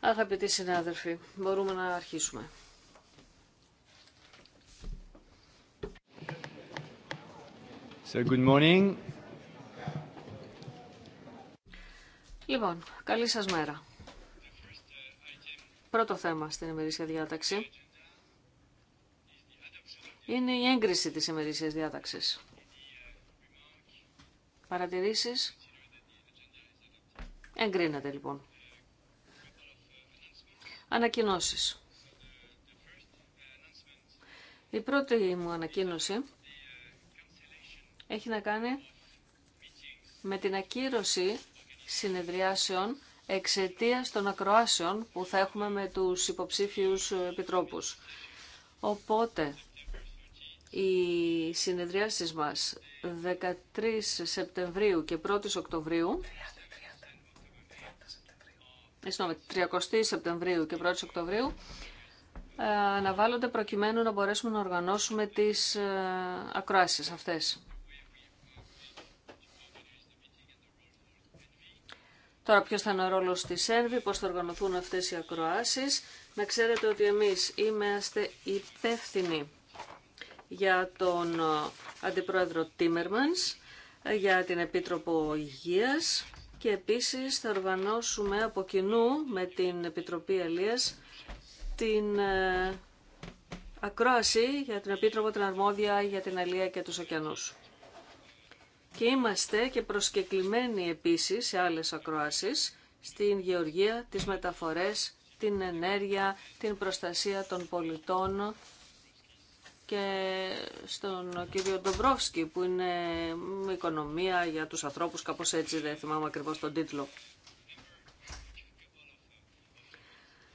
Αγαπητοί συνάδελφοι, μπορούμε να αρχίσουμε. good morning. Λοιπόν, καλή σας μέρα. Πρώτο θέμα στην ημερήσια διάταξη είναι η έγκριση της ημερήσιας διάταξης. Παρατηρήσεις, Εγκρίνεται λοιπόν. Ανακοινώσεις. Η πρώτη μου ανακοίνωση έχει να κάνει με την ακύρωση συνεδριάσεων εξαιτία των ακροάσεων που θα έχουμε με τους υποψήφιους επιτρόπους. Οπότε, οι συνεδριάσεις μας 13 Σεπτεμβρίου και 1 Οκτωβρίου ε, συγγνώμη, 30 Σεπτεμβρίου και 1 Οκτωβρίου ε, αναβάλλονται προκειμένου να μπορέσουμε να οργανώσουμε τις ε, ακροάσεις αυτές. Τώρα ποιο θα είναι ο ρόλο τη ΕΝΒΗ, πώ θα οργανωθούν αυτές οι ακροασει. Να ξέρετε ότι εμείς είμαστε υπεύθυνοι για τον Αντιπρόεδρο Τίμερμαν, για την Επίτροπο Υγείας, και επίσης θα οργανώσουμε από κοινού με την Επιτροπή Αλίας την ε, ακρόαση για την Επίτροπο την Αρμόδια για την Αλία και τους ωκεανούς. Και είμαστε και προσκεκλημένοι επίσης σε άλλες ακροάσεις στην γεωργία, τις μεταφορές, την ενέργεια, την προστασία των πολιτών και στον κύριο Ντομπρόφσκι που είναι οικονομία για τους ανθρώπους, κάπως έτσι δεν θυμάμαι ακριβώς τον τίτλο.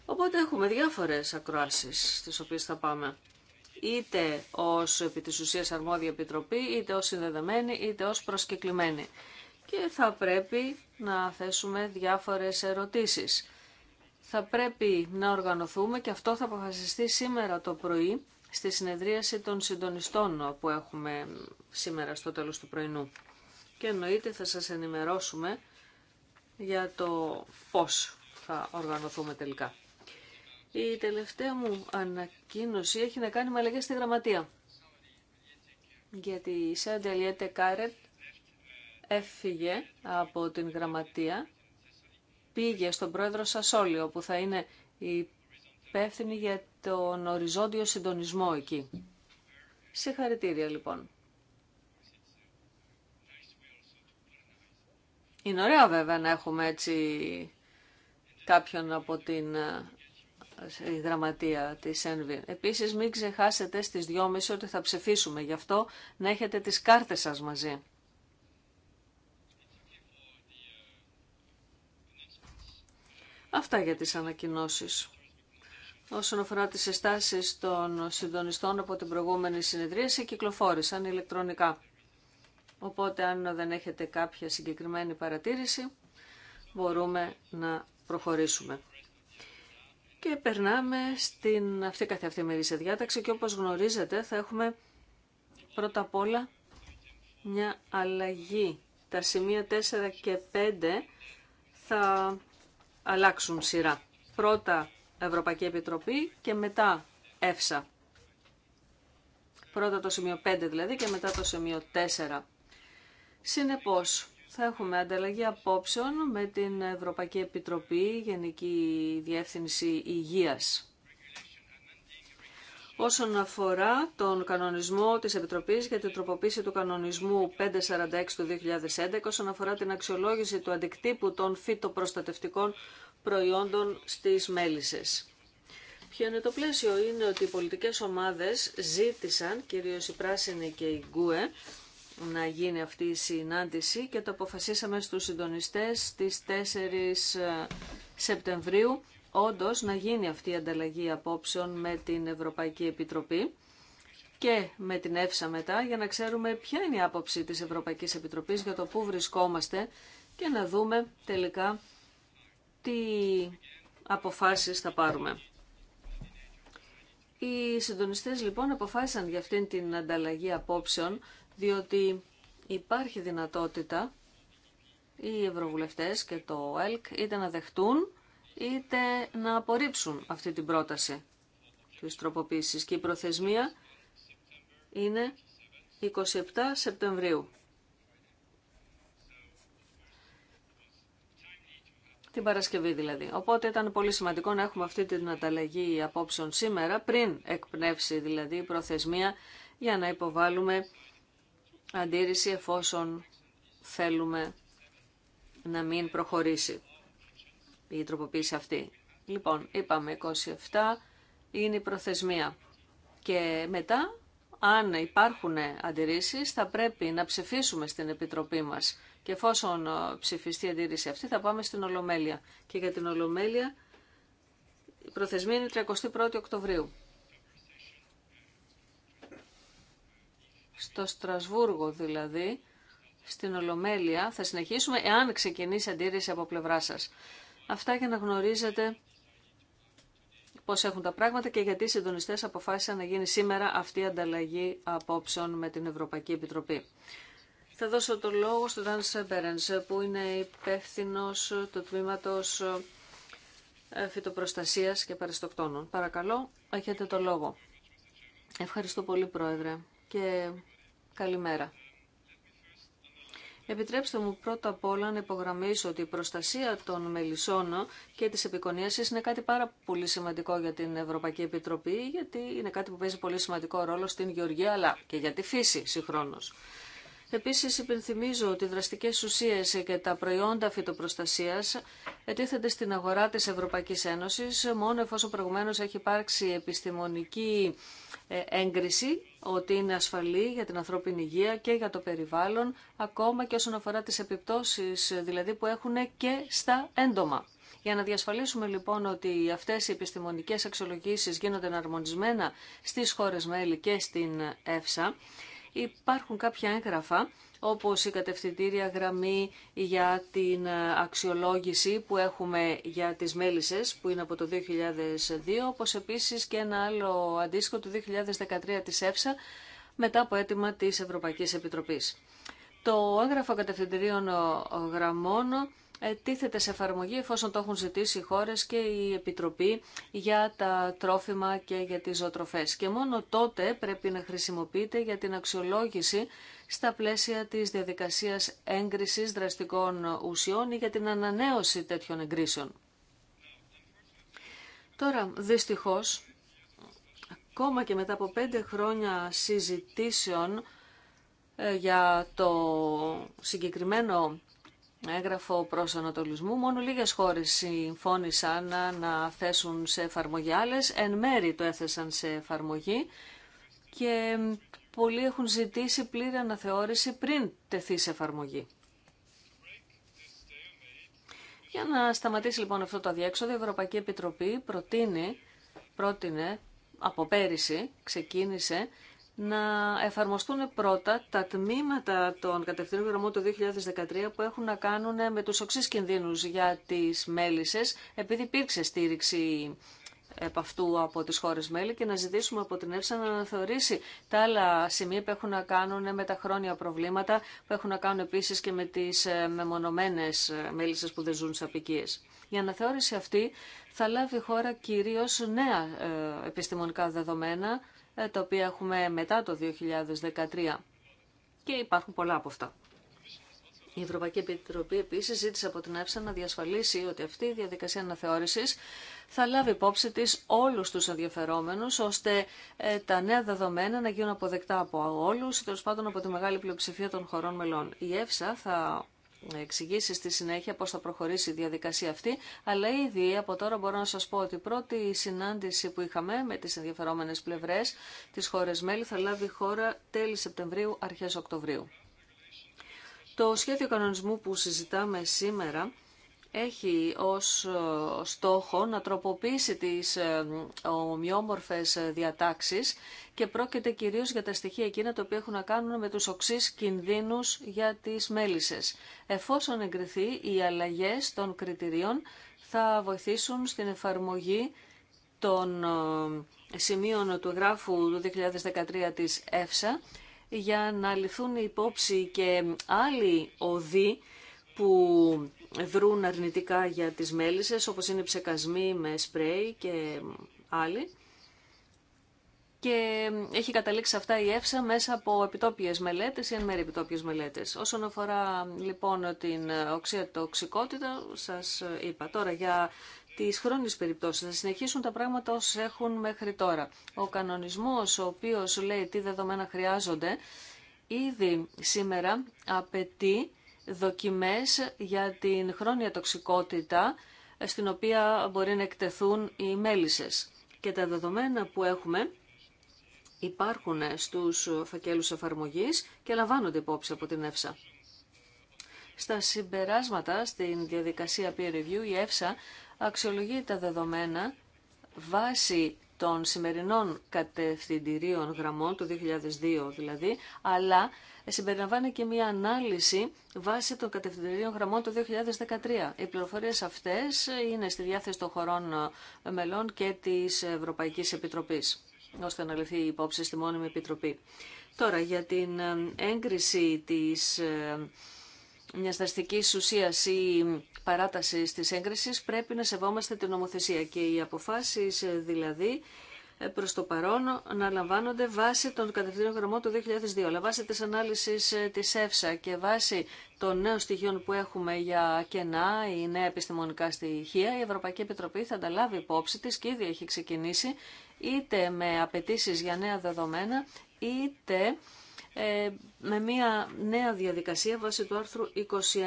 Οπότε έχουμε διάφορες ακροάσεις στις οποίες θα πάμε. Είτε ως επί της ουσίας αρμόδια επιτροπή, είτε ως συνδεδεμένη, είτε ως προσκεκλημένη. Και θα πρέπει να θέσουμε διάφορες ερωτήσεις. Θα πρέπει να οργανωθούμε και αυτό θα αποφασιστεί σήμερα το πρωί στη συνεδρίαση των συντονιστών που έχουμε σήμερα στο τέλος του πρωινού. Και εννοείται θα σας ενημερώσουμε για το πώς θα οργανωθούμε τελικά. Η τελευταία μου ανακοίνωση έχει να κάνει με αλλαγές στη γραμματεία. Γιατί η Σαντελιέτε Κάρετ έφυγε από την γραμματεία, πήγε στον πρόεδρο Σασόλιο που θα είναι η υπεύθυνη για τον οριζόντιο συντονισμό εκεί. Συγχαρητήρια λοιπόν. Είναι ωραία, βέβαια να έχουμε έτσι κάποιον από την ε, η γραμματεία της ΕΝΒΗ. Επίσης μην ξεχάσετε στις 2.30 ότι θα ψηφίσουμε. Γι' αυτό να έχετε τις κάρτες σας μαζί. Αυτά για τις ανακοινώσεις όσον αφορά τις εστάσεις των συντονιστών από την προηγούμενη συνεδρίαση κυκλοφόρησαν ηλεκτρονικά. Οπότε αν δεν έχετε κάποια συγκεκριμένη παρατήρηση μπορούμε να προχωρήσουμε. Και περνάμε στην αυτή καθεαυτή μερίσια διάταξη και όπως γνωρίζετε θα έχουμε πρώτα απ' όλα μια αλλαγή. Τα σημεία 4 και 5 θα αλλάξουν σειρά. Πρώτα Ευρωπαϊκή Επιτροπή και μετά ΕΦΣΑ. Πρώτα το σημείο 5 δηλαδή και μετά το σημείο 4. Συνεπώς, θα έχουμε ανταλλαγή απόψεων με την Ευρωπαϊκή Επιτροπή Γενική Διεύθυνση Υγείας. Όσον αφορά τον κανονισμό της Επιτροπής για την τροποποίηση του κανονισμού 546 του 2011, όσον αφορά την αξιολόγηση του αντικτύπου των φυτοπροστατευτικών προϊόντων στις μέλισσες. Ποιο είναι το πλαίσιο είναι ότι οι πολιτικές ομάδες ζήτησαν, κυρίως οι πράσινοι και η γκουε, να γίνει αυτή η συνάντηση και το αποφασίσαμε στους συντονιστές στις 4 ε, Σεπτεμβρίου όντως να γίνει αυτή η ανταλλαγή απόψεων με την Ευρωπαϊκή Επιτροπή και με την ΕΦΣΑ μετά για να ξέρουμε ποια είναι η άποψη της Ευρωπαϊκής Επιτροπής για το πού βρισκόμαστε και να δούμε τελικά τι αποφάσεις θα πάρουμε. Οι συντονιστές λοιπόν αποφάσισαν για αυτήν την ανταλλαγή απόψεων, διότι υπάρχει δυνατότητα οι ευρωβουλευτές και το ΕΛΚ είτε να δεχτούν είτε να απορρίψουν αυτή την πρόταση της τροποποίησης. Και η προθεσμία είναι 27 Σεπτεμβρίου την Παρασκευή δηλαδή. Οπότε ήταν πολύ σημαντικό να έχουμε αυτή την ανταλλαγή απόψεων σήμερα, πριν εκπνεύσει δηλαδή η προθεσμία, για να υποβάλουμε αντίρρηση εφόσον θέλουμε να μην προχωρήσει η τροποποίηση αυτή. Λοιπόν, είπαμε 27 είναι η προθεσμία. Και μετά αν υπάρχουν αντιρρήσεις θα πρέπει να ψηφίσουμε στην Επιτροπή μας και εφόσον ε, ψηφιστεί η αντίρρηση αυτή θα πάμε στην Ολομέλεια. Και για την Ολομέλεια η προθεσμία είναι Οκτωβρίου. Στο Στρασβούργο δηλαδή, στην Ολομέλεια, θα συνεχίσουμε εάν ξεκινήσει αντίρρηση από πλευρά σας. Αυτά για να γνωρίζετε Πώ έχουν τα πράγματα και γιατί οι συντονιστέ αποφάσισαν να γίνει σήμερα αυτή η ανταλλαγή απόψεων με την Ευρωπαϊκή Επιτροπή. Θα δώσω το λόγο στον Ταν Σέμπερενς που είναι υπεύθυνο του τμήματο ε, φυτοπροστασίας και παριστοκτόνων. Παρακαλώ, έχετε το λόγο. Ευχαριστώ πολύ Πρόεδρε και καλημέρα Επιτρέψτε μου πρώτα απ' όλα να υπογραμμίσω ότι η προστασία των μελισσών και της επικονίασης είναι κάτι πάρα πολύ σημαντικό για την Ευρωπαϊκή Επιτροπή, γιατί είναι κάτι που παίζει πολύ σημαντικό ρόλο στην γεωργία, αλλά και για τη φύση συγχρόνως. Επίσης υπενθυμίζω ότι οι δραστικές ουσίες και τα προϊόντα φυτοπροστασίας ετίθενται στην αγορά της Ευρωπαϊκής Ένωσης μόνο εφόσον προηγουμένως έχει υπάρξει επιστημονική ε, έγκριση ότι είναι ασφαλή για την ανθρώπινη υγεία και για το περιβάλλον, ακόμα και όσον αφορά τις επιπτώσεις δηλαδή που έχουν και στα έντομα. Για να διασφαλίσουμε λοιπόν ότι αυτές οι επιστημονικές αξιολογήσεις γίνονται αρμονισμένα στις χώρες μέλη και στην ΕΦΣΑ, υπάρχουν κάποια έγγραφα όπως η κατευθυντήρια γραμμή για την αξιολόγηση που έχουμε για τις μέλισσες που είναι από το 2002, όπως επίσης και ένα άλλο αντίστοιχο του 2013 της ΕΦΣΑ μετά από αίτημα της Ευρωπαϊκής Επιτροπής. Το έγγραφο κατευθυντηρίων γραμμών ε, τίθεται σε εφαρμογή εφόσον το έχουν ζητήσει οι χώρες και η Επιτροπή για τα τρόφιμα και για τις ζωοτροφές. Και μόνο τότε πρέπει να χρησιμοποιείται για την αξιολόγηση στα πλαίσια της διαδικασίας έγκρισης δραστικών ουσιών ή για την ανανέωση τέτοιων εγκρίσεων. Τώρα, δυστυχώς, ακόμα και μετά από πέντε χρόνια συζητήσεων ε, για το συγκεκριμένο έγγραφο προς Ανατολισμού, μόνο λίγες χώρες συμφώνησαν να θέσουν σε εφαρμογή άλλε Εν μέρη το έθεσαν σε εφαρμογή και πολλοί έχουν ζητήσει πλήρη αναθεώρηση πριν τεθεί σε εφαρμογή. Για να σταματήσει λοιπόν αυτό το αδιέξοδο, η Ευρωπαϊκή Επιτροπή προτείνει, πρότεινε από πέρυσι, ξεκίνησε να εφαρμοστούν πρώτα τα τμήματα των κατευθύνων γραμμών του 2013 που έχουν να κάνουν με τους οξύ κινδύνους για τις μέλισσες, επειδή υπήρξε στήριξη επ' αυτού από τις χώρες μέλη και να ζητήσουμε από την ΕΦΣΑ να αναθεωρήσει τα άλλα σημεία που έχουν να κάνουν με τα χρόνια προβλήματα, που έχουν να κάνουν επίσης και με τις ε, μεμονωμένες ε, μέλισσες που δεν ζουν σε απικίες. Η αναθεώρηση αυτή θα λάβει χώρα κυρίως νέα ε, επιστημονικά δεδομένα, ε, τα οποία έχουμε μετά το 2013. Και υπάρχουν πολλά από αυτά. Η Ευρωπαϊκή Επιτροπή επίση ζήτησε από την ΕΦΣΑ να διασφαλίσει ότι αυτή η διαδικασία αναθεώρηση θα λάβει υπόψη τη όλου του ενδιαφερόμενου, ώστε ε, τα νέα δεδομένα να γίνουν αποδεκτά από όλου, τέλο πάντων από τη μεγάλη πλειοψηφία των χωρών μελών. Η ΕΦΣΑ θα εξηγήσει στη συνέχεια πώς θα προχωρήσει η διαδικασία αυτή, αλλά ήδη από τώρα μπορώ να σας πω ότι η πρώτη συνάντηση που είχαμε με τις ενδιαφερόμενες πλευρές της χώρες μέλη θα λάβει χώρα τέλη Σεπτεμβρίου, αρχές Οκτωβρίου. Το σχέδιο κανονισμού που συζητάμε σήμερα έχει ως ε, στόχο να τροποποιήσει τις ε, ομοιόμορφες ε, διατάξεις και πρόκειται κυρίως για τα στοιχεία εκείνα τα οποία έχουν να κάνουν με τους οξύς κινδύνους για τις μέλισσες. Εφόσον εγκριθεί, οι αλλαγές των κριτηρίων θα βοηθήσουν στην εφαρμογή των σημείων του γράφου του 2013 της ΕΦΣΑ για να λυθούν υπόψη και άλλοι οδοί που βρουν αρνητικά για τις μέλισσες, όπως είναι ψεκασμοί με σπρέι και άλλοι. Και έχει καταλήξει αυτά η ΕΦΣΑ μέσα από επιτόπιες μελέτες ή εν μέρει επιτόπιες μελέτες. Όσον αφορά λοιπόν την οξία τοξικότητα, σας είπα τώρα για τις χρόνιες περιπτώσεις. Θα συνεχίσουν τα πράγματα όσοι έχουν μέχρι τώρα. Ο κανονισμός ο οποίος λέει τι δεδομένα χρειάζονται, ήδη σήμερα απαιτεί δοκιμές για την χρόνια τοξικότητα στην οποία μπορεί να εκτεθούν οι μέλισσες. Και τα δεδομένα που έχουμε υπάρχουν στους φακέλους εφαρμογής και λαμβάνονται υπόψη από την ΕΦΣΑ. Στα συμπεράσματα στην διαδικασία peer review η ΕΦΣΑ αξιολογεί τα δεδομένα βάσει των σημερινών κατευθυντηρίων γραμμών του 2002 δηλαδή, αλλά συμπεριλαμβάνει και μια ανάλυση βάσει των κατευθυντηρίων γραμμών του 2013. Οι πληροφορίες αυτές είναι στη διάθεση των χωρών μελών και της Ευρωπαϊκής Επιτροπής, ώστε να η υπόψη στη μόνιμη επιτροπή. Τώρα για την έγκριση της ε, μιας δραστικής ή Παράταση της έγκρισης πρέπει να σεβόμαστε την νομοθεσία και οι αποφάσεις ε, δηλαδή ε, προς το παρόν να λαμβάνονται βάσει των κατευθύνων γραμμών του 2002, αλλά βάσει της ανάλυση ε, της ΕΦΣΑ και βάσει των νέων στοιχείων που έχουμε για κενά ή νέα επιστημονικά στοιχεία, η Ευρωπαϊκή Επιτροπή θα τα λάβει υπόψη της και ήδη έχει ξεκινήσει είτε με απαιτήσει για νέα δεδομένα, είτε με μια νέα διαδικασία βάσει του άρθρου 21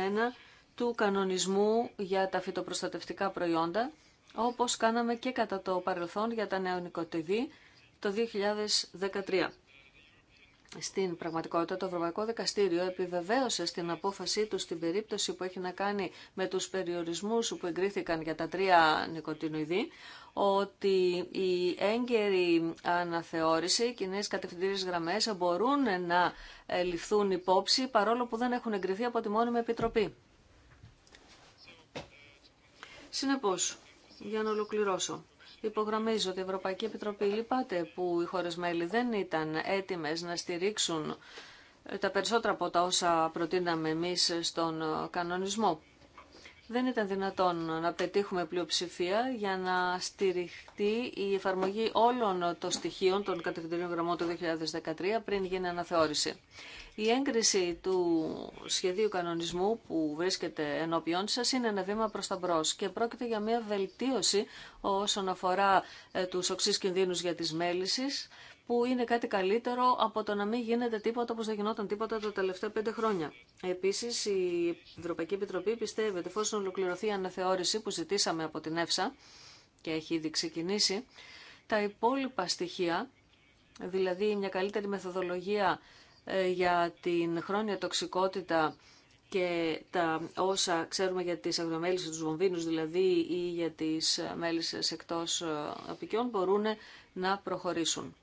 του κανονισμού για τα φυτοπροστατευτικά προϊόντα, όπως κάναμε και κατά το παρελθόν για τα νεονικοτιδή το 2013. Στην πραγματικότητα, το Ευρωπαϊκό Δικαστήριο επιβεβαίωσε στην απόφασή του στην περίπτωση που έχει να κάνει με τους περιορισμούς που εγκρίθηκαν για τα τρία νοικοτινοειδή, ότι η έγκαιρη αναθεώρηση, οι κοινές κατευθυντήριες γραμμές μπορούν να ε, ληφθούν υπόψη παρόλο που δεν έχουν εγκριθεί από τη μόνιμη επιτροπή. Συνεπώ, για να ολοκληρώσω, υπογραμμίζω ότι η Ευρωπαϊκή Επιτροπή λυπάται που οι χώρες μέλη δεν ήταν έτοιμες να στηρίξουν τα περισσότερα από τα όσα προτείναμε εμείς στον κανονισμό δεν ήταν δυνατόν να πετύχουμε πλειοψηφία για να στηριχτεί η εφαρμογή όλων των στοιχείων των κατευθυντήριων γραμμών του 2013 πριν γίνει αναθεώρηση. Η έγκριση του σχεδίου κανονισμού που βρίσκεται ενώπιόν σα είναι ένα βήμα προς τα μπρο και πρόκειται για μια βελτίωση όσον αφορά ε, τους οξύ κινδύνου για τις μέλησει, που είναι κάτι καλύτερο από το να μην γίνεται τίποτα όπως δεν γινόταν τίποτα τα τελευταία πέντε χρόνια. Επίσης, η Ευρωπαϊκή Επιτροπή πιστεύει ότι εφόσον ολοκληρωθεί η αναθεώρηση που ζητήσαμε από την ΕΦΣΑ και έχει ήδη ξεκινήσει, τα υπόλοιπα στοιχεία, δηλαδή μια καλύτερη μεθοδολογία ε, για την χρόνια τοξικότητα και τα όσα ξέρουμε για τις αγρομέλισσες τους βομβίνους δηλαδή ή για τις μέλισσες εκτός ε, απικιών μπορούν να προχωρήσουν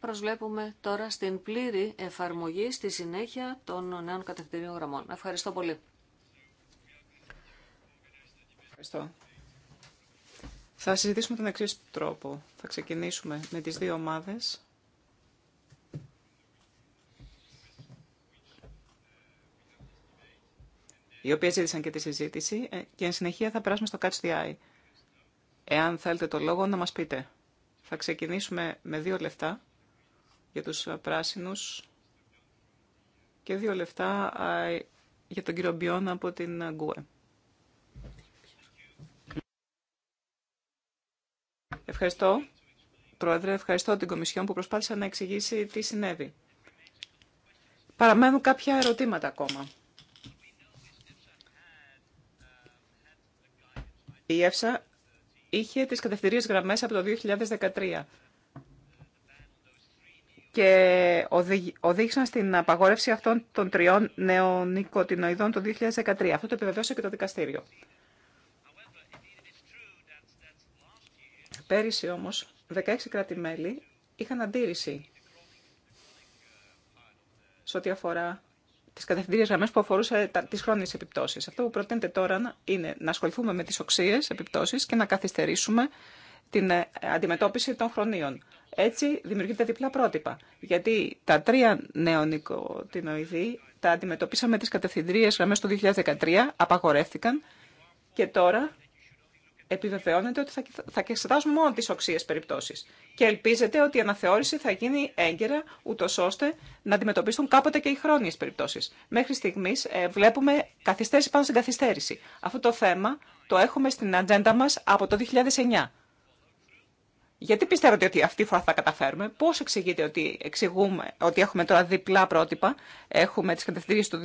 προσβλέπουμε τώρα στην πλήρη εφαρμογή στη συνέχεια των νέων κατευθυντήριων γραμμών. Ευχαριστώ πολύ. Ευχαριστώ. Θα συζητήσουμε τον εξή τρόπο. Θα ξεκινήσουμε με τις δύο ομάδες. οι οποίες ζήτησαν και τη συζήτηση ε, και εν συνεχεία θα περάσουμε στο Catch the Eye. Εάν θέλετε το λόγο να μας πείτε. Θα ξεκινήσουμε με δύο λεφτά για τους πράσινους και δύο λεφτά για τον κύριο Μπιόν από την Γκουέ. Ευχαριστώ, Πρόεδρε. Ευχαριστώ την Κομισιόν που προσπάθησε να εξηγήσει τι συνέβη. Παραμένουν κάποια ερωτήματα ακόμα. Η ΕΦΣΑ είχε τις κατευθυντήριες γραμμές από το 2013 και οδήγησαν στην απαγόρευση αυτών των τριών νεονικοτινοειδών το 2013. Αυτό το επιβεβαίωσε και το δικαστήριο. Πέρυσι όμως, 16 κράτη-μέλη είχαν αντίρρηση σε ό,τι αφορά τις κατευθυντήριες γραμμέ που αφορούσαν τις χρόνιες επιπτώσεις. Αυτό που προτείνεται τώρα είναι να ασχοληθούμε με τις οξύες επιπτώσεις και να καθυστερήσουμε την ε, αντιμετώπιση των χρονίων. Έτσι δημιουργείται διπλά πρότυπα. Γιατί τα τρία νεονικοτινοειδή τα αντιμετωπίσαμε τις κατευθυντρίες γραμμές το 2013, απαγορεύτηκαν και τώρα επιβεβαιώνεται ότι θα, θα εξετάζουμε μόνο τις οξύες περιπτώσεις. Και ελπίζεται ότι η αναθεώρηση θα γίνει έγκαιρα, ούτω ώστε να αντιμετωπίσουν κάποτε και οι χρόνιες περιπτώσεις. Μέχρι στιγμής ε, βλέπουμε καθυστέρηση πάνω στην καθυστέρηση. Αυτό το θέμα το έχουμε στην ατζέντα μας από το 2009. Γιατί πιστεύετε ότι αυτή τη φορά θα καταφέρουμε, πώ εξηγείτε ότι, εξηγούμε, ότι έχουμε τώρα διπλά πρότυπα, έχουμε τι κατευθυντήριες του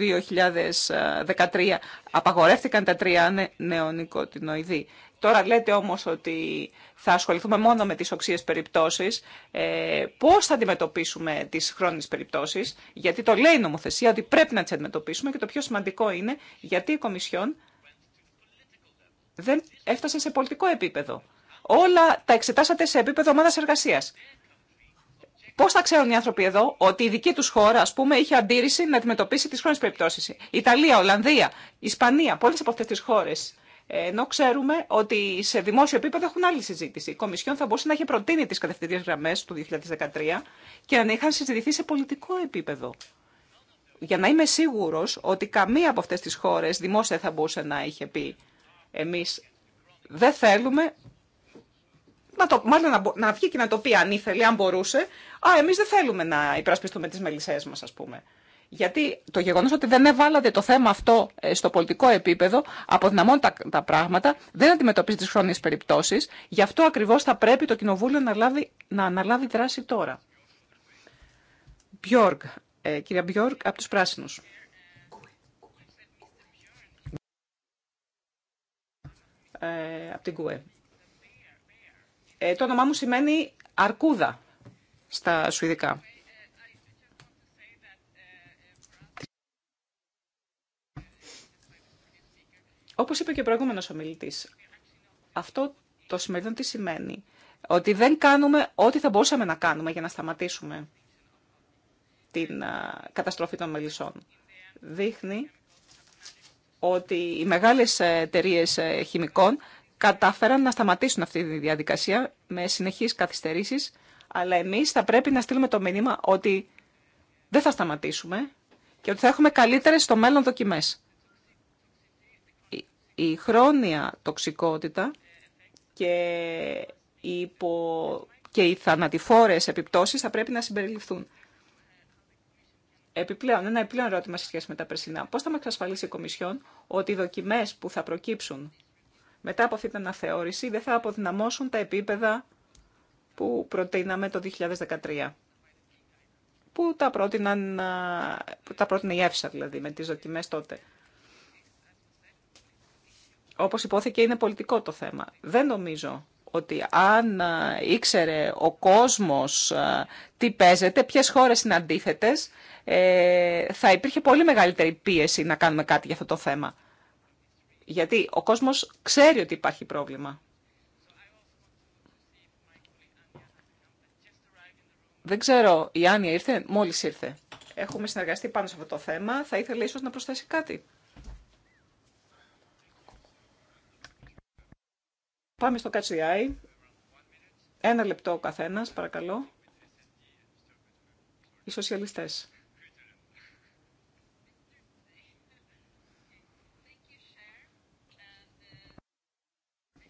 2013, απαγορεύτηκαν τα τρία νεονικοτινοειδή. Τώρα λέτε όμω ότι θα ασχοληθούμε μόνο με τι οξύε περιπτώσει, Ε, πώς θα αντιμετωπίσουμε τι χρόνιες περιπτώσει, γιατί το λέει η νομοθεσία ότι πρέπει να τι αντιμετωπίσουμε και το πιο σημαντικό είναι γιατί η Κομισιόν δεν έφτασε σε πολιτικό επίπεδο όλα τα εξετάσατε σε επίπεδο ομάδα εργασία. Πώ θα ξέρουν οι άνθρωποι εδώ ότι η δική του χώρα, α πούμε, είχε αντίρρηση να αντιμετωπίσει τι χρόνε περιπτώσει. Ιταλία, Ολλανδία, Ισπανία, πολλέ από αυτέ τι χώρε. Ενώ ξέρουμε ότι σε δημόσιο επίπεδο έχουν άλλη συζήτηση. Η Κομισιόν θα μπορούσε να είχε προτείνει τι κατευθυντήριε γραμμέ του 2013 και να είχαν συζητηθεί σε πολιτικό επίπεδο. Για να είμαι σίγουρο ότι καμία από αυτέ τι χώρε δημόσια θα μπορούσε να είχε πει εμεί δεν θέλουμε να το, μάλλον να, να βγει και να το πει αν ήθελε, αν μπορούσε, α, εμείς δεν θέλουμε να υπερασπιστούμε τις μελισσές μας, ας πούμε. Γιατί το γεγονός ότι δεν έβαλατε το θέμα αυτό ε, στο πολιτικό επίπεδο, αποδυναμώνει τα, τα πράγματα, δεν αντιμετωπίζει τις χρόνιες περιπτώσεις, γι' αυτό ακριβώς θα πρέπει το Κοινοβούλιο να, να αναλάβει δράση τώρα. ε, κυρία Μπιόργκ, από τους Πράσινους. Ε, από την ΚΟΕ. Ε, το όνομά μου σημαίνει αρκούδα στα σουηδικά. Όπω είπε και ο προηγούμενο ομιλητή, αυτό το σημερινό τι σημαίνει. Ότι δεν κάνουμε ό,τι θα μπορούσαμε να κάνουμε για να σταματήσουμε την καταστροφή των μελισσών. Δείχνει ότι οι μεγάλες ε, εταιρείε ε, χημικών κατάφεραν να σταματήσουν αυτή τη διαδικασία με συνεχείς καθυστερήσεις, αλλά εμείς θα πρέπει να στείλουμε το μήνυμα ότι δεν θα σταματήσουμε και ότι θα έχουμε καλύτερες στο μέλλον δοκιμές. Η χρόνια τοξικότητα και οι, υπο... και θανατηφόρες επιπτώσεις θα πρέπει να συμπεριληφθούν. Επιπλέον, ένα επιπλέον ερώτημα σε σχέση με τα περσινά. Πώς θα με εξασφαλίσει η Κομισιόν ότι οι δοκιμές που θα προκύψουν μετά από αυτή την αναθεώρηση δεν θα αποδυναμώσουν τα επίπεδα που προτείναμε το 2013. Που τα, πρότειναν, που τα πρότεινε η ΕΦΣΑ δηλαδή με τις δοκιμές τότε. Όπως υπόθηκε είναι πολιτικό το θέμα. Δεν νομίζω ότι αν ήξερε ο κόσμος τι παίζεται, ποιες χώρες είναι αντίθετες, ε, θα υπήρχε πολύ μεγαλύτερη πίεση να κάνουμε κάτι για αυτό το θέμα. Γιατί ο κόσμος ξέρει ότι υπάρχει πρόβλημα. Δεν ξέρω, η Άνια ήρθε, μόλις ήρθε. Έχουμε συνεργαστεί πάνω σε αυτό το θέμα. Θα ήθελε ίσως να προσθέσει κάτι. Πάμε στο Eye. Ένα λεπτό ο καθένας, παρακαλώ. Οι σοσιαλιστές.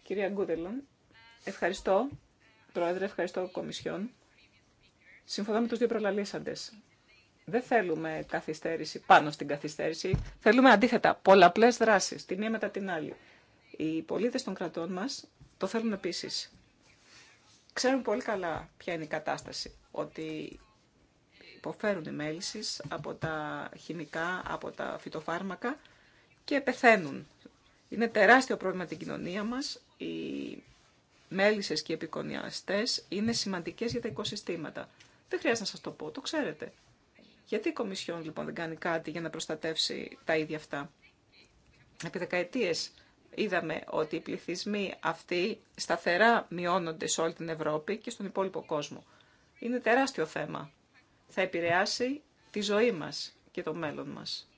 Κυρία Γκούδελον, ευχαριστώ, Πρόεδρε, ευχαριστώ Κομισιόν. Συμφωνώ με τους δύο προλαλήσαντες. Δεν θέλουμε καθυστέρηση πάνω στην καθυστέρηση. Θέλουμε αντίθετα πολλαπλές δράσεις, τη μία μετά την άλλη. Οι πολίτες των κρατών μας το θέλουν επίσης. Ξέρουν πολύ καλά ποια είναι η κατάσταση, ότι υποφέρουν οι μέλησεις από τα χημικά, από τα φυτοφάρμακα και πεθαίνουν. Είναι τεράστιο πρόβλημα την κοινωνία μας οι μέλισσες και οι επικονιαστές είναι σημαντικές για τα οικοσυστήματα. Δεν χρειάζεται να σας το πω, το ξέρετε. Γιατί η Κομισιόν λοιπόν δεν κάνει κάτι για να προστατεύσει τα ίδια αυτά. Επί δεκαετίες είδαμε ότι οι πληθυσμοί αυτοί σταθερά μειώνονται σε όλη την Ευρώπη και στον υπόλοιπο κόσμο. Είναι τεράστιο θέμα. Θα επηρεάσει τη ζωή μας και το μέλλον μας.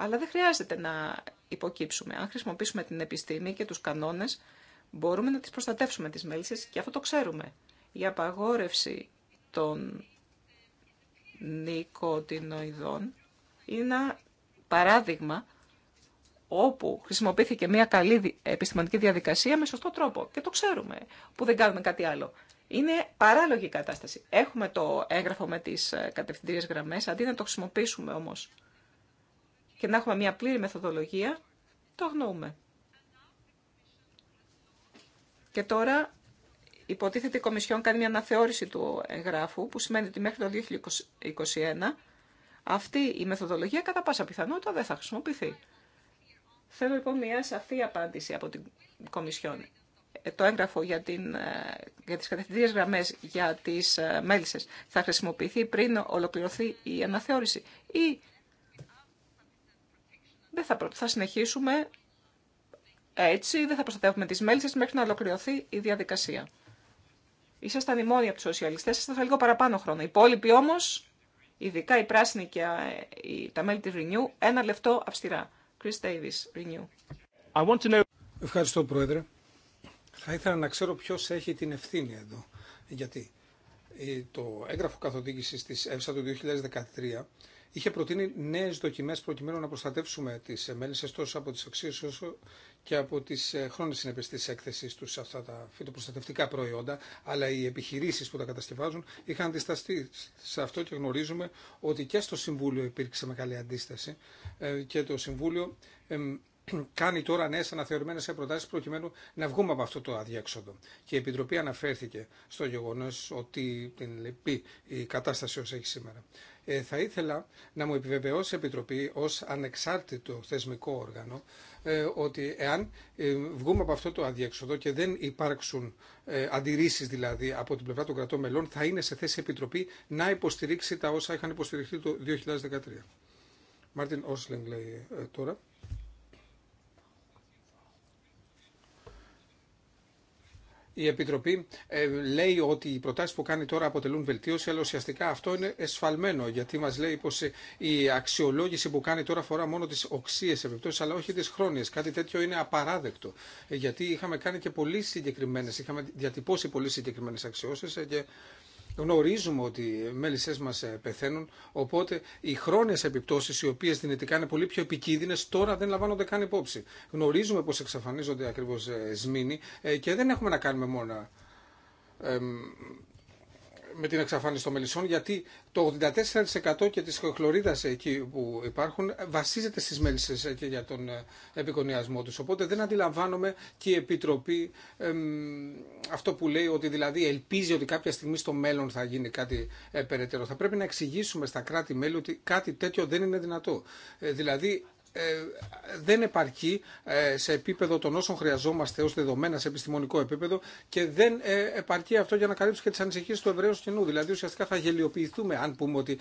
Αλλά δεν χρειάζεται να υποκύψουμε. Αν χρησιμοποιήσουμε την επιστήμη και τους κανόνες, μπορούμε να τις προστατεύσουμε τις μέλισσες και αυτό το ξέρουμε. Η απαγόρευση των νοικοτινοειδών είναι ένα παράδειγμα όπου χρησιμοποιήθηκε μια καλή επιστημονική διαδικασία με σωστό τρόπο. Και το ξέρουμε, που δεν κάνουμε κάτι άλλο. Είναι παράλογη η κατάσταση. Έχουμε το έγγραφο με τις ε, κατευθυντήριες γραμμές, αντί να το χρησιμοποιήσουμε όμως και να έχουμε μια πλήρη μεθοδολογία, το αγνοούμε. Και τώρα υποτίθεται η Κομισιόν κάνει μια αναθεώρηση του εγγράφου, που σημαίνει ότι μέχρι το 2021 αυτή η μεθοδολογία κατά πάσα πιθανότητα δεν θα χρησιμοποιηθεί. Θέλω λοιπόν μια σαφή απάντηση από την Κομισιόν. Ε, το έγγραφο για, την, ε, για τις κατευθυντήριες γραμμές για τις ε, μέλισσες θα χρησιμοποιηθεί πριν ολοκληρωθεί η αναθεώρηση ή δεν θα, θα συνεχίσουμε έτσι, δεν θα προστατεύουμε τις μέλησες μέχρι να ολοκληρωθεί η διαδικασία. Ήσασταν οι μόνοι από τους σοσιαλιστές, ήσασταν λίγο παραπάνω χρόνο. Οι υπόλοιποι όμως, ειδικά οι πράσινοι και ε, τα μέλη της Renew, ένα λεπτό αυστηρά. Chris Davis, Renew. I want to know... Ευχαριστώ, Πρόεδρε. Θα ήθελα να ξέρω ποιο έχει την ευθύνη εδώ. Γιατί ε, το έγγραφο καθοδήγησης της ΕΦΣΑ του 2013 είχε προτείνει νέε δοκιμέ προκειμένου να προστατεύσουμε τι μέλισσε τόσο από τι αξίε όσο και από τι ε, χρόνε συνεπιστη τη έκθεση του σε αυτά τα φυτοπροστατευτικά προϊόντα. Αλλά οι επιχειρήσει που τα κατασκευάζουν είχαν αντισταστεί σε αυτό και γνωρίζουμε ότι και στο Συμβούλιο υπήρξε μεγάλη αντίσταση ε, και το Συμβούλιο κάνει τώρα νέε αναθεωρημένε προτάσει προκειμένου να βγούμε από αυτό το αδιέξοδο. Και η Επιτροπή αναφέρθηκε στο γεγονό ότι την λυπεί η κατάσταση όσο έχει σήμερα. Ε, θα ήθελα να μου επιβεβαιώσει η Επιτροπή ως ανεξάρτητο θεσμικό όργανο ε, ότι εάν ε, βγούμε από αυτό το αδιέξοδο και δεν υπάρξουν αντιρρήσει δηλαδή από την πλευρά των κρατών μελών θα είναι σε θέση η Επιτροπή να υποστηρίξει τα όσα είχαν υποστηριχθεί το 2013. Μάρτιν Όσλεγγ λέει τώρα. η Επιτροπή ε, λέει ότι οι προτάσει που κάνει τώρα αποτελούν βελτίωση, αλλά ουσιαστικά αυτό είναι εσφαλμένο, γιατί μα λέει πω ε, η αξιολόγηση που κάνει τώρα αφορά μόνο τι οξύε επιπτώσει, αλλά όχι τι χρόνιε. Κάτι τέτοιο είναι απαράδεκτο. Ε, γιατί είχαμε κάνει και πολύ συγκεκριμένε, είχαμε διατυπώσει πολύ συγκεκριμένε αξιώσει γνωρίζουμε ότι μέλισσέ μα ε, πεθαίνουν, οπότε οι χρόνιε επιπτώσει, οι οποίε δυνητικά είναι πολύ πιο επικίνδυνε, τώρα δεν λαμβάνονται καν υπόψη. Γνωρίζουμε πώ εξαφανίζονται ακριβώ ε, σμήνοι ε, και δεν έχουμε να κάνουμε μόνο με την εξαφάνιση των μελισσών, γιατί το 84% και τη χλωρίδα εκεί που υπάρχουν βασίζεται στις μέλισσες και για τον ε, επικονιασμό τους. Οπότε δεν αντιλαμβάνομαι και η Επιτροπή αυτό που λέει ότι δηλαδή ελπίζει ότι κάποια στιγμή στο μέλλον θα γίνει κάτι ε, περαιτέρω. Θα πρέπει να εξηγήσουμε στα κράτη-μέλη ότι κάτι τέτοιο δεν είναι δυνατό. Ε, δηλαδή ε, δεν επαρκεί ε, σε επίπεδο των όσων χρειαζόμαστε ως δεδομένα σε επιστημονικό επίπεδο και δεν ε, επαρκεί αυτό για να καλύψει και τις ανησυχίες του Εβραίου κοινού. Δηλαδή ουσιαστικά θα γελιοποιηθούμε αν πούμε ότι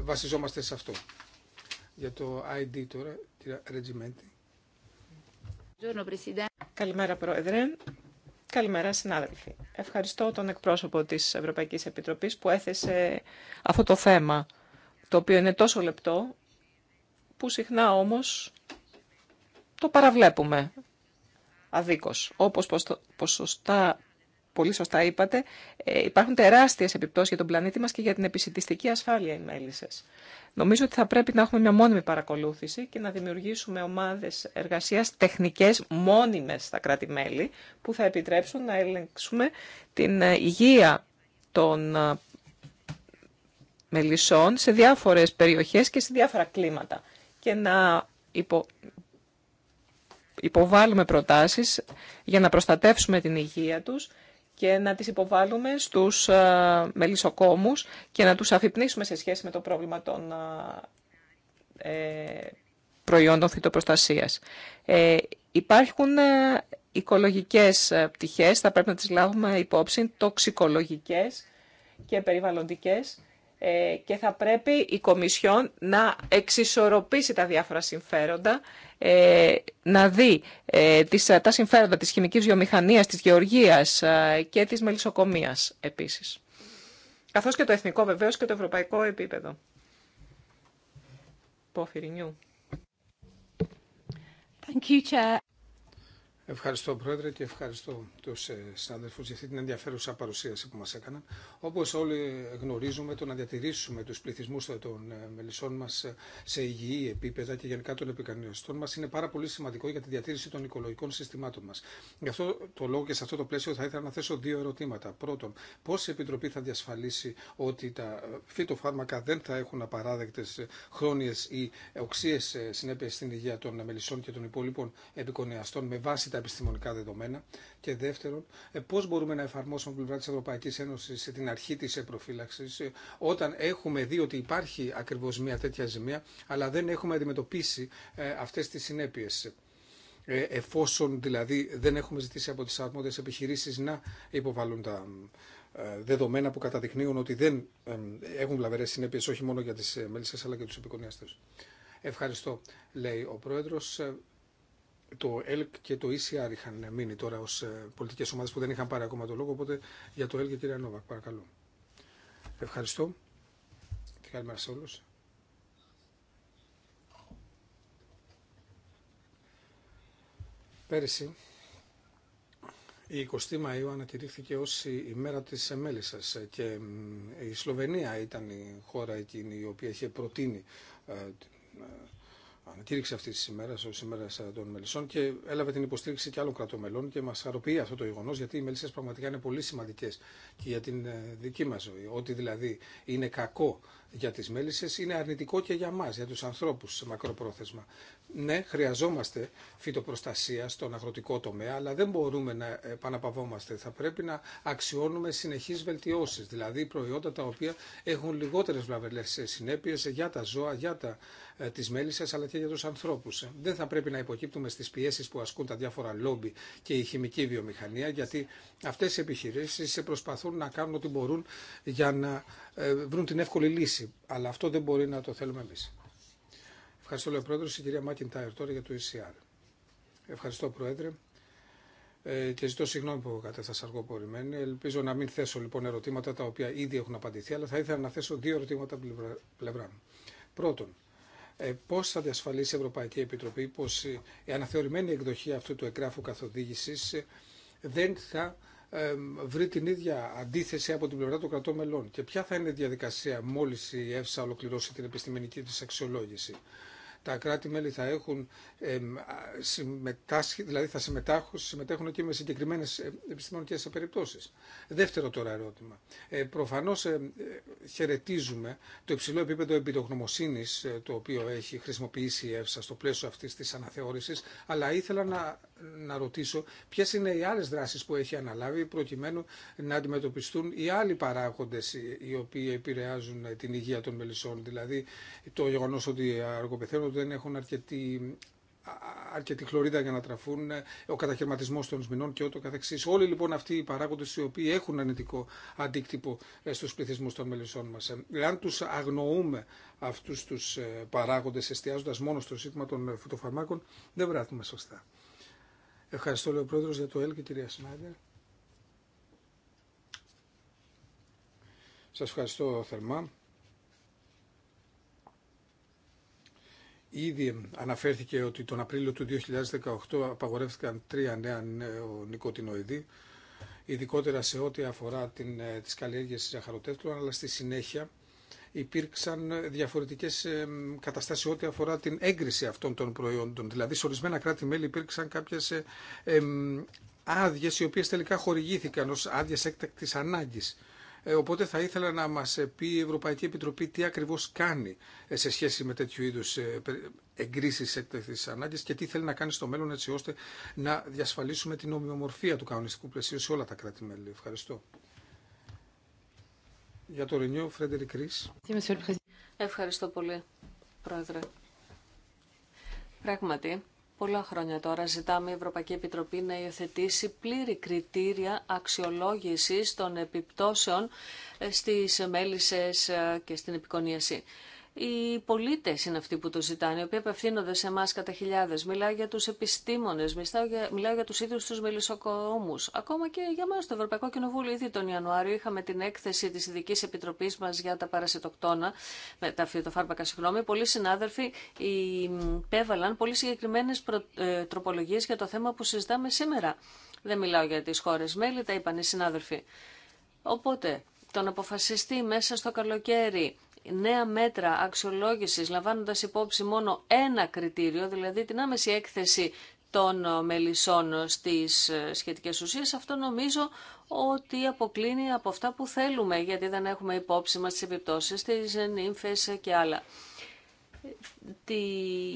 βασιζόμαστε σε αυτό. Για το ID τώρα, Καλημέρα, Πρόεδρε. Καλημέρα, συνάδελφοι. Ευχαριστώ τον εκπρόσωπο της Ευρωπαϊκής Επιτροπής που έθεσε αυτό το θέμα, το οποίο είναι τόσο λεπτό που συχνά όμως το παραβλέπουμε αδίκως. Όπως ποσοστά, πολύ σωστά είπατε, ε, υπάρχουν τεράστιες επιπτώσεις για τον πλανήτη μας και για την επισητιστική ασφάλεια οι μέλισσες. Νομίζω ότι θα πρέπει να έχουμε μια μόνιμη παρακολούθηση και να δημιουργήσουμε ομάδες εργασίας τεχνικές μόνιμες στα κράτη-μέλη που θα επιτρέψουν να ελέγξουμε την ε, υγεία των ε, μελισσών σε διάφορες περιοχές και σε διάφορα κλίματα και να υπο... υποβάλουμε προτάσεις για να προστατεύσουμε την υγεία τους και να τις υποβάλουμε στους α, ε, μελισσοκόμους και να τους αφυπνίσουμε σε σχέση με το πρόβλημα των ε, ε, προϊόντων φυτοπροστασίας. υπάρχουν α, οικολογικές πτυχές, θα πρέπει να τις λάβουμε υπόψη, τοξικολογικές και περιβαλλοντικές ε, και θα πρέπει η Κομισιόν να εξισορροπήσει τα διάφορα συμφέροντα, ε, να δει ε, τα συμφέροντα της χημικής βιομηχανίας, της γεωργίας και της μελισσοκομείας επίσης. Καθώς και το εθνικό βεβαίως και το ευρωπαϊκό επίπεδο. Thank Ευχαριστώ Πρόεδρε και ευχαριστώ τους ε, συναδελφούς για αυτή την ενδιαφέρουσα παρουσίαση που μας έκαναν. Όπως όλοι γνωρίζουμε, το να διατηρήσουμε τους πληθυσμούς των ε, μελισσών μας ε, σε υγιή επίπεδα και γενικά των επικοινωνιστών μα, είναι πάρα πολύ σημαντικό για τη διατήρηση των οικολογικών συστημάτων μας. Γι' αυτό το λόγο και σε αυτό το πλαίσιο θα ήθελα να θέσω δύο ερωτήματα. Πρώτον, πώς η Επιτροπή θα διασφαλίσει ότι τα φυτοφάρμακα δεν θα έχουν απαράδεκτες χρόνιες ή οξύες συνέπειες στην υγεία των μελισσών και των υπόλοιπων επικονιαστών με βάση τα επιστημονικά δεδομένα. Και δεύτερον, ε, πώ μπορούμε να εφαρμόσουμε πλευρά τη Ευρωπαϊκή Ένωση ε, την αρχή τη προφύλαξη ε, όταν έχουμε δει ότι υπάρχει ακριβώ μια τέτοια ζημία, αλλά δεν έχουμε αντιμετωπίσει αυτέ τι συνέπειε εφόσον δηλαδή δεν έχουμε ζητήσει από τις αρμόδιες επιχειρήσεις να υποβάλουν τα δεδομένα που καταδεικνύουν ότι δεν έχουν βλαβερές συνέπειες όχι μόνο για τις μέλισσες αλλά και τους επικονιαστές. Ευχαριστώ, λέει ο Πρόεδρος το ΕΛΚ και το ECR είχαν μείνει τώρα ως ε, πολιτικές ομάδες που δεν είχαν πάρει ακόμα το λόγο, οπότε για το ΕΛΚ και κυρία Νόβακ, παρακαλώ. Ευχαριστώ. Και καλημέρα σε όλους. Πέρυσι, η 20η Μαΐου ανακηρύχθηκε ως η μέρα της Μέλισσας και η Σλοβενία ήταν η χώρα εκείνη η οποία είχε προτείνει ε, ε, ανακήρυξη αυτή τη ημέρα, ω ημέρα των μελισσών και έλαβε την υποστήριξη και άλλων κρατομέλων και μα χαροποιεί αυτό το γεγονό γιατί οι μελισσέ πραγματικά είναι πολύ σημαντικέ και για την ε, δική μα ζωή. Ότι δηλαδή είναι κακό για τις μέλισσες είναι αρνητικό και για μας, για τους ανθρώπους σε μακροπρόθεσμα. Ναι, χρειαζόμαστε φυτοπροστασία στον αγροτικό τομέα, αλλά δεν μπορούμε να επαναπαυόμαστε. Θα πρέπει να αξιώνουμε συνεχείς βελτιώσεις, δηλαδή προϊόντα τα οποία έχουν λιγότερες βλαβελές συνέπειες για τα ζώα, για τα, ε, τις αλλά και για τους ανθρώπους. Δεν θα πρέπει να υποκύπτουμε στις πιέσεις που ασκούν τα διάφορα λόμπι και η χημική βιομηχανία, γιατί αυτές οι επιχειρήσεις προσπαθούν να κάνουν ό,τι μπορούν για να ε, βρουν την εύκολη λύση. Αλλά αυτό δεν μπορεί να το θέλουμε εμεί. Ευχαριστώ, λέει ο Πρόεδρο, η κυρία Μάκιντάιρ τώρα για το ECR. Ευχαριστώ, Πρόεδρε. Ε, και ζητώ συγγνώμη που κατέφθασα αργοπορημένη. Ελπίζω να μην θέσω λοιπόν ερωτήματα τα οποία ήδη έχουν απαντηθεί, αλλά θα ήθελα να θέσω δύο ερωτήματα από πλευρά μου. Πρώτον, ε, πώ θα διασφαλίσει η Ευρωπαϊκή Επιτροπή πω η αναθεωρημένη εκδοχή αυτού του εγγράφου καθοδήγηση ε, δεν θα βρει την ίδια αντίθεση από την πλευρά των κρατών μελών. Και ποια θα είναι η διαδικασία μόλις η ΕΦΣΑ ολοκληρώσει την επιστημονική της αξιολόγηση. Τα κράτη-μέλη θα έχουν συμμετάσχει, δηλαδή θα συμμετάχουν, συμμετέχουν και με συγκεκριμένε επιστημονικέ περιπτώσει. Δεύτερο τώρα ερώτημα. Ε, Προφανώ ε, χαιρετίζουμε το υψηλό επίπεδο εμπειρογνωμοσύνη ε, το οποίο έχει χρησιμοποιήσει η ΕΦΣΑ στο πλαίσιο αυτή τη αναθεώρηση, αλλά ήθελα να να ρωτήσω ποιε είναι οι άλλε δράσει που έχει αναλάβει προκειμένου να αντιμετωπιστούν οι άλλοι παράγοντε οι οποίοι επηρεάζουν την υγεία των μελισσών. Δηλαδή το γεγονό ότι αργοπεθαίνουν δεν έχουν αρκετή αρκετή χλωρίδα για να τραφούν, ο καταχαιρματισμός των σμηνών και ούτω καθεξής. Όλοι λοιπόν αυτοί οι παράγοντες οι οποίοι έχουν αρνητικό αντίκτυπο ε, στους πληθυσμούς των μελισσών μας. Ε, εάν τους αγνοούμε αυτούς τους ε, παράγοντες εστιάζοντας μόνο στο ζήτημα των φωτοφαρμάκων, δεν βράθουμε σωστά. Ευχαριστώ, λέει ο για το ΕΛ και κυρία Σνάιντερ. Σας ευχαριστώ θερμά. Ήδη αναφέρθηκε ότι τον Απρίλιο του 2018 απαγορεύτηκαν τρία νέα νοικοτινοειδή, ειδικότερα σε ό,τι αφορά την, ε, τις καλλιέργειες της αλλά στη συνέχεια υπήρξαν διαφορετικέ καταστάσει ό,τι αφορά την έγκριση αυτών των προϊόντων. Δηλαδή σε ορισμένα κράτη-μέλη υπήρξαν κάποιε ε, άδειε, οι οποίε τελικά χορηγήθηκαν ω άδειε έκτακτη ανάγκη. Ε, οπότε θα ήθελα να μας πει η Ευρωπαϊκή Επιτροπή τι ακριβώς κάνει ε, σε σχέση με τέτοιου είδους εγκρίσεις έκτακτης ανάγκης και τι θέλει να κάνει στο μέλλον έτσι ώστε να διασφαλίσουμε την ομοιομορφία του κανονιστικού πλαισίου σε όλα τα κράτη-μέλη. Ευχαριστώ. Για το Ρενιό, Φρέντερη Κρίς. Ευχαριστώ πολύ, Πρόεδρε. Πράγματι, πολλά χρόνια τώρα ζητάμε η Ευρωπαϊκή Επιτροπή να υιοθετήσει πλήρη κριτήρια αξιολόγησης των επιπτώσεων ε, στις μέλισσες ε, και στην επικονίαση οι πολίτε είναι αυτοί που το ζητάνε, οι οποίοι απευθύνονται σε εμά κατά χιλιάδε. Μιλάω για του επιστήμονε, μιλάω για, του ίδιου του μελισσοκόμου. Ακόμα και για μα, το Ευρωπαϊκό Κοινοβούλιο ήδη τον Ιανουάριο είχαμε την έκθεση τη ειδική επιτροπή μα για τα παρασιτοκτόνα, με τα φυτοφάρμακα συγγνώμη. Πολλοί συνάδελφοι υπέβαλαν πολύ συγκεκριμένε ε, τροπολογίε για το θέμα που συζητάμε σήμερα. Δεν μιλάω για τι χώρε μέλη, τα είπαν οι συνάδελφοι. Οπότε, τον αποφασιστεί μέσα στο καλοκαίρι νέα μέτρα αξιολόγησης λαμβάνοντας υπόψη μόνο ένα κριτήριο, δηλαδή την άμεση έκθεση των μελισσών στις σχετικές ουσίες, αυτό νομίζω ότι αποκλίνει από αυτά που θέλουμε, γιατί δεν έχουμε υπόψη μας τις επιπτώσεις, τις νύμφες και άλλα. Τη...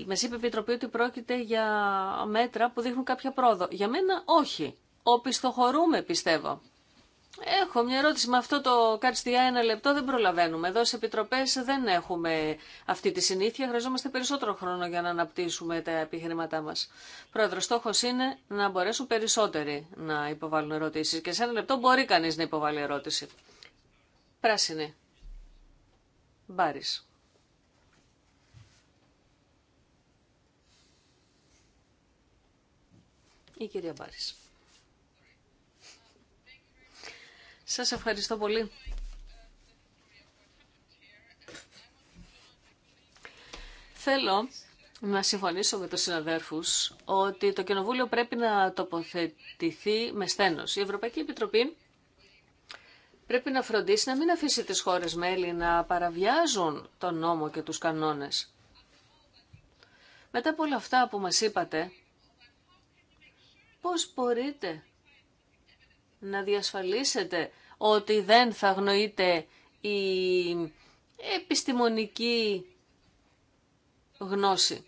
Μας είπε η Επιτροπή ότι πρόκειται για μέτρα που δείχνουν κάποια πρόοδο. Για μένα όχι. Οπισθοχωρούμε πιστεύω. Έχω μια ερώτηση με αυτό το κάτστιά ένα λεπτό δεν προλαβαίνουμε. Εδώ σε επιτροπέ δεν έχουμε αυτή τη συνήθεια. Χρειαζόμαστε περισσότερο χρόνο για να αναπτύσσουμε τα επιχειρήματά μας. Πρόεδρο, στόχο είναι να μπορέσουν περισσότεροι να υποβάλουν ερωτήσει. Και σε ένα λεπτό μπορεί κανείς να υποβάλει ερώτηση. Πράσινη. Μπάρι. Η κυρία Μπάρις. Σας ευχαριστώ πολύ. Θέλω να συμφωνήσω με τους συναδέρφους ότι το Κοινοβούλιο πρέπει να τοποθετηθεί με στένος. Η Ευρωπαϊκή Επιτροπή πρέπει να φροντίσει να μην αφήσει τις χώρες μέλη να παραβιάζουν τον νόμο και τους κανόνες. Μετά από όλα αυτά που μας είπατε, πώς μπορείτε να διασφαλίσετε ότι δεν θα αγνοείται η επιστημονική γνώση.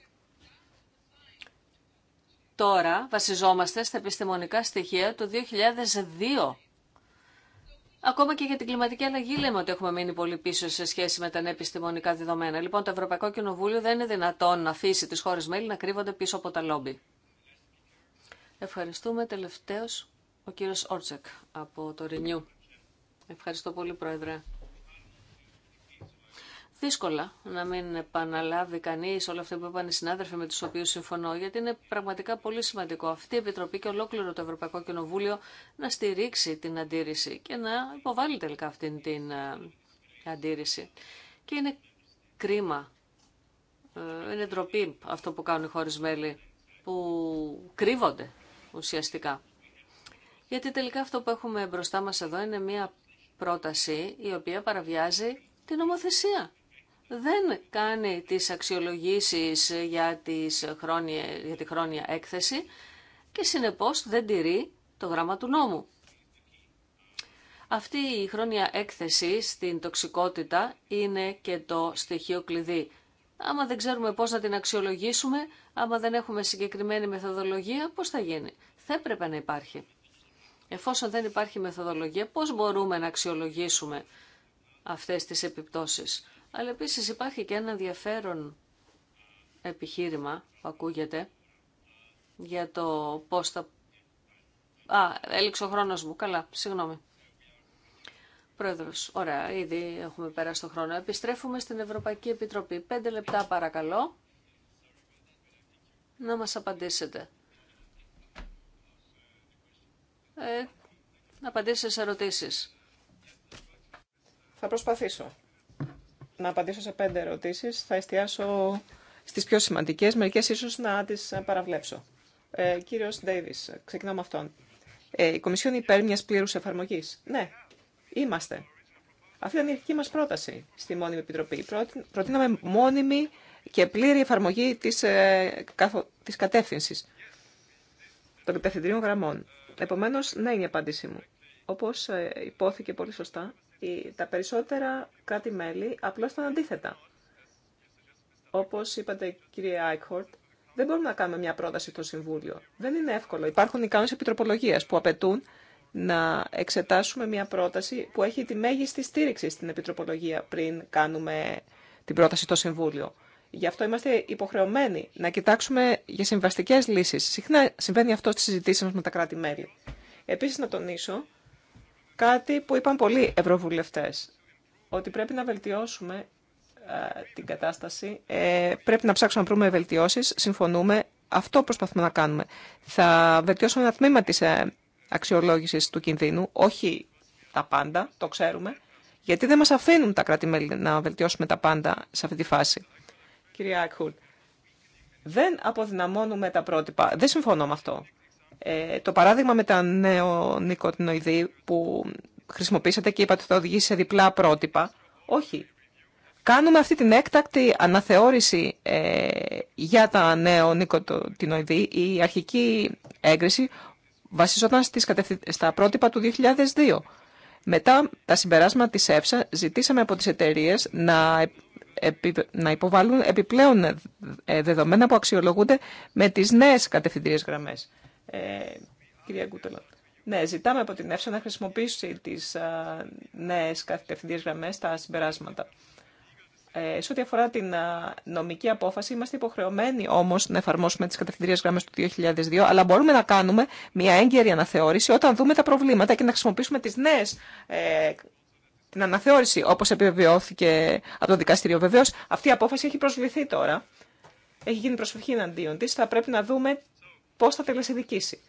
Τώρα βασιζόμαστε στα επιστημονικά στοιχεία του 2002. Ακόμα και για την κλιματική αλλαγή λέμε ότι έχουμε μείνει πολύ πίσω σε σχέση με τα επιστημονικά δεδομένα. Λοιπόν, το Ευρωπαϊκό Κοινοβούλιο δεν είναι δυνατόν να αφήσει τις χώρες μέλη να κρύβονται πίσω από τα λόμπι. Ευχαριστούμε. Τελευταίος ο κύριος Όρτσεκ από το Ρινιού. Ευχαριστώ πολύ, Πρόεδρε. Δύσκολα να μην επαναλάβει κανεί όλα αυτά που είπαν οι συνάδελφοι με του οποίου συμφωνώ, γιατί είναι πραγματικά πολύ σημαντικό αυτή η Επιτροπή και ολόκληρο το Ευρωπαϊκό Κοινοβούλιο να στηρίξει την αντίρρηση και να υποβάλει τελικά αυτή την ε, αντίρρηση. Και είναι κρίμα, ε, είναι ντροπή αυτό που κάνουν οι χώρε μέλη, που κρύβονται ουσιαστικά. Γιατί τελικά αυτό που έχουμε μπροστά μας εδώ είναι μια πρόταση η οποία παραβιάζει την νομοθεσία. Δεν κάνει τις αξιολογήσεις για, τις για τη χρόνια έκθεση και συνεπώς δεν τηρεί το γράμμα του νόμου. Αυτή η χρόνια έκθεση στην τοξικότητα είναι και το στοιχείο κλειδί. Άμα δεν ξέρουμε πώς να την αξιολογήσουμε, άμα δεν έχουμε συγκεκριμένη μεθοδολογία, πώς θα γίνει. Θα έπρεπε να υπάρχει. Εφόσον δεν υπάρχει μεθοδολογία, πώς μπορούμε να αξιολογήσουμε αυτές τις επιπτώσεις. Αλλά επίσης υπάρχει και ένα ενδιαφέρον επιχείρημα που ακούγεται για το πώς θα... Α, έληξε ο χρόνος μου. Καλά, συγγνώμη. Πρόεδρος, ωραία, ήδη έχουμε περάσει το χρόνο. Επιστρέφουμε στην Ευρωπαϊκή Επιτροπή. Πέντε λεπτά παρακαλώ να μας απαντήσετε ε, να απαντήσει σε ερωτήσεις. Θα προσπαθήσω να απαντήσω σε πέντε ερωτήσεις. Θα εστιάσω στις πιο σημαντικές, μερικές ίσως να τις παραβλέψω. Ε, κύριος Ντέιβις, ξεκινάμε αυτόν. Ε, η Κομισιόν υπέρ μιας πλήρους εφαρμογής. Ναι, είμαστε. Αυτή ήταν η αρχική μας πρόταση στη Μόνιμη Επιτροπή. Προτείναμε μόνιμη και πλήρη εφαρμογή της, ε, καθο, της κατεύθυνσης των κατευθυντήριων γραμμών. Επομένως, ναι είναι η απάντησή μου. Όπως ε, υπόθηκε πολύ σωστά, τα περισσότερα κράτη-μέλη απλώ ήταν αντίθετα. Όπως είπατε, κύριε Άικχορτ, δεν μπορούμε να κάνουμε μια πρόταση στο Συμβούλιο. Δεν είναι εύκολο. Υπάρχουν οι κανόνε επιτροπολογία που απαιτούν να εξετάσουμε μια πρόταση που έχει τη μέγιστη στήριξη στην επιτροπολογία πριν κάνουμε την πρόταση στο Συμβούλιο. Γι' αυτό είμαστε υποχρεωμένοι να κοιτάξουμε για συμβαστικέ λύσει. Συχνά συμβαίνει αυτό στι συζητήσει μα με τα κράτη-μέλη. Επίση, να τονίσω κάτι που είπαν πολλοί ευρωβουλευτέ, ότι πρέπει να βελτιώσουμε την κατάσταση. Ε, πρέπει να ψάξουμε να βρούμε βελτιώσει. Συμφωνούμε. Αυτό προσπαθούμε να κάνουμε. Θα βελτιώσουμε ένα τμήμα τη ε, αξιολόγηση του κινδύνου, όχι τα πάντα, το ξέρουμε. Γιατί δεν μα αφήνουν τα κράτη-μέλη να βελτιώσουμε τα πάντα σε αυτή τη φάση κυρία Ακχούλ. Δεν αποδυναμώνουμε τα πρότυπα. Δεν συμφωνώ με αυτό. Ε, το παράδειγμα με τα νέο νεονικοτινοειδή που χρησιμοποίησατε και είπατε ότι θα οδηγήσει σε διπλά πρότυπα. Όχι. Κάνουμε αυτή την έκτακτη αναθεώρηση ε, για τα νέο νεονικοτινοειδή. Η αρχική έγκριση βασίζονταν στις, στα πρότυπα του 2002. Μετά τα συμπεράσματα της ΕΦΣΑ ζητήσαμε από τις εταιρείες να να υποβάλουν επιπλέον ε, δεδομένα που αξιολογούνται με τις νέες κατευθυντήριες γραμμές. Ε, κυρία Γκούτελα. Ναι, ζητάμε από την ΕΦΣΑ να χρησιμοποιήσει τις νέες κατευθυντήριες γραμμές στα συμπεράσματα. Ε, σε ό,τι αφορά την νομική απόφαση, είμαστε υποχρεωμένοι όμως να εφαρμόσουμε τις κατευθυντήριες γραμμές του 2002, αλλά μπορούμε να κάνουμε μια έγκαιρη αναθεώρηση όταν δούμε τα προβλήματα και να χρησιμοποιήσουμε τις νέες ε, την αναθεώρηση, όπως επιβεβαιώθηκε από το δικαστήριο. βεβαίω, αυτή η απόφαση έχει προσβληθεί τώρα. Έχει γίνει προσφυγή εναντίον τη. Θα πρέπει να δούμε πώς θα τελεσυνδικήσει.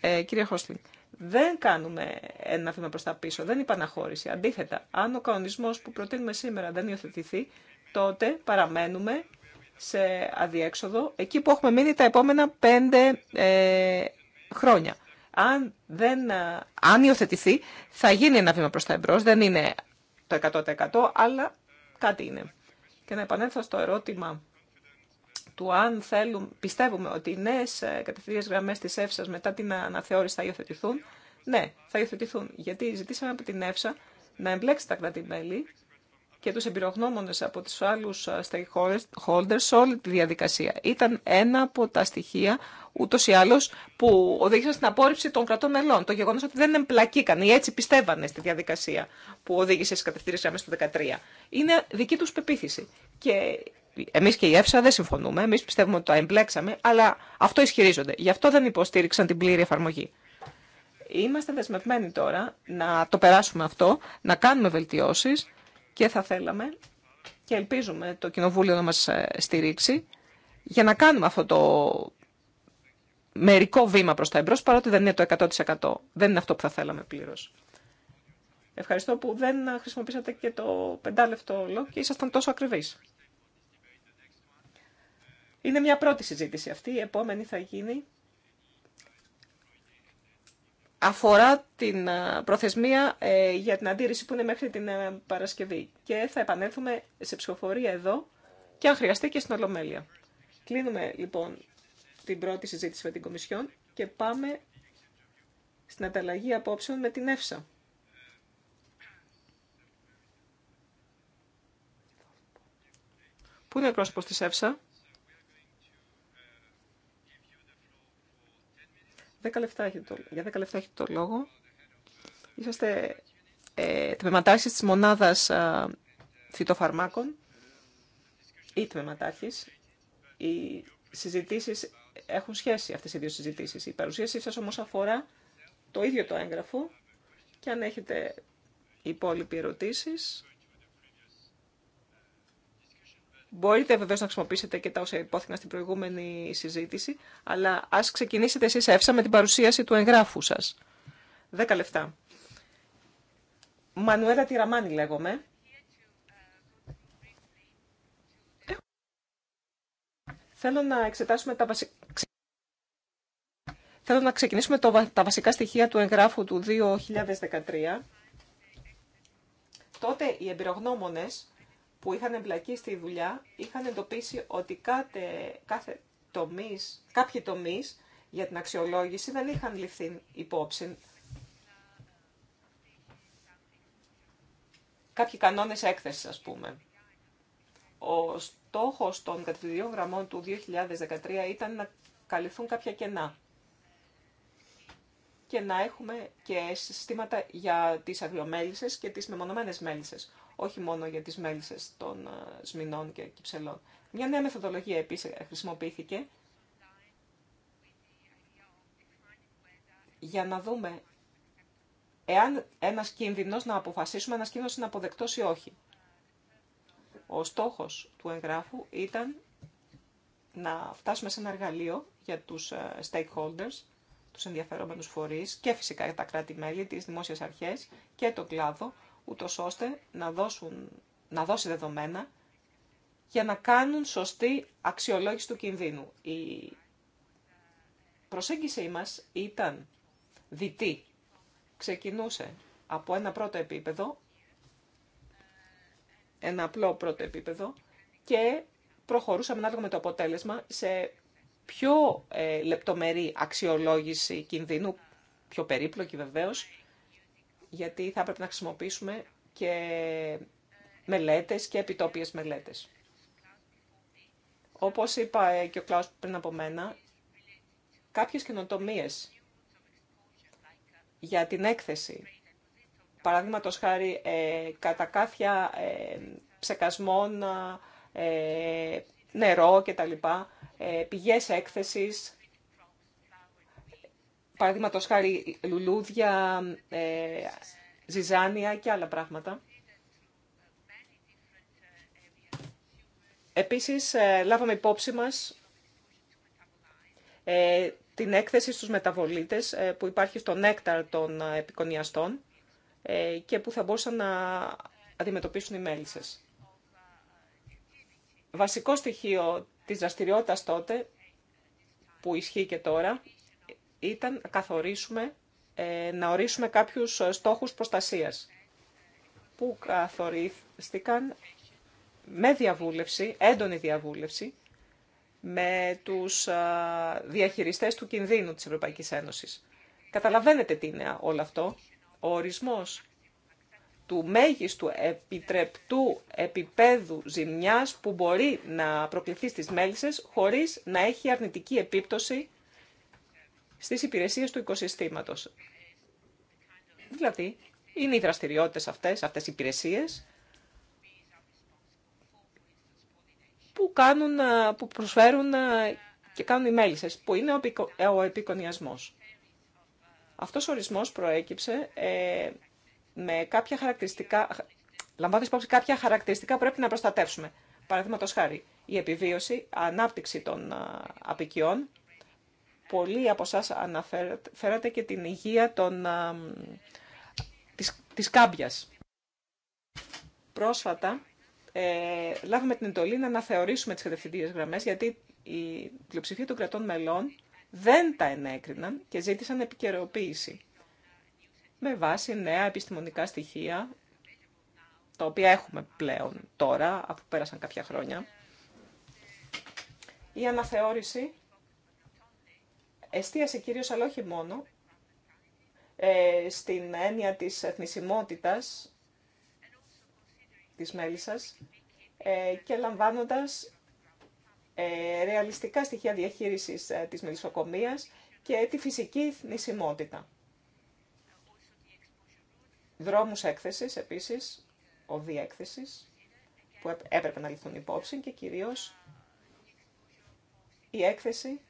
Ε, κύριε Χόστινγκ, δεν κάνουμε ένα βήμα προ τα πίσω, δεν υπάρχει αναχώρηση. Αντίθετα, αν ο κανονισμός που προτείνουμε σήμερα δεν υιοθετηθεί, τότε παραμένουμε σε αδιέξοδο εκεί που έχουμε μείνει τα επόμενα πέντε ε, χρόνια αν, δεν, ε, αν υιοθετηθεί, θα γίνει ένα βήμα προς τα εμπρός. Δεν είναι το 100% αλλά κάτι είναι. Και να επανέλθω στο ερώτημα του αν θέλουμε πιστεύουμε ότι οι νέε κατευθυντήριε γραμμέ τη ΕΦΣΑ μετά την αναθεώρηση θα υιοθετηθούν. Ναι, θα υιοθετηθούν. Γιατί ζητήσαμε από την ΕΦΣΑ να εμπλέξει τα κράτη-μέλη και τους εμπειρογνώμονες από τους άλλους stakeholders σε όλη τη διαδικασία. Ήταν ένα από τα στοιχεία ούτω ή άλλω που οδήγησαν στην απόρριψη των κρατών μελών. Το γεγονό ότι δεν εμπλακήκαν ή έτσι πιστεύανε στη διαδικασία που οδήγησε στι κατευθύνσει γραμμέ του 2013. Είναι δική του πεποίθηση. Και εμεί και η ΕΦΣΑ δεν συμφωνούμε. Εμεί πιστεύουμε ότι το εμπλέξαμε, αλλά αυτό ισχυρίζονται. Γι' αυτό δεν υποστήριξαν την πλήρη εφαρμογή. Είμαστε δεσμευμένοι τώρα να το περάσουμε αυτό, να κάνουμε βελτιώσεις και θα θέλαμε και ελπίζουμε το Κοινοβούλιο να μας ε, στηρίξει για να κάνουμε αυτό το μερικό βήμα προς τα εμπρός, παρότι δεν είναι το 100%. Δεν είναι αυτό που θα θέλαμε πλήρως. Ευχαριστώ που δεν χρησιμοποίησατε και το πεντάλεπτο λόγο και ήσασταν τόσο ακριβείς. Είναι μια πρώτη συζήτηση αυτή. Η επόμενη θα γίνει αφορά την ε, προθεσμία ε, για την αντίρρηση που είναι μέχρι την ε, Παρασκευή. Και θα επανέλθουμε σε ψηφοφορία εδώ και αν χρειαστεί και στην Ολομέλεια. Κλείνουμε λοιπόν την πρώτη συζήτηση με την Κομισιόν και πάμε στην ανταλλαγή απόψεων με την ΕΦΣΑ. Πού είναι ο πρόσωπος της ΕΦΣΑ? 10 λεπτά έχετε για 10 λεπτά έχετε το λόγο. Είσαστε ε, τμηματάρχης της μονάδας φυτοφαρμάκων ή τμηματάρχης. Οι συζητήσεις έχουν σχέση αυτές οι δύο συζητήσεις. Η παρουσίασή σας όμως αφορά το ίδιο το έγγραφο και αν έχετε υπόλοιποι ερωτήσεις Μπορείτε βεβαίω να χρησιμοποιήσετε και τα όσα υπόθηκαν στην προηγούμενη συζήτηση, αλλά α ξεκινήσετε εσεί εύσα με την παρουσίαση του εγγράφου σα. Δέκα λεπτά. Μανουέλα Τιραμάνη λέγομαι. Θέλω να τα βασικά. Θέλω να ξεκινήσουμε το, τα βασικά στοιχεία του εγγράφου του 2013. Τότε οι εμπειρογνώμονες που είχαν εμπλακεί στη δουλειά είχαν εντοπίσει ότι κάθε, κάθε κάποιοι τομείς για την αξιολόγηση δεν είχαν ληφθεί υπόψη. Κάποιοι κανόνες έκθεσης, ας πούμε. Ο στόχος των κατηγοριών γραμμών του 2013 ήταν να καλυφθούν κάποια κενά και να έχουμε και συστήματα για τις αγριομέλισσες και τις μεμονωμένες μέλισσες όχι μόνο για τις μέλισσες των ε, σμηνών και κυψελών. Μια νέα μεθοδολογία επίσης ε, χρησιμοποιήθηκε για να δούμε εάν ένας κίνδυνος, να αποφασίσουμε ένας κίνδυνος είναι αποδεκτός ή όχι. Ο στόχος του εγγράφου ήταν να φτάσουμε σε ένα εργαλείο για τους ε, stakeholders, τους ενδιαφερόμενους φορείς και φυσικά τα κράτη-μέλη, τις δημόσιες αρχές και το κλάδο, ούτω ώστε να, δώσουν, να δώσει δεδομένα για να κάνουν σωστή αξιολόγηση του κινδύνου. Η προσέγγιση μας ήταν διτή. Ξεκινούσε από ένα πρώτο επίπεδο, ένα απλό πρώτο επίπεδο και προχωρούσαμε ανάλογα με το αποτέλεσμα σε πιο ε, λεπτομερή αξιολόγηση κινδύνου, πιο περίπλοκη βεβαίως, γιατί θα έπρεπε να χρησιμοποιήσουμε και μελέτες και επιτόπιες μελέτες. Όπως είπα και ο Κλάους πριν από μένα, κάποιες καινοτομίε για την έκθεση, παραδείγματο χάρη ε, κατά κάποια ε, ψεκασμών, ε, νερό κτλ, ε, πηγές έκθεσης, παραδείγματο χάρη λουλούδια, ε, ζυζάνια και άλλα πράγματα. Επίσης, ε, λάβαμε υπόψη μας ε, την έκθεση στους μεταβολίτες ε, που υπάρχει στο νέκταρ των επικονιαστών και που θα μπορούσαν να αντιμετωπίσουν οι μέλισσες. Βασικό στοιχείο της δραστηριότητας τότε, που ισχύει και τώρα, ήταν να καθορίσουμε, ε, να ορίσουμε κάποιους ε, στόχους προστασίας που καθορίστηκαν με διαβούλευση, έντονη διαβούλευση, με τους ε, διαχειριστές του κινδύνου της Ευρωπαϊκής Ένωσης. Καταλαβαίνετε τι είναι όλο αυτό. Ο ορισμός του μέγιστου επιτρεπτού επίπεδου ζημιάς που μπορεί να προκληθεί στις μέλισσες χωρίς να έχει αρνητική επίπτωση στις υπηρεσίες του οικοσυστήματος. Δηλαδή, είναι οι δραστηριότητες αυτές, αυτές οι υπηρεσίες, που, κάνουν, που προσφέρουν και κάνουν οι μέλισσες, που είναι ο ε, επικονιασμός. Αυτός ο ορισμός προέκυψε ε, με κάποια χαρακτηριστικά, λαμβάνοντας υπόψη κάποια χαρακτηριστικά πρέπει να προστατεύσουμε. Παραδείγματος χάρη, η επιβίωση, ανάπτυξη των απικιών, πολλοί από εσά αναφέρατε και την υγεία των, α, της, της κάμπιας. Πρόσφατα ε, λάβαμε την εντολή να αναθεωρήσουμε τις κατευθυντήριες γραμμές γιατί η πλειοψηφία των κρατών μελών δεν τα ενέκριναν και ζήτησαν επικαιροποίηση με βάση νέα επιστημονικά στοιχεία τα οποία έχουμε πλέον τώρα, αφού πέρασαν κάποια χρόνια. Η αναθεώρηση εστίασε κυρίως, αλλά όχι μόνο, ε, στην έννοια της εθνισιμότητας της μέλισσας ε, και λαμβάνοντας ε, ρεαλιστικά στοιχεία διαχείρισης της μελισσοκομείας και τη φυσική εθνισιμότητα. Δρόμους έκθεσης, επίσης, οδή έκθεσης, που έπρεπε να ληφθούν υπόψη και κυρίως η έκθεση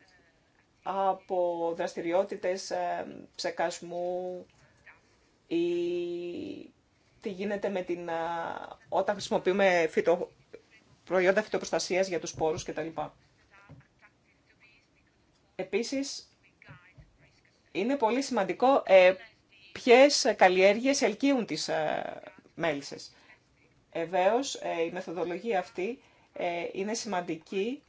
από δραστηριότητες ε, ψεκασμού ή τι γίνεται με την, ε, όταν χρησιμοποιούμε φυτο, προϊόντα φυτοπροστασίας για τους πόρους κτλ. Επίσης, είναι πολύ σημαντικό ε, ποιες καλλιέργειες ελκύουν τις ε, μέλισσες. Ε, η μεθοδολογία αυτή είναι σημαντική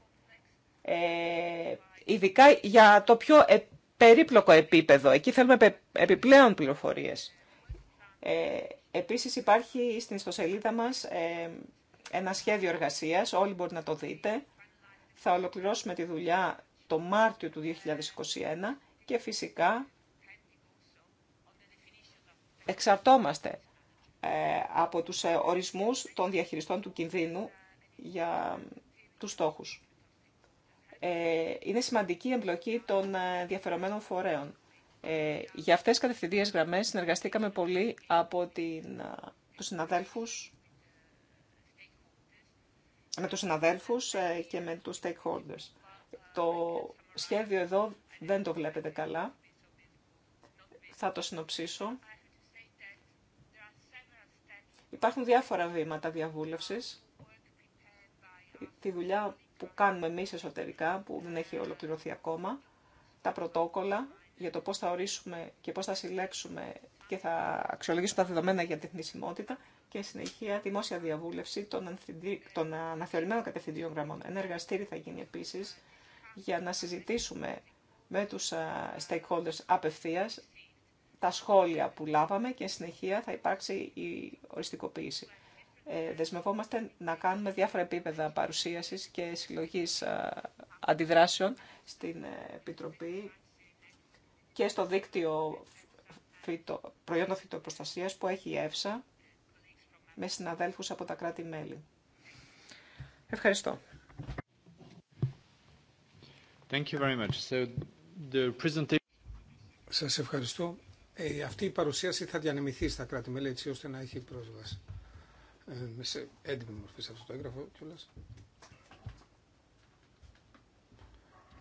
ειδικά για το πιο ε, περίπλοκο επίπεδο. Εκεί θέλουμε επιπλέον πληροφορίες. Ε, επίσης υπάρχει στην ιστοσελίδα μας ε, ένα σχέδιο εργασίας, όλοι μπορείτε να το δείτε. Θα ολοκληρώσουμε τη δουλειά το Μάρτιο του 2021 και φυσικά εξαρτόμαστε ε, από τους ορισμούς των διαχειριστών του κινδύνου για τους στόχους. Ε, είναι σημαντική η εμπλοκή των ε, διαφερωμένων φορέων. Ε, για αυτές τις κατευθυντικές γραμμές συνεργαστήκαμε πολύ από την, τους συναδέλφους, με τους συναδέλφους και με τους stakeholders. Το σχέδιο εδώ δεν το βλέπετε καλά. Θα το συνοψίσω. Υπάρχουν διάφορα βήματα διαβούλευσης. Τη δουλειά που κάνουμε εμείς εσωτερικά, που δεν έχει ολοκληρωθεί ακόμα, τα πρωτόκολλα για το πώς θα ορίσουμε και πώς θα συλλέξουμε και θα αξιολογήσουμε τα δεδομένα για την θνησιμότητα και συνεχεία δημόσια διαβούλευση των, των αναθεωρημένων κατευθυντήριων γραμμών. Ένα εργαστήρι θα γίνει επίσης για να συζητήσουμε με τους stakeholders απευθείας τα σχόλια που λάβαμε και συνεχεία θα υπάρξει η οριστικοποίηση. Ε, δεσμευόμαστε να κάνουμε διάφορα επίπεδα παρουσίασης και συλλογής ε, αντιδράσεων στην ε, Επιτροπή και στο δίκτυο φυτο, προϊόντων φυτοπροστασίας που έχει η ΕΦΣΑ με συναδέλφους από τα κράτη-μέλη. Ευχαριστώ. Thank you very much. So the presentation... Σας ευχαριστώ. αυτή η παρουσίαση θα διανεμηθεί στα κράτη-μέλη έτσι ώστε να έχει πρόσβαση. Ε, σε έντυπη μορφή σε αυτό το έγγραφο κιόλας.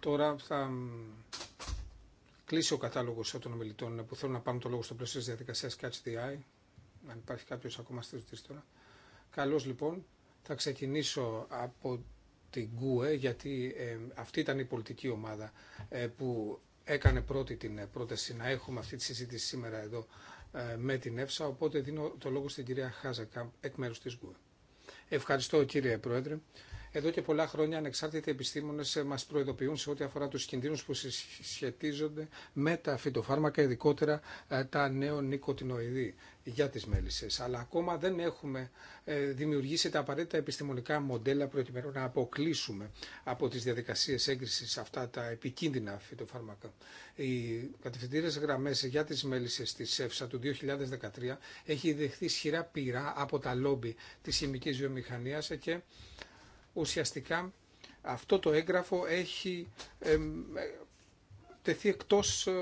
Τώρα θα κλείσω ο κατάλογος των ομιλητών ε, που θέλουν να πάρουν το λόγο στο πλαίσιο της διαδικασίας Catch the Eye. Αν υπάρχει κάποιος ακόμα στη τώρα. Καλώς λοιπόν, θα ξεκινήσω από την ΚΟΕ γιατί ε, αυτή ήταν η πολιτική ομάδα που έκανε πρώτη την πρόταση να έχουμε αυτή τη συζήτηση σήμερα εδώ ε, με την ΕΦΣΑ, οπότε δίνω το λόγο στην κυρία Χάζακα εκ μέρους της Γουέ. Ευχαριστώ κύριε Πρόεδρε εδώ και πολλά χρόνια ανεξάρτητοι επιστήμονες ε, μας προειδοποιούν σε ό,τι αφορά τους κινδύνους που σχετίζονται με τα φυτοφάρμακα, ειδικότερα ε, τα νέο νοικοτινοειδή για τις μέλισσες. Αλλά ακόμα δεν έχουμε ε, δημιουργήσει τα απαραίτητα επιστημονικά μοντέλα προκειμένου να αποκλείσουμε από τις διαδικασίες έγκρισης αυτά τα επικίνδυνα φυτοφάρμακα. Οι κατευθυντήρε γραμμές για τις μέλισσες της ΕΦΣΑ του 2013 έχει δεχθεί ισχυρά πειρά από τα λόμπι της χημικής βιομηχανίας και ουσιαστικά αυτό το έγγραφο έχει τεθεί εκτός ε,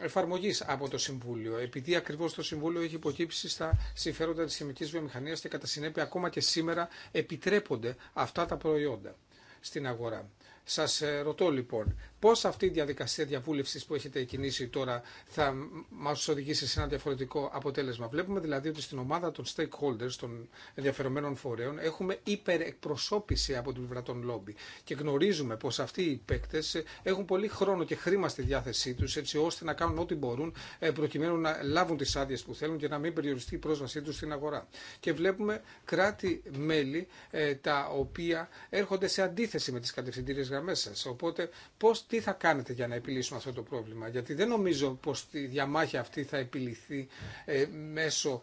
εφαρμογής από το Συμβούλιο, επειδή ακριβώς το Συμβούλιο έχει υποκύψει στα συμφέροντα της χημικής βιομηχανίας και κατά συνέπεια ακόμα και σήμερα επιτρέπονται αυτά τα προϊόντα στην αγορά. Σας ε, ρωτώ λοιπόν, Πώ αυτή η διαδικασία διαβούλευση που έχετε κινήσει τώρα θα μα οδηγήσει σε ένα διαφορετικό αποτέλεσμα. Βλέπουμε δηλαδή ότι στην ομάδα των stakeholders, των ενδιαφερομένων φορέων, έχουμε υπερεκπροσώπηση από την πλευρά των λόμπι και γνωρίζουμε πω αυτοί οι παίκτε ε, έχουν πολύ χρόνο και χρήμα στη διάθεσή του έτσι ώστε να κάνουν ό,τι μπορούν ε, προκειμένου να λάβουν τι άδειε που θέλουν και να μην περιοριστεί η πρόσβασή του στην αγορά. Και βλέπουμε κράτη-μέλη ε, τα οποία έρχονται σε αντίθεση με τι κατευθυντήριε γραμμέ σα. Οπότε πώ τι θα κάνετε για να επιλύσουμε αυτό το πρόβλημα. Γιατί δεν νομίζω πως η διαμάχη αυτή θα επιληθεί ε, μέσω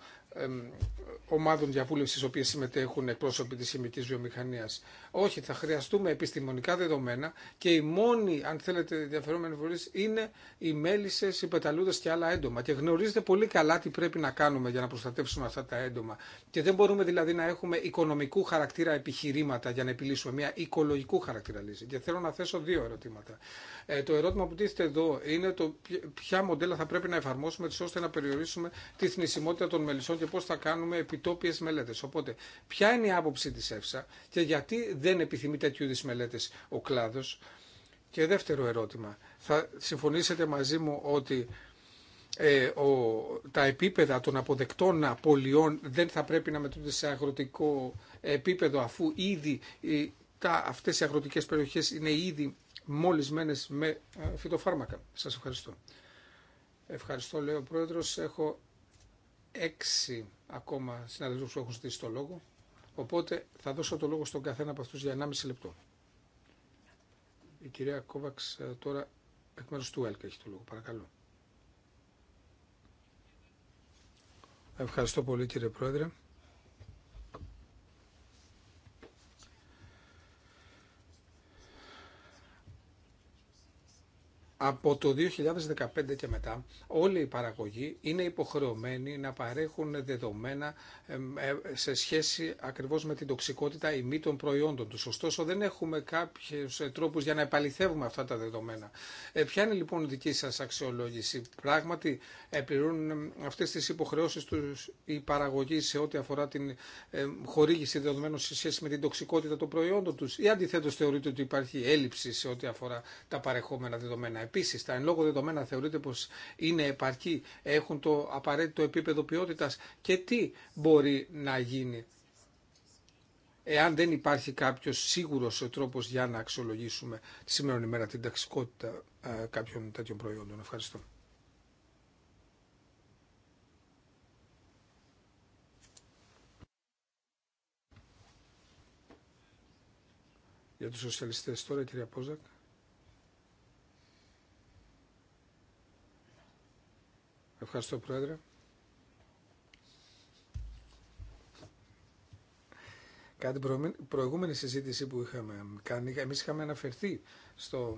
ομάδων διαβούλευσης, οποίες συμμετέχουν εκπρόσωποι της χημικής βιομηχανίας. Όχι, θα χρειαστούμε επιστημονικά δεδομένα και η μόνη, αν θέλετε, ενδιαφερόμενη φορείς είναι οι μέλισσες, οι πεταλούδες και άλλα έντομα. Και γνωρίζετε πολύ καλά τι πρέπει να κάνουμε για να προστατεύσουμε αυτά τα έντομα. Και δεν μπορούμε δηλαδή να έχουμε οικονομικού χαρακτήρα επιχειρήματα για να επιλύσουμε μια οικολογικού χαρακτήρα λύση. Και θέλω να θέσω δύο ερωτήματα. Ε, το ερώτημα που τίθεται εδώ είναι το ποια μοντέλα θα πρέπει να εφαρμόσουμε ώστε να περιορίσουμε τη θνησιμότητα των μελισσών και το πώ θα κάνουμε επιτόπιε μελέτε. Οπότε, ποια είναι η άποψη τη ΕΦΣΑ και γιατί δεν επιθυμεί τέτοιου είδου μελέτε ο κλάδο. Και δεύτερο ερώτημα. Θα συμφωνήσετε μαζί μου ότι ε, ο, τα επίπεδα των αποδεκτών απολειών δεν θα πρέπει να μετρούνται σε αγροτικό επίπεδο αφού ήδη οι, ε, τα, αυτές οι αγροτικές περιοχές είναι ήδη μολυσμένες με ε, φυτοφάρμακα. Σας ευχαριστώ. Ευχαριστώ λέει ο Πρόεδρος. Έχω έξι ακόμα συναδελφούς που έχουν στήσει το λόγο, οπότε θα δώσω το λόγο στον καθένα από αυτούς για 1,5 λεπτό. Η κυρία Κόβαξ ε, τώρα εκ μέρους του ΕΛΚ έχει το λόγο, παρακαλώ. Ευχαριστώ πολύ κύριε Πρόεδρε. από το 2015 και μετά όλοι οι παραγωγοί είναι υποχρεωμένοι να παρέχουν δεδομένα ε, σε σχέση ακριβώς με την τοξικότητα ή μη των προϊόντων τους. Ωστόσο δεν έχουμε κάποιους ε, τρόπους για να επαληθεύουμε αυτά τα δεδομένα. Ε, ποια είναι λοιπόν η δική σας αξιολόγηση. Πράγματι επιρρούν αυτές τις υποχρεώσεις τους οι παραγωγοί σε ό,τι αφορά την χορήγηση δεδομένων σε σχέση με την τοξικότητα των προϊόντων τους ή αντιθέτως θεωρείτε ότι υπάρχει έλλειψη σε ό,τι αφορά τα παρεχόμενα δεδομένα. Επίση, τα εν λόγω δεδομένα θεωρείται πω είναι επαρκή, έχουν το απαραίτητο επίπεδο ποιότητα και τι μπορεί να γίνει εάν δεν υπάρχει κάποιο σίγουρο τρόπο για να αξιολογήσουμε τη σήμερα ημέρα την ταξικότητα ε, κάποιων τέτοιων προϊόντων. Ευχαριστώ. Για τους σοσιαλιστές τώρα, κυρία Πόζακ. Ευχαριστώ, Πρόεδρε. Κάτι προηγούμενη συζήτηση που είχαμε κάνει, εμείς είχαμε αναφερθεί στο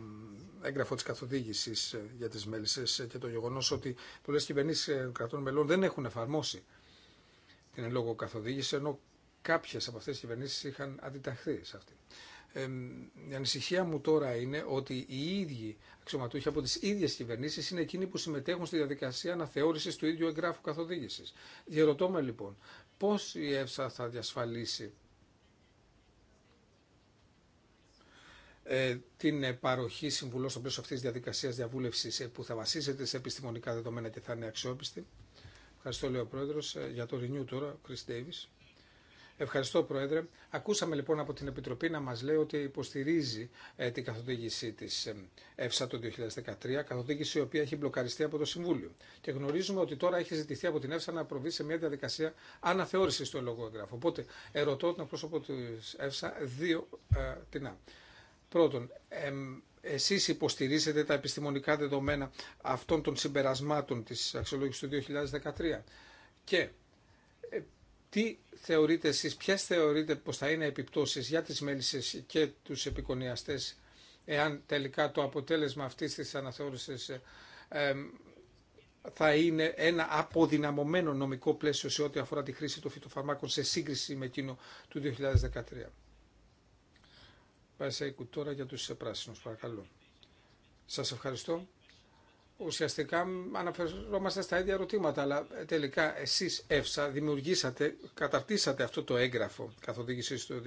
έγγραφο της καθοδήγησης ε, για τις μέλησες ε, και το γεγονός ότι πολλές κυβερνήσεις ε, κρατών μελών δεν έχουν εφαρμόσει την εν λόγω καθοδήγηση, ενώ κάποιες από αυτές τις κυβερνήσεις είχαν αντιταχθεί σε αυτή η ανησυχία μου τώρα είναι ότι οι ίδιοι αξιωματούχοι από τι ίδιε κυβερνήσει είναι εκείνοι που συμμετέχουν στη διαδικασία αναθεώρηση του ίδιου εγγράφου καθοδήγηση. Διαρωτώ με λοιπόν, πώ η ΕΦΣΑ θα διασφαλίσει ε, την παροχή συμβουλών στο πλαίσιο αυτή τη διαδικασία διαβούλευση ε, που θα βασίζεται σε επιστημονικά δεδομένα και θα είναι αξιόπιστη. Ευχαριστώ, λέει ο Πρόεδρο, ε, για το Renew τώρα, ο Chris Ευχαριστώ, Πρόεδρε. Ακούσαμε λοιπόν από την Επιτροπή να μα λέει ότι υποστηρίζει ε, την καθοδήγησή τη ΕΦΣΑ το 2013, καθοδήγηση η οποία έχει μπλοκαριστεί από το Συμβούλιο. Και γνωρίζουμε ότι τώρα έχει ζητηθεί από την ΕΦΣΑ να προβεί σε μια διαδικασία αναθεώρηση του ελογόγραφου. Οπότε, ερωτώ τον πρόσωπο τη ΕΦΣΑ δύο ε, τεινά. Πρώτον, εσεί εσείς υποστηρίζετε τα επιστημονικά δεδομένα αυτών των συμπερασμάτων της αξιολόγησης του 2013 και τι θεωρείτε εσείς, ποιες θεωρείτε πως θα είναι επιπτώσεις για τις μέλισσες και τους επικονιαστές εάν τελικά το αποτέλεσμα αυτής της αναθεώρησης ε, θα είναι ένα αποδυναμωμένο νομικό πλαίσιο σε ό,τι αφορά τη χρήση των φυτοφαρμάκων σε σύγκριση με εκείνο του 2013. Πάει σε τώρα για τους πράσινου. παρακαλώ. Σας ευχαριστώ ουσιαστικά αναφερόμαστε στα ίδια ερωτήματα, αλλά τελικά εσείς ΕΦΣΑ δημιουργήσατε, καταρτήσατε αυτό το έγγραφο καθοδήγησης του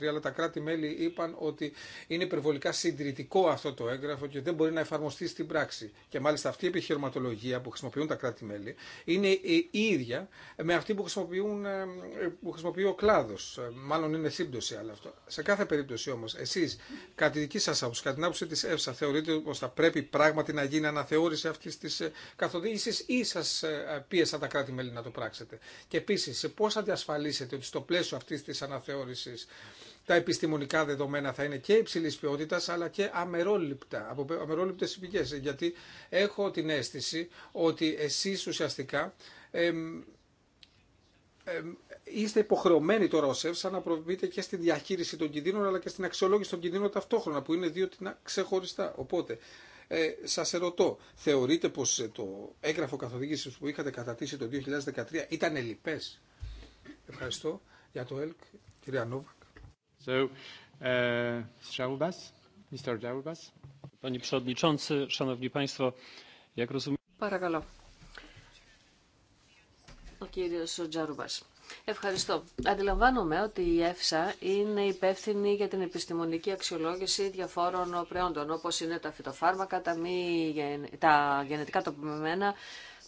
2013, αλλά τα κράτη-μέλη είπαν ότι είναι υπερβολικά συντηρητικό αυτό το έγγραφο και δεν μπορεί να εφαρμοστεί στην πράξη. Και μάλιστα αυτή η επιχειρηματολογία που χρησιμοποιούν τα κράτη-μέλη είναι η ίδια με αυτή που, χρησιμοποιούν, ε, χρησιμοποιεί ο κλάδος. Ε, μάλλον είναι σύμπτωση άλλο αυτό. Σε κάθε περίπτωση όμως, εσείς, κατά τη δική σας άποψη, κατά την άποψη ΕΦΣΑ, θεωρείτε πως θα πρέπει πράγματι να γίνει αναθεώρηση αυτή τη ε, καθοδήγηση ή σα ε, πίεσαν τα κράτη-μέλη να το πράξετε. Και επίση, πώ θα διασφαλίσετε ότι στο πλαίσιο αυτή τη αναθεώρηση τα επιστημονικά δεδομένα θα είναι και υψηλή ποιότητα αλλά και αμερόληπτα, από αμερόληπτε πηγέ. Γιατί έχω την αίσθηση ότι εσεί ουσιαστικά εμ, εμ, είστε υποχρεωμένοι τώρα ως ΕΦΣΑ να προβείτε και στη διαχείριση των κινδύνων αλλά και στην αξιολόγηση των κινδύνων ταυτόχρονα που είναι δύο ξεχωριστά. Οπότε ε, σας ερωτώ, θεωρείτε πως ε, το έγγραφο καθοδήγησης που είχατε κατατήσει το 2013 ήταν ελλειπές. Ευχαριστώ για το ΕΛΚ, κυρία Νόβακ. So, ε, uh, Mr. Panie Przewodniczący, Παρακαλώ. Ο κύριος Ευχαριστώ. Αντιλαμβάνομαι ότι η ΕΦΣΑ είναι υπεύθυνη για την επιστημονική αξιολόγηση διαφόρων προϊόντων, όπως είναι τα φυτοφάρμακα, τα, μη, τα γενετικά τοπιμεμένα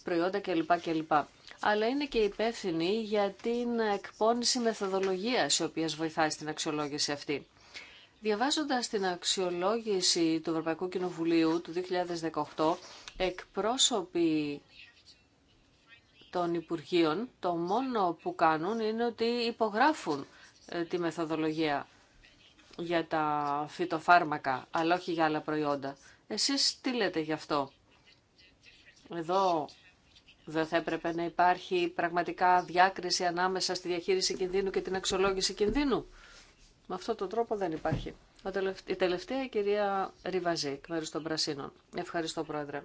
προϊόντα κλπ. κλπ. Αλλά είναι και υπεύθυνη για την εκπόνηση μεθοδολογίας, η οποία βοηθάει στην αξιολόγηση αυτή. Διαβάζοντας την αξιολόγηση του Ευρωπαϊκού Κοινοβουλίου του 2018, εκπρόσωποι των Υπουργείων το μόνο που κάνουν είναι ότι υπογράφουν ε, τη μεθοδολογία για τα φυτοφάρμακα, αλλά όχι για άλλα προϊόντα. Εσείς τι λέτε γι' αυτό. Εδώ δεν θα έπρεπε να υπάρχει πραγματικά διάκριση ανάμεσα στη διαχείριση κινδύνου και την αξιολόγηση κινδύνου. Με αυτόν τον τρόπο δεν υπάρχει. Η τελευταία κυρία Ριβαζή, εκ μέρους των Πρασίνων. Ευχαριστώ, Πρόεδρε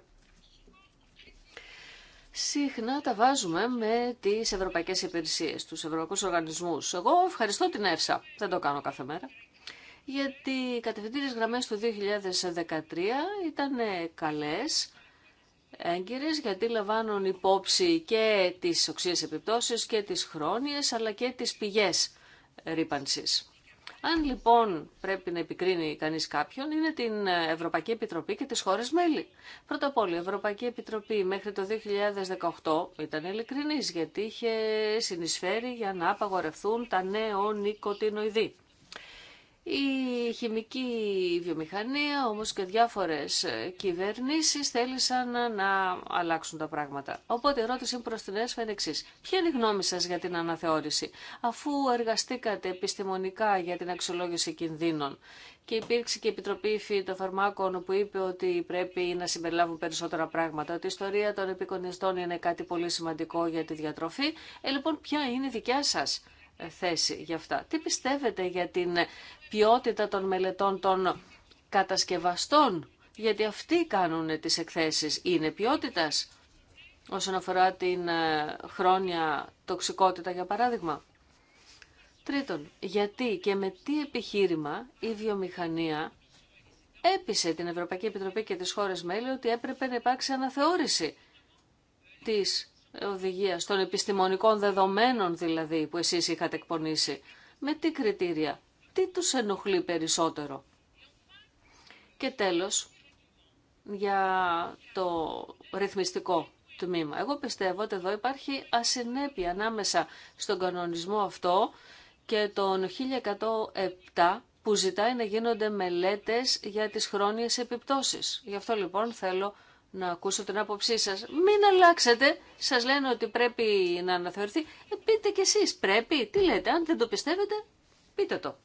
συχνά τα βάζουμε με τις ευρωπαϊκές υπηρεσίες, τους ευρωπαϊκούς οργανισμούς. Εγώ ευχαριστώ την ΕΦΣΑ, δεν το κάνω κάθε μέρα, γιατί οι κατευθυντήριες γραμμές του 2013 ήταν καλές, έγκυρες, γιατί λαμβάνουν υπόψη και τις οξύες επιπτώσεις και τις χρόνιες, αλλά και τις πηγές ρήπανσης. Αν λοιπόν πρέπει να επικρίνει κανείς κάποιον, είναι την Ευρωπαϊκή Επιτροπή και τι χώρε μέλη. Πρώτα απ' όλα, η Ευρωπαϊκή Επιτροπή μέχρι το 2018 ήταν ειλικρινή, γιατί είχε συνεισφέρει για να απαγορευτούν τα νέο νοικοτινοειδή. Η χημική βιομηχανία, όμως και διάφορες κυβερνήσεις θέλησαν να αλλάξουν τα πράγματα. Οπότε η ερώτηση προς την ΕΣΦΑ είναι εξής. Ποια είναι η γνώμη σας για την αναθεώρηση, αφού εργαστήκατε επιστημονικά για την αξιολόγηση κινδύνων και υπήρξε και η Επιτροπή Φυτοφαρμάκων που είπε ότι πρέπει να συμπεριλάβουν περισσότερα πράγματα, ότι η ιστορία των επικονιστών είναι κάτι πολύ σημαντικό για τη διατροφή. Ε, λοιπόν, ποια είναι η δικιά σας θέση για αυτά. Τι πιστεύετε για την ποιότητα των μελετών των κατασκευαστών, γιατί αυτοί κάνουν τις εκθέσεις, είναι ποιότητας όσον αφορά την ε, χρόνια τοξικότητα για παράδειγμα. Τρίτον, γιατί και με τι επιχείρημα η βιομηχανία έπεισε την Ευρωπαϊκή Επιτροπή και τις χώρες μέλη ότι έπρεπε να υπάρξει αναθεώρηση της οδηγίας, των επιστημονικών δεδομένων δηλαδή που εσείς είχατε εκπονήσει. Με τι κριτήρια, τι τους ενοχλεί περισσότερο. Και τέλος, για το ρυθμιστικό τμήμα. Εγώ πιστεύω ότι εδώ υπάρχει ασυνέπεια ανάμεσα στον κανονισμό αυτό και τον 1107 που ζητάει να γίνονται μελέτες για τις χρόνιες επιπτώσεις. Γι' αυτό λοιπόν θέλω να ακούσω την άποψή σας. Μην αλλάξετε. Σας λένε ότι πρέπει να αναθεωρηθεί. Ε, πείτε κι εσείς πρέπει. Τι λέτε. Αν δεν το πιστεύετε, πείτε το.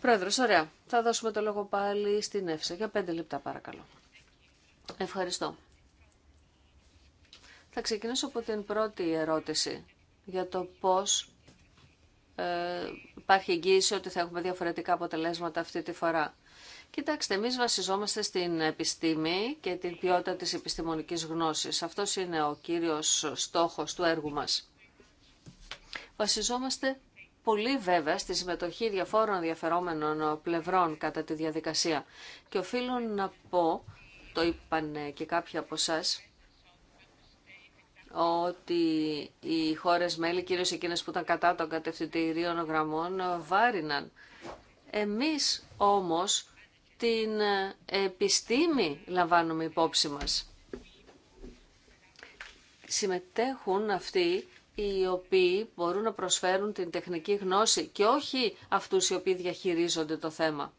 Πρόεδρος, ωραία. Θα δώσουμε το λόγο πάλι στην Εύσα. Για πέντε λεπτά παρακαλώ. Ευχαριστώ. Θα ξεκινήσω από την πρώτη ερώτηση για το πώς ε, υπάρχει εγγύηση ότι θα έχουμε διαφορετικά αποτελέσματα αυτή τη φορά. Κοιτάξτε, εμεί βασιζόμαστε στην επιστήμη και την ποιότητα της επιστημονικής γνώσης. Αυτό είναι ο κύριος στόχος του έργου μας. Βασιζόμαστε πολύ βέβαια στη συμμετοχή διαφόρων ενδιαφερόμενων πλευρών κατά τη διαδικασία. Και οφείλω να πω, το είπαν και κάποιοι από εσά, ότι οι χώρες μέλη, κυρίως εκείνες που ήταν κατά των κατευθυντηρίων γραμμών, βάριναν. Εμείς όμως την ε, επιστήμη λαμβάνουμε υπόψη μας. Συμμετέχουν αυτοί οι οποίοι μπορούν να προσφέρουν την τεχνική γνώση και όχι αυτούς οι οποίοι διαχειρίζονται το θέμα.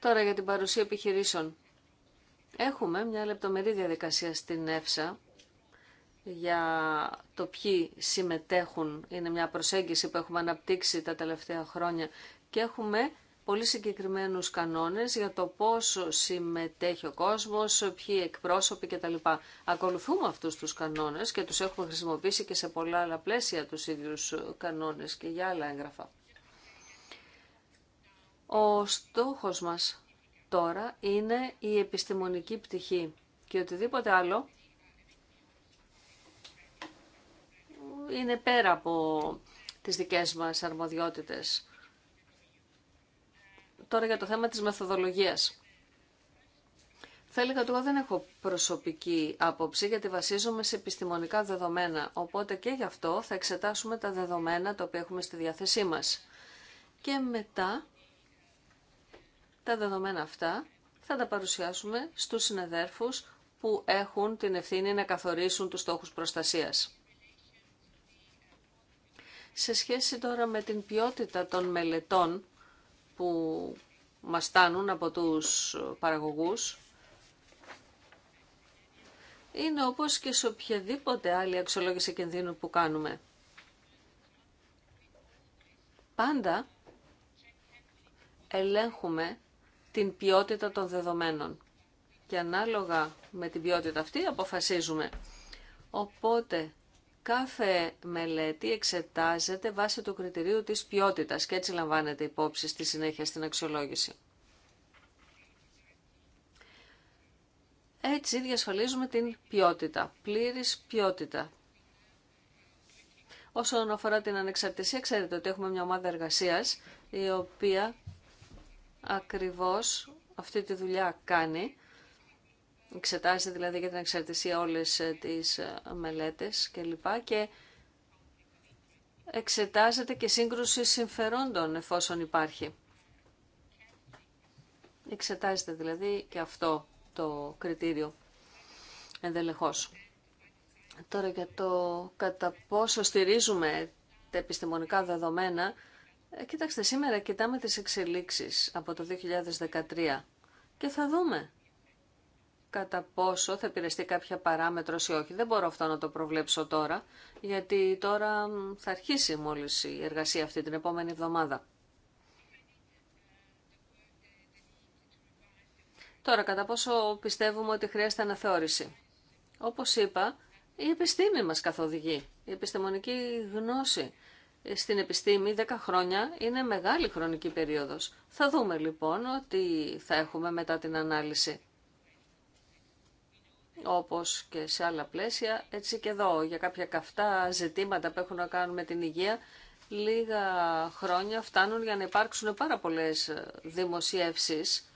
Τώρα για την παρουσία επιχειρήσεων. Έχουμε μια λεπτομερή διαδικασία στην ΕΦΣΑ για το ποιοι συμμετέχουν. Είναι μια προσέγγιση που έχουμε αναπτύξει τα τελευταία χρόνια και έχουμε πολύ συγκεκριμένους κανόνες για το πώς συμμετέχει ο κόσμος, ποιοι εκπρόσωποι κτλ. Ακολουθούμε αυτούς τους κανόνες και τους έχουμε χρησιμοποιήσει και σε πολλά άλλα πλαίσια τους ίδιους κανόνες και για άλλα έγγραφα. Ο στόχος μας τώρα είναι η επιστημονική πτυχή και οτιδήποτε άλλο είναι πέρα από τις δικές μας αρμοδιότητες. Τώρα για το θέμα της μεθοδολογίας. Θα έλεγα ότι εγώ δεν έχω προσωπική άποψη γιατί βασίζομαι σε επιστημονικά δεδομένα. Οπότε και γι' αυτό θα εξετάσουμε τα δεδομένα τα οποία έχουμε στη διάθεσή μας. Και μετά τα δεδομένα αυτά θα τα παρουσιάσουμε στους συνεδέρφους που έχουν την ευθύνη να καθορίσουν τους στόχους προστασίας. Σε σχέση τώρα με την ποιότητα των μελετών που μας στάνουν από τους παραγωγούς είναι όπως και σε οποιαδήποτε άλλη αξιολόγηση κινδύνου που κάνουμε. Πάντα ελέγχουμε την ποιότητα των δεδομένων και ανάλογα με την ποιότητα αυτή αποφασίζουμε. Οπότε Κάθε μελέτη εξετάζεται βάσει του κριτηρίου της ποιότητας και έτσι λαμβάνεται υπόψη στη συνέχεια στην αξιολόγηση. Έτσι διασφαλίζουμε την ποιότητα, πλήρης ποιότητα. Όσον αφορά την ανεξαρτησία, ξέρετε ότι έχουμε μια ομάδα εργασίας η οποία ακριβώς αυτή τη δουλειά κάνει εξετάζετε, δηλαδή για την εξαρτησία όλες ε, τις ε, μελέτες Και, λοιπά και εξετάζεται και σύγκρουση συμφερόντων εφόσον υπάρχει. Εξετάζεται δηλαδή και αυτό το κριτήριο ενδελεχώς. Τώρα για το κατά πόσο στηρίζουμε τα επιστημονικά δεδομένα, ε, κοίταξτε σήμερα κοιτάμε τις εξελίξεις από το 2013 και θα δούμε κατά πόσο θα επηρεαστεί κάποια παράμετρο ή όχι. Δεν μπορώ αυτό να το προβλέψω τώρα, γιατί τώρα θα αρχίσει μόλι η εργασία αυτή την επόμενη εβδομάδα. Τώρα, κατά πόσο πιστεύουμε ότι χρειάζεται αναθεώρηση. Όπως είπα, η επιστήμη μας καθοδηγεί, η επιστημονική γνώση. Στην επιστήμη 10 χρόνια είναι μεγάλη χρονική περίοδος. Θα δούμε λοιπόν ότι θα έχουμε μετά την ανάλυση όπως και σε άλλα πλαίσια, έτσι και εδώ, για κάποια καυτά ζητήματα που έχουν να κάνουν με την υγεία, λίγα χρόνια φτάνουν για να υπάρξουν πάρα πολλές δημοσιεύσεις.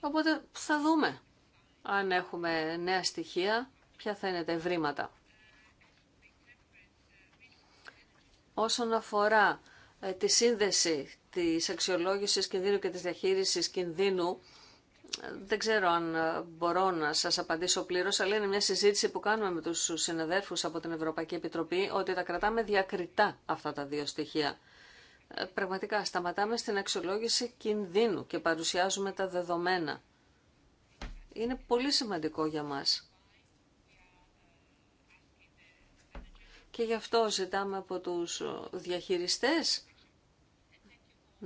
Οπότε θα δούμε αν έχουμε νέα στοιχεία, ποια θα είναι τα ευρήματα. Όσον αφορά ε, τη σύνδεση της αξιολόγησης κινδύνου και της διαχείρισης κινδύνου, δεν ξέρω αν ε, μπορώ να σας απαντήσω πλήρως, αλλά είναι μια συζήτηση που κάνουμε με τους συναδέρφους από την Ευρωπαϊκή Επιτροπή, ότι τα κρατάμε διακριτά αυτά τα δύο στοιχεία. Ε, πραγματικά, σταματάμε στην αξιολόγηση κινδύνου και παρουσιάζουμε τα δεδομένα. Είναι πολύ σημαντικό για μας. Και γι' αυτό ζητάμε από τους ε, διαχειριστές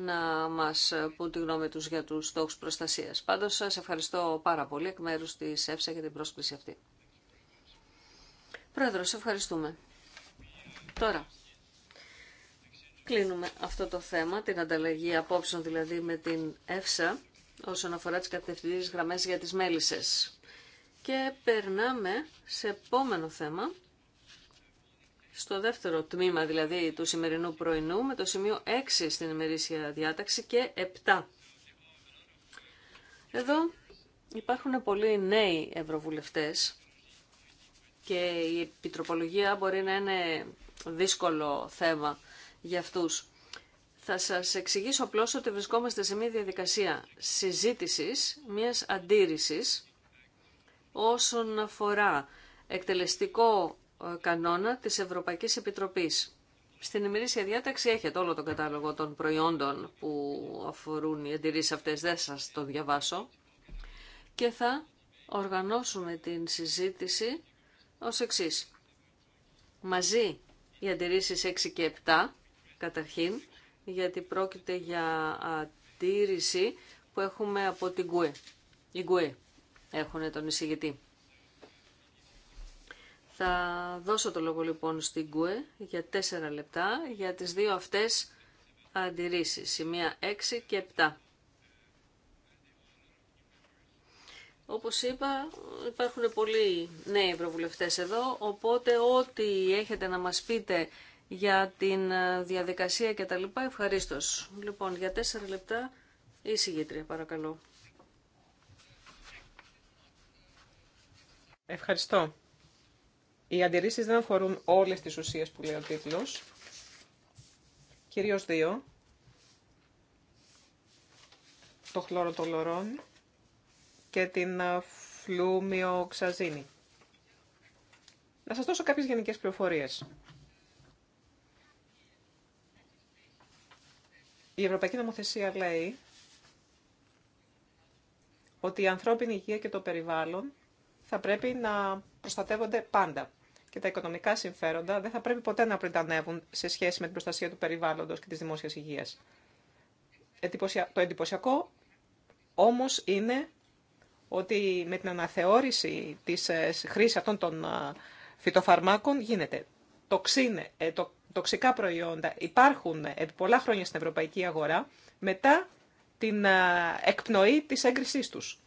να μας πούν τη γνώμη τους για τους στόχους προστασίας. Πάντως σας ευχαριστώ πάρα πολύ εκ μέρους της ΕΦΣΑ για την πρόσκληση αυτή. Πρόεδρο, ευχαριστούμε. Τώρα, κλείνουμε αυτό το θέμα, την ανταλλαγή απόψεων δηλαδή με την ΕΦΣΑ όσον αφορά τις κατευθυντήριες γραμμές για τις μέλισσες. Και περνάμε σε επόμενο θέμα στο δεύτερο τμήμα δηλαδή του σημερινού πρωινού με το σημείο 6 στην ημερήσια διάταξη και 7. Εδώ υπάρχουν πολλοί νέοι ευρωβουλευτές και η επιτροπολογία μπορεί να είναι δύσκολο θέμα για αυτούς. Θα σας εξηγήσω απλώ ότι βρισκόμαστε σε μια διαδικασία συζήτησης, μιας αντίρρησης όσον αφορά εκτελεστικό ε, κανόνα της Ευρωπαϊκής Επιτροπής. Στην ημερήσια διάταξη έχετε όλο τον κατάλογο των προϊόντων που αφορούν οι αντιρρήσεις αυτές, δεν σας το διαβάσω. Και θα οργανώσουμε την συζήτηση ως εξής. Μαζί οι αντιρρήσεις 6 και 7, καταρχήν, γιατί πρόκειται για αντίρρηση που έχουμε από την ΚΟΕ. Η ΚΟΕ έχουν τον εισηγητή. Θα δώσω το λόγο λοιπόν στην ΚΟΕ για τέσσερα λεπτά για τις δύο αυτές αντιρρήσεις, σημεία 6 και 7. Όπως είπα, υπάρχουν πολλοί νέοι ευρωβουλευτές εδώ, οπότε ό,τι έχετε να μας πείτε για την διαδικασία και τα λοιπά, ευχαρίστως. Λοιπόν, για τέσσερα λεπτά η συγγήτρια, παρακαλώ. Ευχαριστώ. Οι αντιρρήσεις δεν αφορούν όλες τις ουσίες που λέει ο τίτλος, κυρίως δύο. Το χλώρο των λωρών και την φλούμιο ξαζίνη. Να σας δώσω κάποιες γενικές πληροφορίες. Η Ευρωπαϊκή Νομοθεσία λέει ότι η ανθρώπινη υγεία και το περιβάλλον θα πρέπει να προστατεύονται πάντα και τα οικονομικά συμφέροντα δεν θα πρέπει ποτέ να πριτανεύουν σε σχέση με την προστασία του περιβάλλοντος και της δημόσιας υγείας. Το εντυπωσιακό όμως είναι ότι με την αναθεώρηση της ε, χρήσης αυτών των ε, φυτοφαρμάκων γίνεται. Τοξίνε, ε, το, τοξικά προϊόντα υπάρχουν επί πολλά χρόνια στην ευρωπαϊκή αγορά μετά την εκπνοή της έγκρισής τους.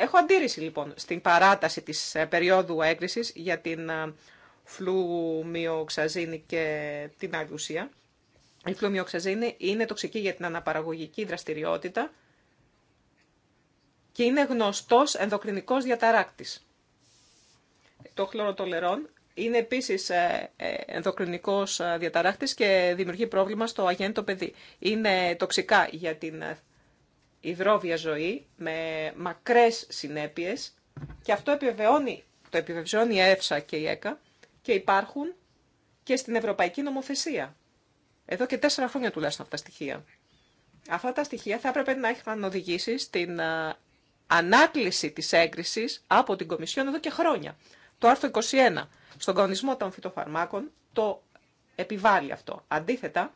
Έχω αντίρρηση λοιπόν στην παράταση της ε, περίοδου έγκρισης για την ε, φλουμιοξαζίνη και την άλλη Η φλουμιοξαζίνη είναι τοξική για την αναπαραγωγική δραστηριότητα και είναι γνωστός ενδοκρινικός διαταράκτης. Το χλωροτολερόν είναι επίσης ε, ενδοκρινικός διαταράκτης και δημιουργεί πρόβλημα στο αγέννητο παιδί. Είναι τοξικά για την υδρόβια ζωή με μακρές συνέπειες και αυτό επιβεβαιώνει, το επιβεβαιώνει η ΕΦΣΑ και η ΕΚΑ και υπάρχουν και στην Ευρωπαϊκή Νομοθεσία. Εδώ και τέσσερα χρόνια τουλάχιστον αυτά τα στοιχεία. Αυτά τα στοιχεία θα έπρεπε να έχουν οδηγήσει στην ανάκληση της έγκρισης από την Κομισιόν εδώ και χρόνια. Το άρθρο 21 στον κανονισμό των φυτοφαρμάκων το επιβάλλει αυτό. Αντίθετα,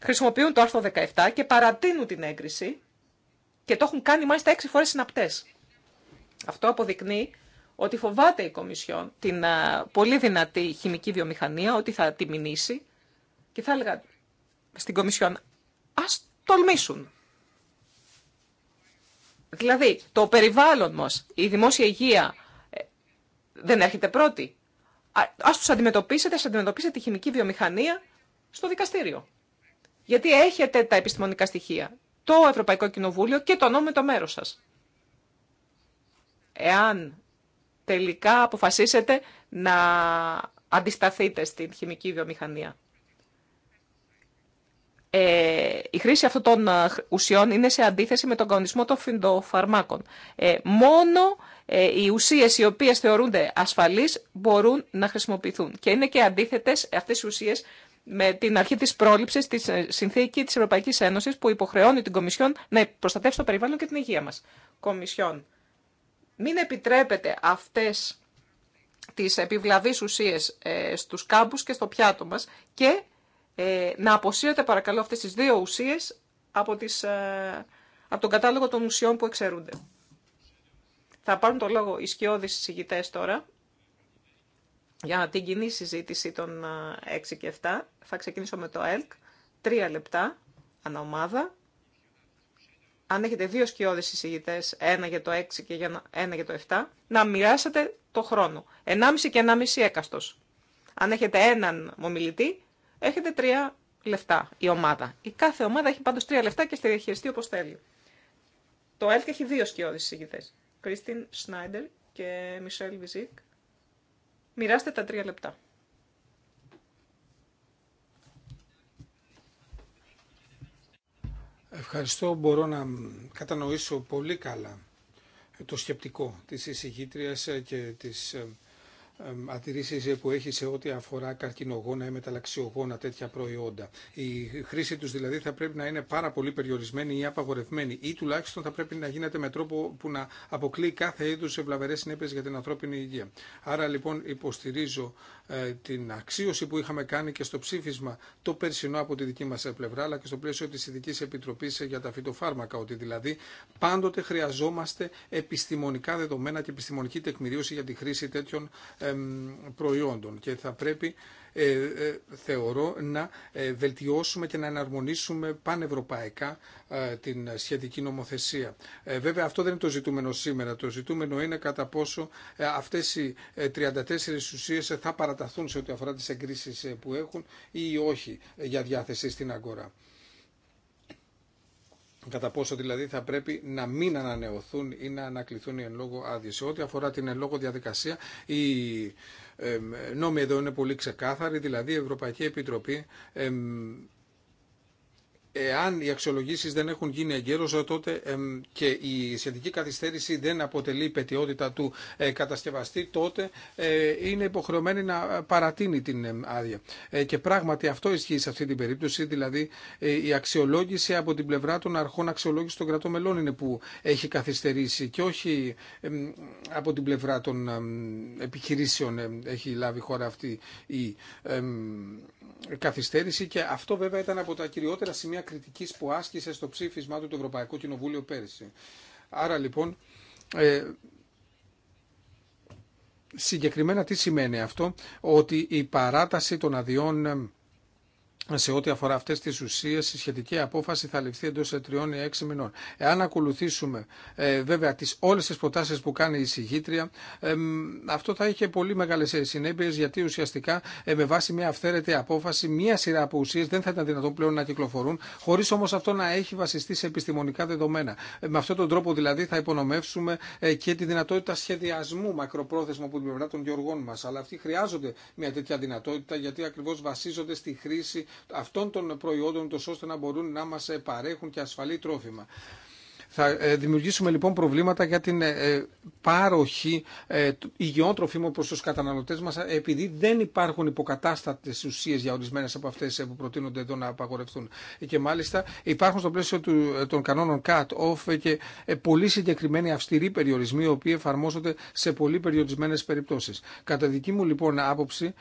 χρησιμοποιούν το άρθρο 17 και παρατείνουν την έγκριση και το έχουν κάνει μάλιστα έξι φορές συναπτές. Αυτό αποδεικνύει ότι φοβάται η Κομισιόν την πολύ δυνατή χημική βιομηχανία, ότι θα τη μηνύσει και θα έλεγα στην Κομισιόν ας τολμήσουν. Δηλαδή, το περιβάλλον μας, η δημόσια υγεία ε, δεν έρχεται πρώτη. Ας τους αντιμετωπίσετε, ας αντιμετωπίσετε τη χημική βιομηχανία στο δικαστήριο. Γιατί έχετε τα επιστημονικά στοιχεία το Ευρωπαϊκό Κοινοβούλιο και το νόμο το μέρος σας. Εάν τελικά αποφασίσετε να αντισταθείτε στην χημική βιομηχανία. Ε, η χρήση αυτών των ε, ουσιών είναι σε αντίθεση με τον κανονισμό των φυντοφαρμάκων. Ε, μόνο ε, οι ουσίες οι οποίες θεωρούνται ασφαλείς μπορούν να χρησιμοποιηθούν και είναι και αντίθετες αυτές οι ουσίες με την αρχή της πρόληψης της ε, συνθήκη της Ευρωπαϊκής Ένωσης που υποχρεώνει την Κομισιόν να προστατεύσει το περιβάλλον και την υγεία μας. Κομισιόν, μην επιτρέπετε αυτές τις επιβλαβείς ουσίες ε, στους κάμπους και στο πιάτο μας και ε, να αποσύρετε παρακαλώ αυτές τις δύο ουσίες από, από τον κατάλογο των ουσιών που εξαιρούνται. Θα πάρουν το λόγο οι σκιώδεις τώρα για την κοινή συζήτηση των 6 και 7. Θα ξεκινήσω με το ΕΛΚ. Τρία λεπτά ανά Αν έχετε δύο σκιώδεις συζητητές, ένα για το 6 και ένα για το 7, να μοιράσετε το χρόνο. 1,5 και 1,5 έκαστος. Αν έχετε έναν μομιλητή, έχετε τρία λεπτά η ομάδα. Η κάθε ομάδα έχει πάντως τρία λεφτά και στη διαχειριστεί όπως θέλει. Το ΕΛΚ έχει δύο σκιώδεις συζητητές. Κρίστιν Σνάιντερ και Μισελ Βιζίκ Μοιράστε τα τρία λεπτά. Ευχαριστώ. Μπορώ να κατανοήσω πολύ καλά το σκεπτικό της εισηγήτριας και της ε, ατηρήσεις ε, που έχει σε ό,τι αφορά καρκινογόνα ή μεταλλαξιογόνα τέτοια προϊόντα. Η χρήση τους δηλαδή θα πρέπει να είναι πάρα πολύ περιορισμένη ή απαγορευμένη ή τουλάχιστον θα πρέπει να γίνεται με τρόπο που να αποκλεί κάθε είδους ευλαβερές συνέπειες για την ανθρώπινη υγεία. Άρα λοιπόν υποστηρίζω ε, την αξίωση που είχαμε κάνει και στο ψήφισμα το περσινό από τη δική μας πλευρά αλλά και στο πλαίσιο της ειδική Επιτροπής για τα φυτοφάρμακα ότι δηλαδή πάντοτε χρειαζόμαστε επιστημονικά δεδομένα και επιστημονική τεκμηρίωση για τη χρήση τέτοιων προϊόντων και θα πρέπει ε, ε, θεωρώ να ε, βελτιώσουμε και να εναρμονίσουμε πανευρωπαϊκά την σχετική νομοθεσία. Βέβαια αυτό δεν είναι το ζητούμενο σήμερα. Το ζητούμενο είναι κατά πόσο αυτές οι 34 ουσίες θα παραταθούν σε ό,τι αφορά τις εγκρίσεις που έχουν ή όχι για διάθεση στην αγορά κατά πόσο δηλαδή θα πρέπει να μην ανανεωθούν ή να ανακληθούν οι εν λόγω άδειε. Σε ό,τι αφορά την εν λόγω διαδικασία, οι νόμοι εδώ είναι πολύ ξεκάθαροι, δηλαδή η Ευρωπαϊκή Επιτροπή αν οι αξιολογήσεις δεν έχουν γίνει εγκαίρως, τότε και η σχετική καθυστέρηση δεν αποτελεί πετιότητα του ε, κατασκευαστή, τότε ε, είναι υποχρεωμένη να παρατείνει την άδεια. Ε, και πράγματι αυτό ισχύει σε αυτή την περίπτωση, δηλαδή η αξιολόγηση από την πλευρά των αρχών αξιολόγηση των κρατών μελών είναι που έχει καθυστερήσει και όχι από την πλευρά των επιχειρήσεων έχει λάβει χώρα αυτή η καθυστέρηση και αυτό βέβαια ήταν από τα κυριότερα σημεία κριτικής που άσκησε στο ψήφισμά του το Ευρωπαϊκό Κοινοβούλιο πέρυσι. Άρα λοιπόν, ε, συγκεκριμένα τι σημαίνει αυτό, ότι η παράταση των αδειών ε, σε ό,τι αφορά αυτέ τι ουσίε, η σχετική απόφαση θα ληφθεί εντό τριών ή έξι μηνών. Εάν ακολουθήσουμε ε, βέβαια τις, όλες τις προτάσεις που κάνει η συγγήτρια, βεβαια τις ολες τις προτασεις που κανει η συγγητρια αυτο θα είχε πολύ μεγάλε συνέπειε, γιατί ουσιαστικά ε, με βάση μια αυθαίρετη απόφαση μια σειρά από ουσίε. δεν θα ήταν δυνατόν πλέον να κυκλοφορούν, χωρί όμω αυτό να έχει βασιστεί σε επιστημονικά δεδομένα. Ε, με αυτόν τον τρόπο δηλαδή θα υπονομεύσουμε ε, και τη δυνατότητα σχεδιασμού μακροπρόθεσμα από την πλευρά των γεωργών μα. Αλλά αυτοί χρειάζονται μια τέτοια δυνατότητα γιατί ακριβώ βασίζονται στη χρήση αυτών των προϊόντων, τόσο ώστε να μπορούν να μας ε, παρέχουν και ασφαλή τρόφιμα. Θα ε, δημιουργήσουμε λοιπόν προβλήματα για την ε, πάροχη υγιών τροφίμων προς τους καταναλωτές μας επειδή δεν υπάρχουν υποκατάστατες ουσίες για ορισμένες από αυτές που προτείνονται εδώ να απαγορευτούν. Και μάλιστα υπάρχουν στο πλαίσιο των κανόνων cut-off και πολύ συγκεκριμένοι αυστηροί περιορισμοί οι οποίοι εφαρμόζονται σε πολύ περιορισμένες περιπτώσεις. Κατά δική μου λοιπόν άποψη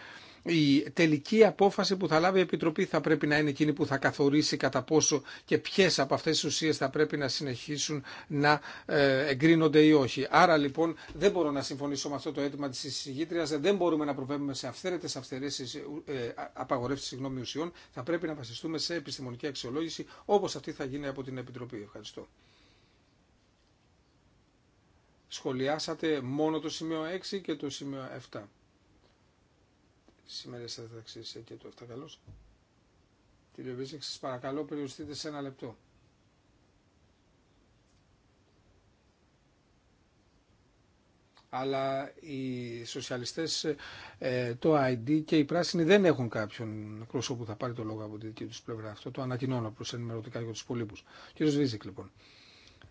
η τελική απόφαση που θα λάβει η Επιτροπή θα πρέπει να είναι εκείνη που θα καθορίσει κατά πόσο και ποιε από αυτέ τι ουσίε θα πρέπει να συνεχίσουν να ε, εγκρίνονται ή όχι. Άρα λοιπόν δεν μπορώ να συμφωνήσω με αυτό το αίτημα τη εισηγήτριας, δεν μπορούμε να προβέμουμε σε αυθαίρετες ε, ε, απαγορεύσεις συγγνώμη ουσιών, θα πρέπει να βασιστούμε σε επιστημονική αξιολόγηση όπω αυτή θα γίνει από την Επιτροπή. Ευχαριστώ σχολιάσατε μόνο το σημείο 6 και το σημείο 7 σήμερα σε και το Εφτακαλώς. Κύριε Βίζικ, σας παρακαλώ περιοριστείτε σε ένα λεπτό. Αλλά οι σοσιαλιστές, ε, το ID και οι πράσινοι δεν έχουν κάποιον πρόσωπο που θα πάρει το λόγο από τη δική τους πλευρά. Αυτό το ανακοινώνω προς ενημερωτικά για τους πολίτε. Κύριος Βίζικ, λοιπόν.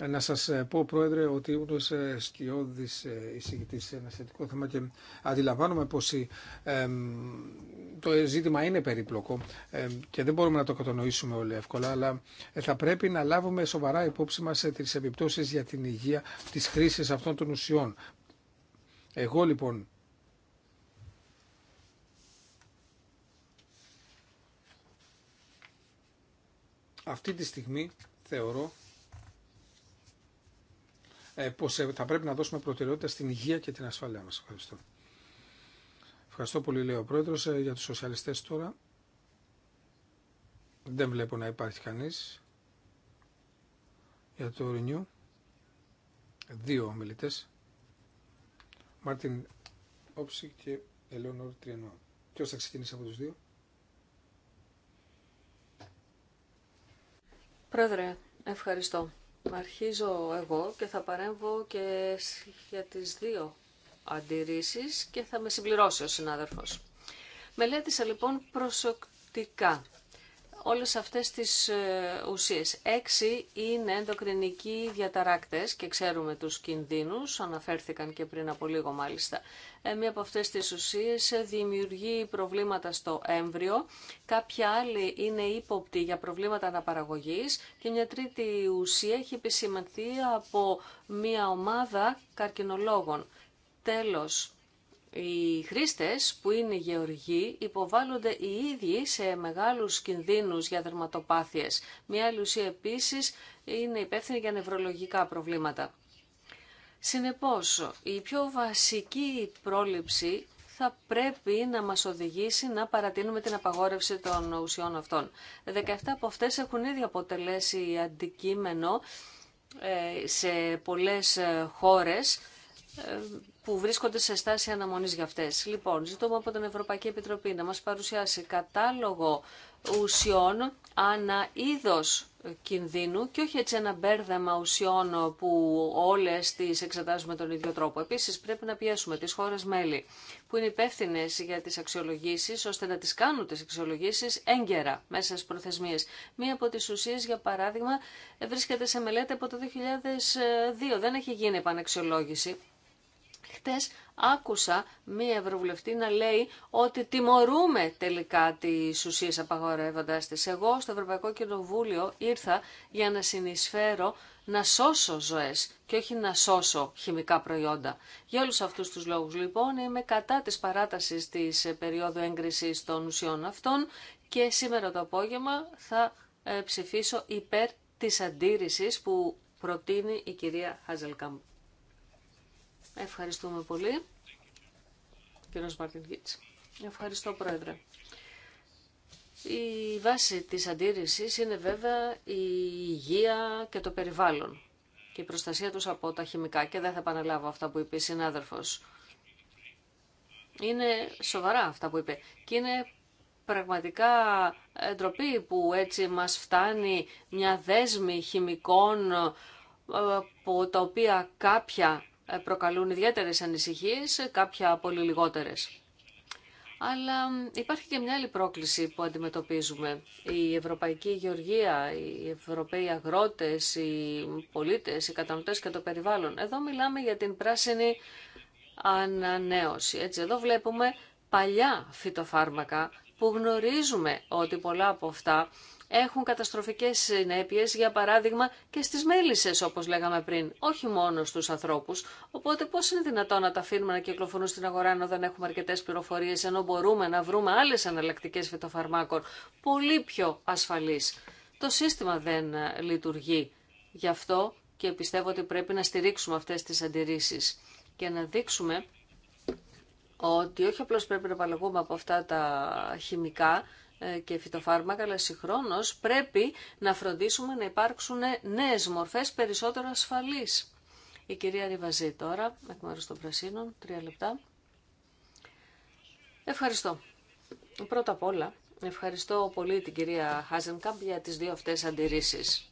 Να σας ε, πω, Πρόεδρε, ότι ήμουν ως ε, σκιώδης ε, εισηγητής σε ένα σχετικό θέμα και αντιλαμβάνομαι πως το ζήτημα είναι περίπλοκο και δεν μπορούμε να το κατανοήσουμε όλοι εύκολα, αλλά θα πρέπει να λάβουμε σοβαρά υπόψη μας τις επιπτώσεις για την υγεία της χρήσης αυτών των ουσιών. Εγώ, λοιπόν, αυτή τη στιγμή θεωρώ ε, πως ε, θα πρέπει να δώσουμε προτεραιότητα στην υγεία και την ασφάλεια μας. Ευχαριστώ. Ευχαριστώ πολύ, λέει ο Πρόεδρος, ε, για τους σοσιαλιστές τώρα. Δεν βλέπω να υπάρχει κανείς. Για το Ρινιού, δύο ομιλητέ. Μάρτιν Όψη και Ελέονορ Τριενό. Ποιος θα ξεκινήσει από τους δύο. Πρόεδρε, ευχαριστώ. Αρχίζω εγώ και θα παρέμβω και για τις δύο αντιρρήσεις και θα με συμπληρώσει ο συνάδελφος. Μελέτησα λοιπόν προσεκτικά όλες αυτές τις ε, ουσίες. Έξι είναι ενδοκρινικοί διαταράκτες και ξέρουμε τους κινδύνους, αναφέρθηκαν και πριν από λίγο μάλιστα. Ε, μία από αυτές τις ουσίες ε, δημιουργεί προβλήματα στο έμβριο, κάποια άλλη είναι ύποπτη για προβλήματα αναπαραγωγής και μια τρίτη ουσία έχει επισημανθεί από μία ομάδα καρκινολόγων. Τέλος, οι χρήστες που είναι γεωργοί υποβάλλονται οι ίδιοι σε μεγάλους κινδύνους για δερματοπάθειες. Μια άλλη ουσία επίσης είναι υπεύθυνη για νευρολογικά προβλήματα. Συνεπώς, η πιο βασική πρόληψη θα πρέπει να μας οδηγήσει να παρατείνουμε την απαγόρευση των ουσιών αυτών. 17 από αυτές έχουν ήδη αποτελέσει αντικείμενο ε, σε πολλές ε, χώρες ε, που βρίσκονται σε στάση αναμονής για αυτές. Λοιπόν, ζητούμε από την Ευρωπαϊκή Επιτροπή να μας παρουσιάσει κατάλογο ουσιών ανά είδος κινδύνου και όχι έτσι ένα μπέρδεμα ουσιών που όλες τις εξετάζουμε τον ίδιο τρόπο. Επίσης πρέπει να πιέσουμε τις χώρες μέλη που είναι υπεύθυνε για τις αξιολογήσεις ώστε να τις κάνουν τις αξιολογήσεις έγκαιρα μέσα στις προθεσμίες. Μία από τις ουσίες για παράδειγμα βρίσκεται σε μελέτη από το 2002, δεν έχει γίνει επαναξιολόγηση. Χτες άκουσα μία ευρωβουλευτή να λέει ότι τιμωρούμε τελικά τις ουσίες απαγορεύοντας τις. Εγώ στο Ευρωπαϊκό Κοινοβούλιο ήρθα για να συνεισφέρω να σώσω ζωές και όχι να σώσω χημικά προϊόντα. Για όλους αυτούς τους λόγους λοιπόν είμαι κατά της παράτασης της ε, περίοδου έγκρισης των ουσιών αυτών και σήμερα το απόγευμα θα ε, ψηφίσω υπέρ της αντίρρησης που προτείνει η κυρία Χάζελκαμπ. Ευχαριστούμε πολύ. Κύριος Μάρτιν Ευχαριστώ, Πρόεδρε. Η βάση της αντίρρησης είναι βέβαια η υγεία και το περιβάλλον και η προστασία τους από τα χημικά και δεν θα επαναλάβω αυτά που είπε η συνάδελφος. Είναι σοβαρά αυτά που είπε και είναι πραγματικά ντροπή που έτσι μας φτάνει μια δέσμη χημικών ε, από τα οποία κάποια ε, προκαλούν ιδιαίτερες ανησυχίες, κάποια πολύ λιγότερες. Αλλά υπάρχει και μια άλλη πρόκληση που αντιμετωπίζουμε. Η Ευρωπαϊκή Γεωργία, οι Ευρωπαίοι αγρότες, οι πολίτες, οι κατανοητές και το περιβάλλον. Εδώ μιλάμε για την πράσινη ανανέωση. Έτσι, εδώ βλέπουμε παλιά φυτοφάρμακα που γνωρίζουμε ότι πολλά από αυτά έχουν καταστροφικές συνέπειες, για παράδειγμα και στις μέλισσες όπως λέγαμε πριν, όχι μόνο στους ανθρώπους. Οπότε πώς είναι δυνατόν να τα αφήνουμε να κυκλοφορούν στην αγορά ενώ δεν έχουμε αρκετές πληροφορίες, ενώ μπορούμε να βρούμε άλλες αναλλακτικέ φυτοφαρμάκων πολύ πιο ασφαλείς. Το σύστημα δεν ε, λειτουργεί. Γι' αυτό και πιστεύω ότι πρέπει να στηρίξουμε αυτές τις αντιρρήσεις και να δείξουμε ότι όχι απλώς πρέπει να παλαιγούμε από αυτά τα χημικά, ε, και φυτοφάρμακα, αλλά συγχρόνω πρέπει να φροντίσουμε να υπάρξουν νέες μορφές περισσότερο ασφαλείς. Η κυρία Ριβαζή τώρα, εκ μέρου των Πρασίνων, τρία λεπτά. Ευχαριστώ. Πρώτα απ' όλα, ευχαριστώ πολύ την κυρία Χάζενκαμπ για τις δύο αυτές αντιρρήσεις.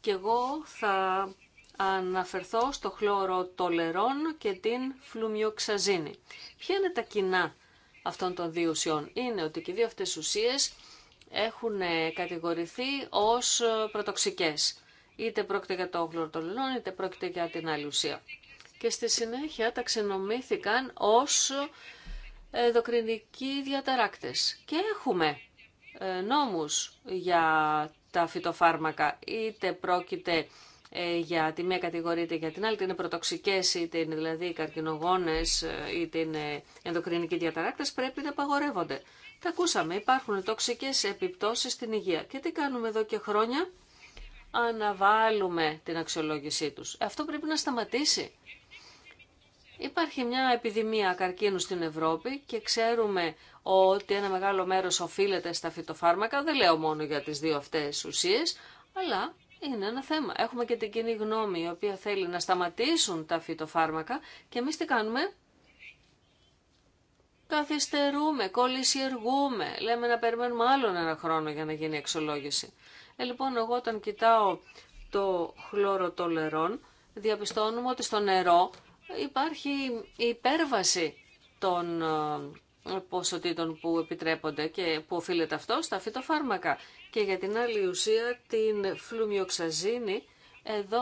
Και εγώ θα αναφερθώ στο χλώρο τολερών και την φλουμιοξαζίνη. Ποια είναι τα κοινά αυτών των δύο ουσιών είναι ότι και δύο αυτές ουσίες έχουν ε, κατηγορηθεί ως ε, προτοξικές. Είτε πρόκειται για το χλωροτολινόν, είτε πρόκειται για την άλλη ουσία. Και στη συνέχεια ταξινομήθηκαν ως ε, δοκρινικοί διαταράκτες. Και έχουμε νόμους για τα φυτοφάρμακα, είτε πρόκειται ε, για τη μία κατηγορείται για την άλλη, είτε είναι προτοξικές, είτε είναι δηλαδή καρκινογόνες, είτε είναι ενδοκρινικοί διαταράκτε, πρέπει να απαγορεύονται. Τα ακούσαμε, υπάρχουν τοξικές επιπτώσει στην υγεία. Και τι κάνουμε εδώ και χρόνια, αναβάλουμε την αξιολόγησή τους. Αυτό πρέπει να σταματήσει. Υπάρχει μια επιδημία καρκίνου στην Ευρώπη και ξέρουμε ότι ένα μεγάλο μέρος οφείλεται στα φυτοφάρμακα, δεν λέω μόνο για τις δύο αυτές ουσίες, αλλά είναι ένα θέμα. Έχουμε και την κοινή γνώμη η οποία θέλει να σταματήσουν τα φυτοφάρμακα και εμείς τι κάνουμε. Καθυστερούμε, κολλησιεργούμε, λέμε να περιμένουμε άλλον ένα χρόνο για να γίνει εξολόγηση. Ε, λοιπόν, εγώ όταν κοιτάω το χλώρο διαπιστώνουμε ότι στο νερό υπάρχει υπέρβαση των ε, ποσοτήτων που επιτρέπονται και που οφείλεται αυτό στα φυτοφάρμακα. Και για την άλλη ουσία, την φλουμιοξαζίνη, εδώ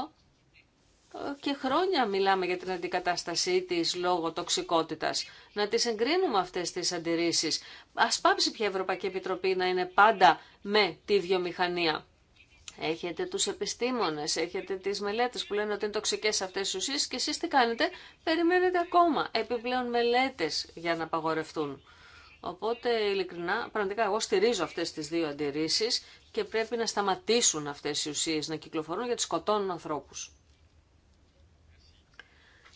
ε, και χρόνια μιλάμε για την αντικατάστασή της λόγω τοξικότητας. Να τις εγκρίνουμε αυτές τις αντιρρήσεις. Ας πάψει πια η Ευρωπαϊκή Επιτροπή να είναι πάντα με τη βιομηχανία έχετε τους επιστήμονες, έχετε τις μελέτες που λένε ότι είναι τοξικές αυτές οι ουσίες και εσείς τι κάνετε, περιμένετε ακόμα επιπλέον μελέτες για να απαγορευτούν. Οπότε, ειλικρινά, πραγματικά εγώ στηρίζω αυτές τις δύο αντιρρήσεις και πρέπει να σταματήσουν αυτές οι ουσίες να κυκλοφορούν γιατί σκοτώνουν ανθρώπους.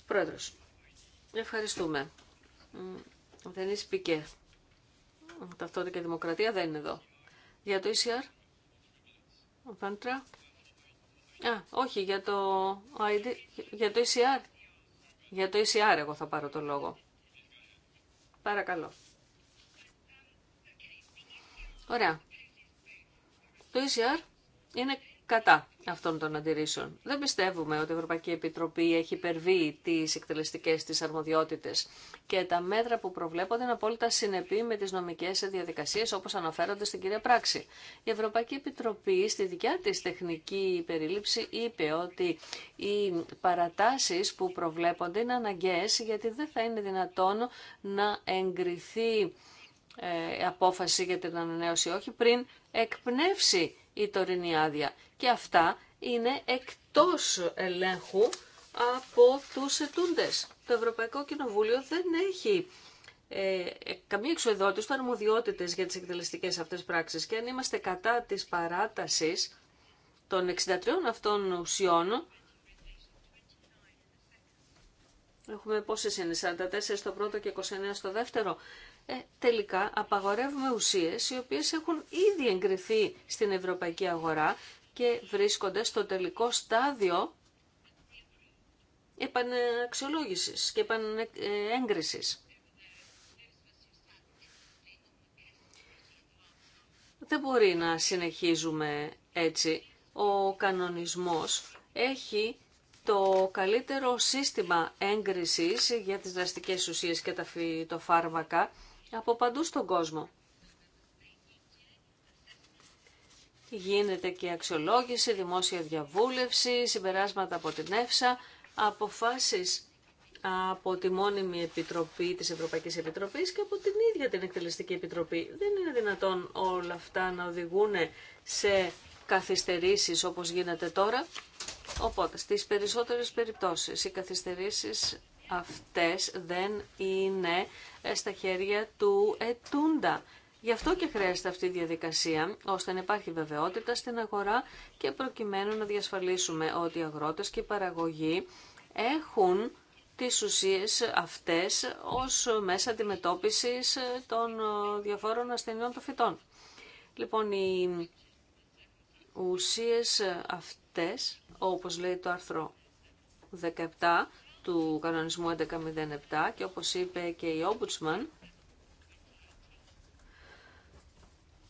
Πρόεδρος, ευχαριστούμε. Δεν είσαι πικέ. Ταυτότητα και δημοκρατία δεν είναι εδώ. Για το ECR. Α, όχι, για το, ID, για το ECR. Για το ECR εγώ θα πάρω το λόγο. Παρακαλώ. Ωραία. Το ECR είναι κατά αυτών των αντιρρήσεων. Δεν πιστεύουμε ότι η Ευρωπαϊκή Επιτροπή έχει υπερβεί τι εκτελεστικέ τη αρμοδιότητε και τα μέτρα που προβλέπονται είναι απόλυτα συνεπή με τι νομικέ διαδικασίε, όπω αναφέρονται στην κυρία Πράξη. Η Ευρωπαϊκή Επιτροπή στη δικιά τη τεχνική περίληψη είπε ότι οι παρατάσει που προβλέπονται είναι αναγκαίες γιατί δεν θα είναι δυνατόν να εγκριθεί ε, απόφαση για την ανανέωση όχι πριν εκπνεύσει η τωρινή άδεια. Και αυτά είναι εκτός ελέγχου από τους ετούντες. Το Ευρωπαϊκό Κοινοβούλιο δεν έχει ε, καμία εξοδότηση των αρμοδιότητες για τις εκτελεστικές αυτές πράξεις. Και αν είμαστε κατά της παράτασης των 63 αυτών ουσιών, Έχουμε πόσες είναι, 44 στο πρώτο και 29 στο δεύτερο. Ε, τελικά απαγορεύουμε ουσίες οι οποίες έχουν ήδη εγκριθεί στην ευρωπαϊκή αγορά και βρίσκονται στο τελικό στάδιο επαναξιολόγησης και επανέγκριση. Δεν μπορεί να συνεχίζουμε έτσι. Ο κανονισμός έχει το καλύτερο σύστημα έγκρισης για τις δραστικές ουσίες και τα φυτοφάρμακα από παντού στον κόσμο. Γίνεται και αξιολόγηση, δημόσια διαβούλευση, συμπεράσματα από την ΕΦΣΑ, αποφάσεις από τη μόνιμη επιτροπή της Ευρωπαϊκής Επιτροπής και από την ίδια την Εκτελεστική Επιτροπή. Δεν είναι δυνατόν όλα αυτά να οδηγούν σε καθυστερήσεις όπως γίνεται τώρα. Οπότε, στις περισσότερες περιπτώσεις οι καθυστερήσεις αυτές δεν είναι ε, στα χέρια του ετούντα. Γι' αυτό και χρειάζεται αυτή η διαδικασία, ώστε να υπάρχει βεβαιότητα στην αγορά και προκειμένου να διασφαλίσουμε ότι οι αγρότες και οι παραγωγοί έχουν τις ουσίες αυτές ως μέσα αντιμετώπισης ε, των ε, διαφόρων ασθενειών των φυτών. Λοιπόν, οι ουσίες αυτές όπως λέει το άρθρο 17 του κανονισμού 1107 και όπως είπε και η Ombudsman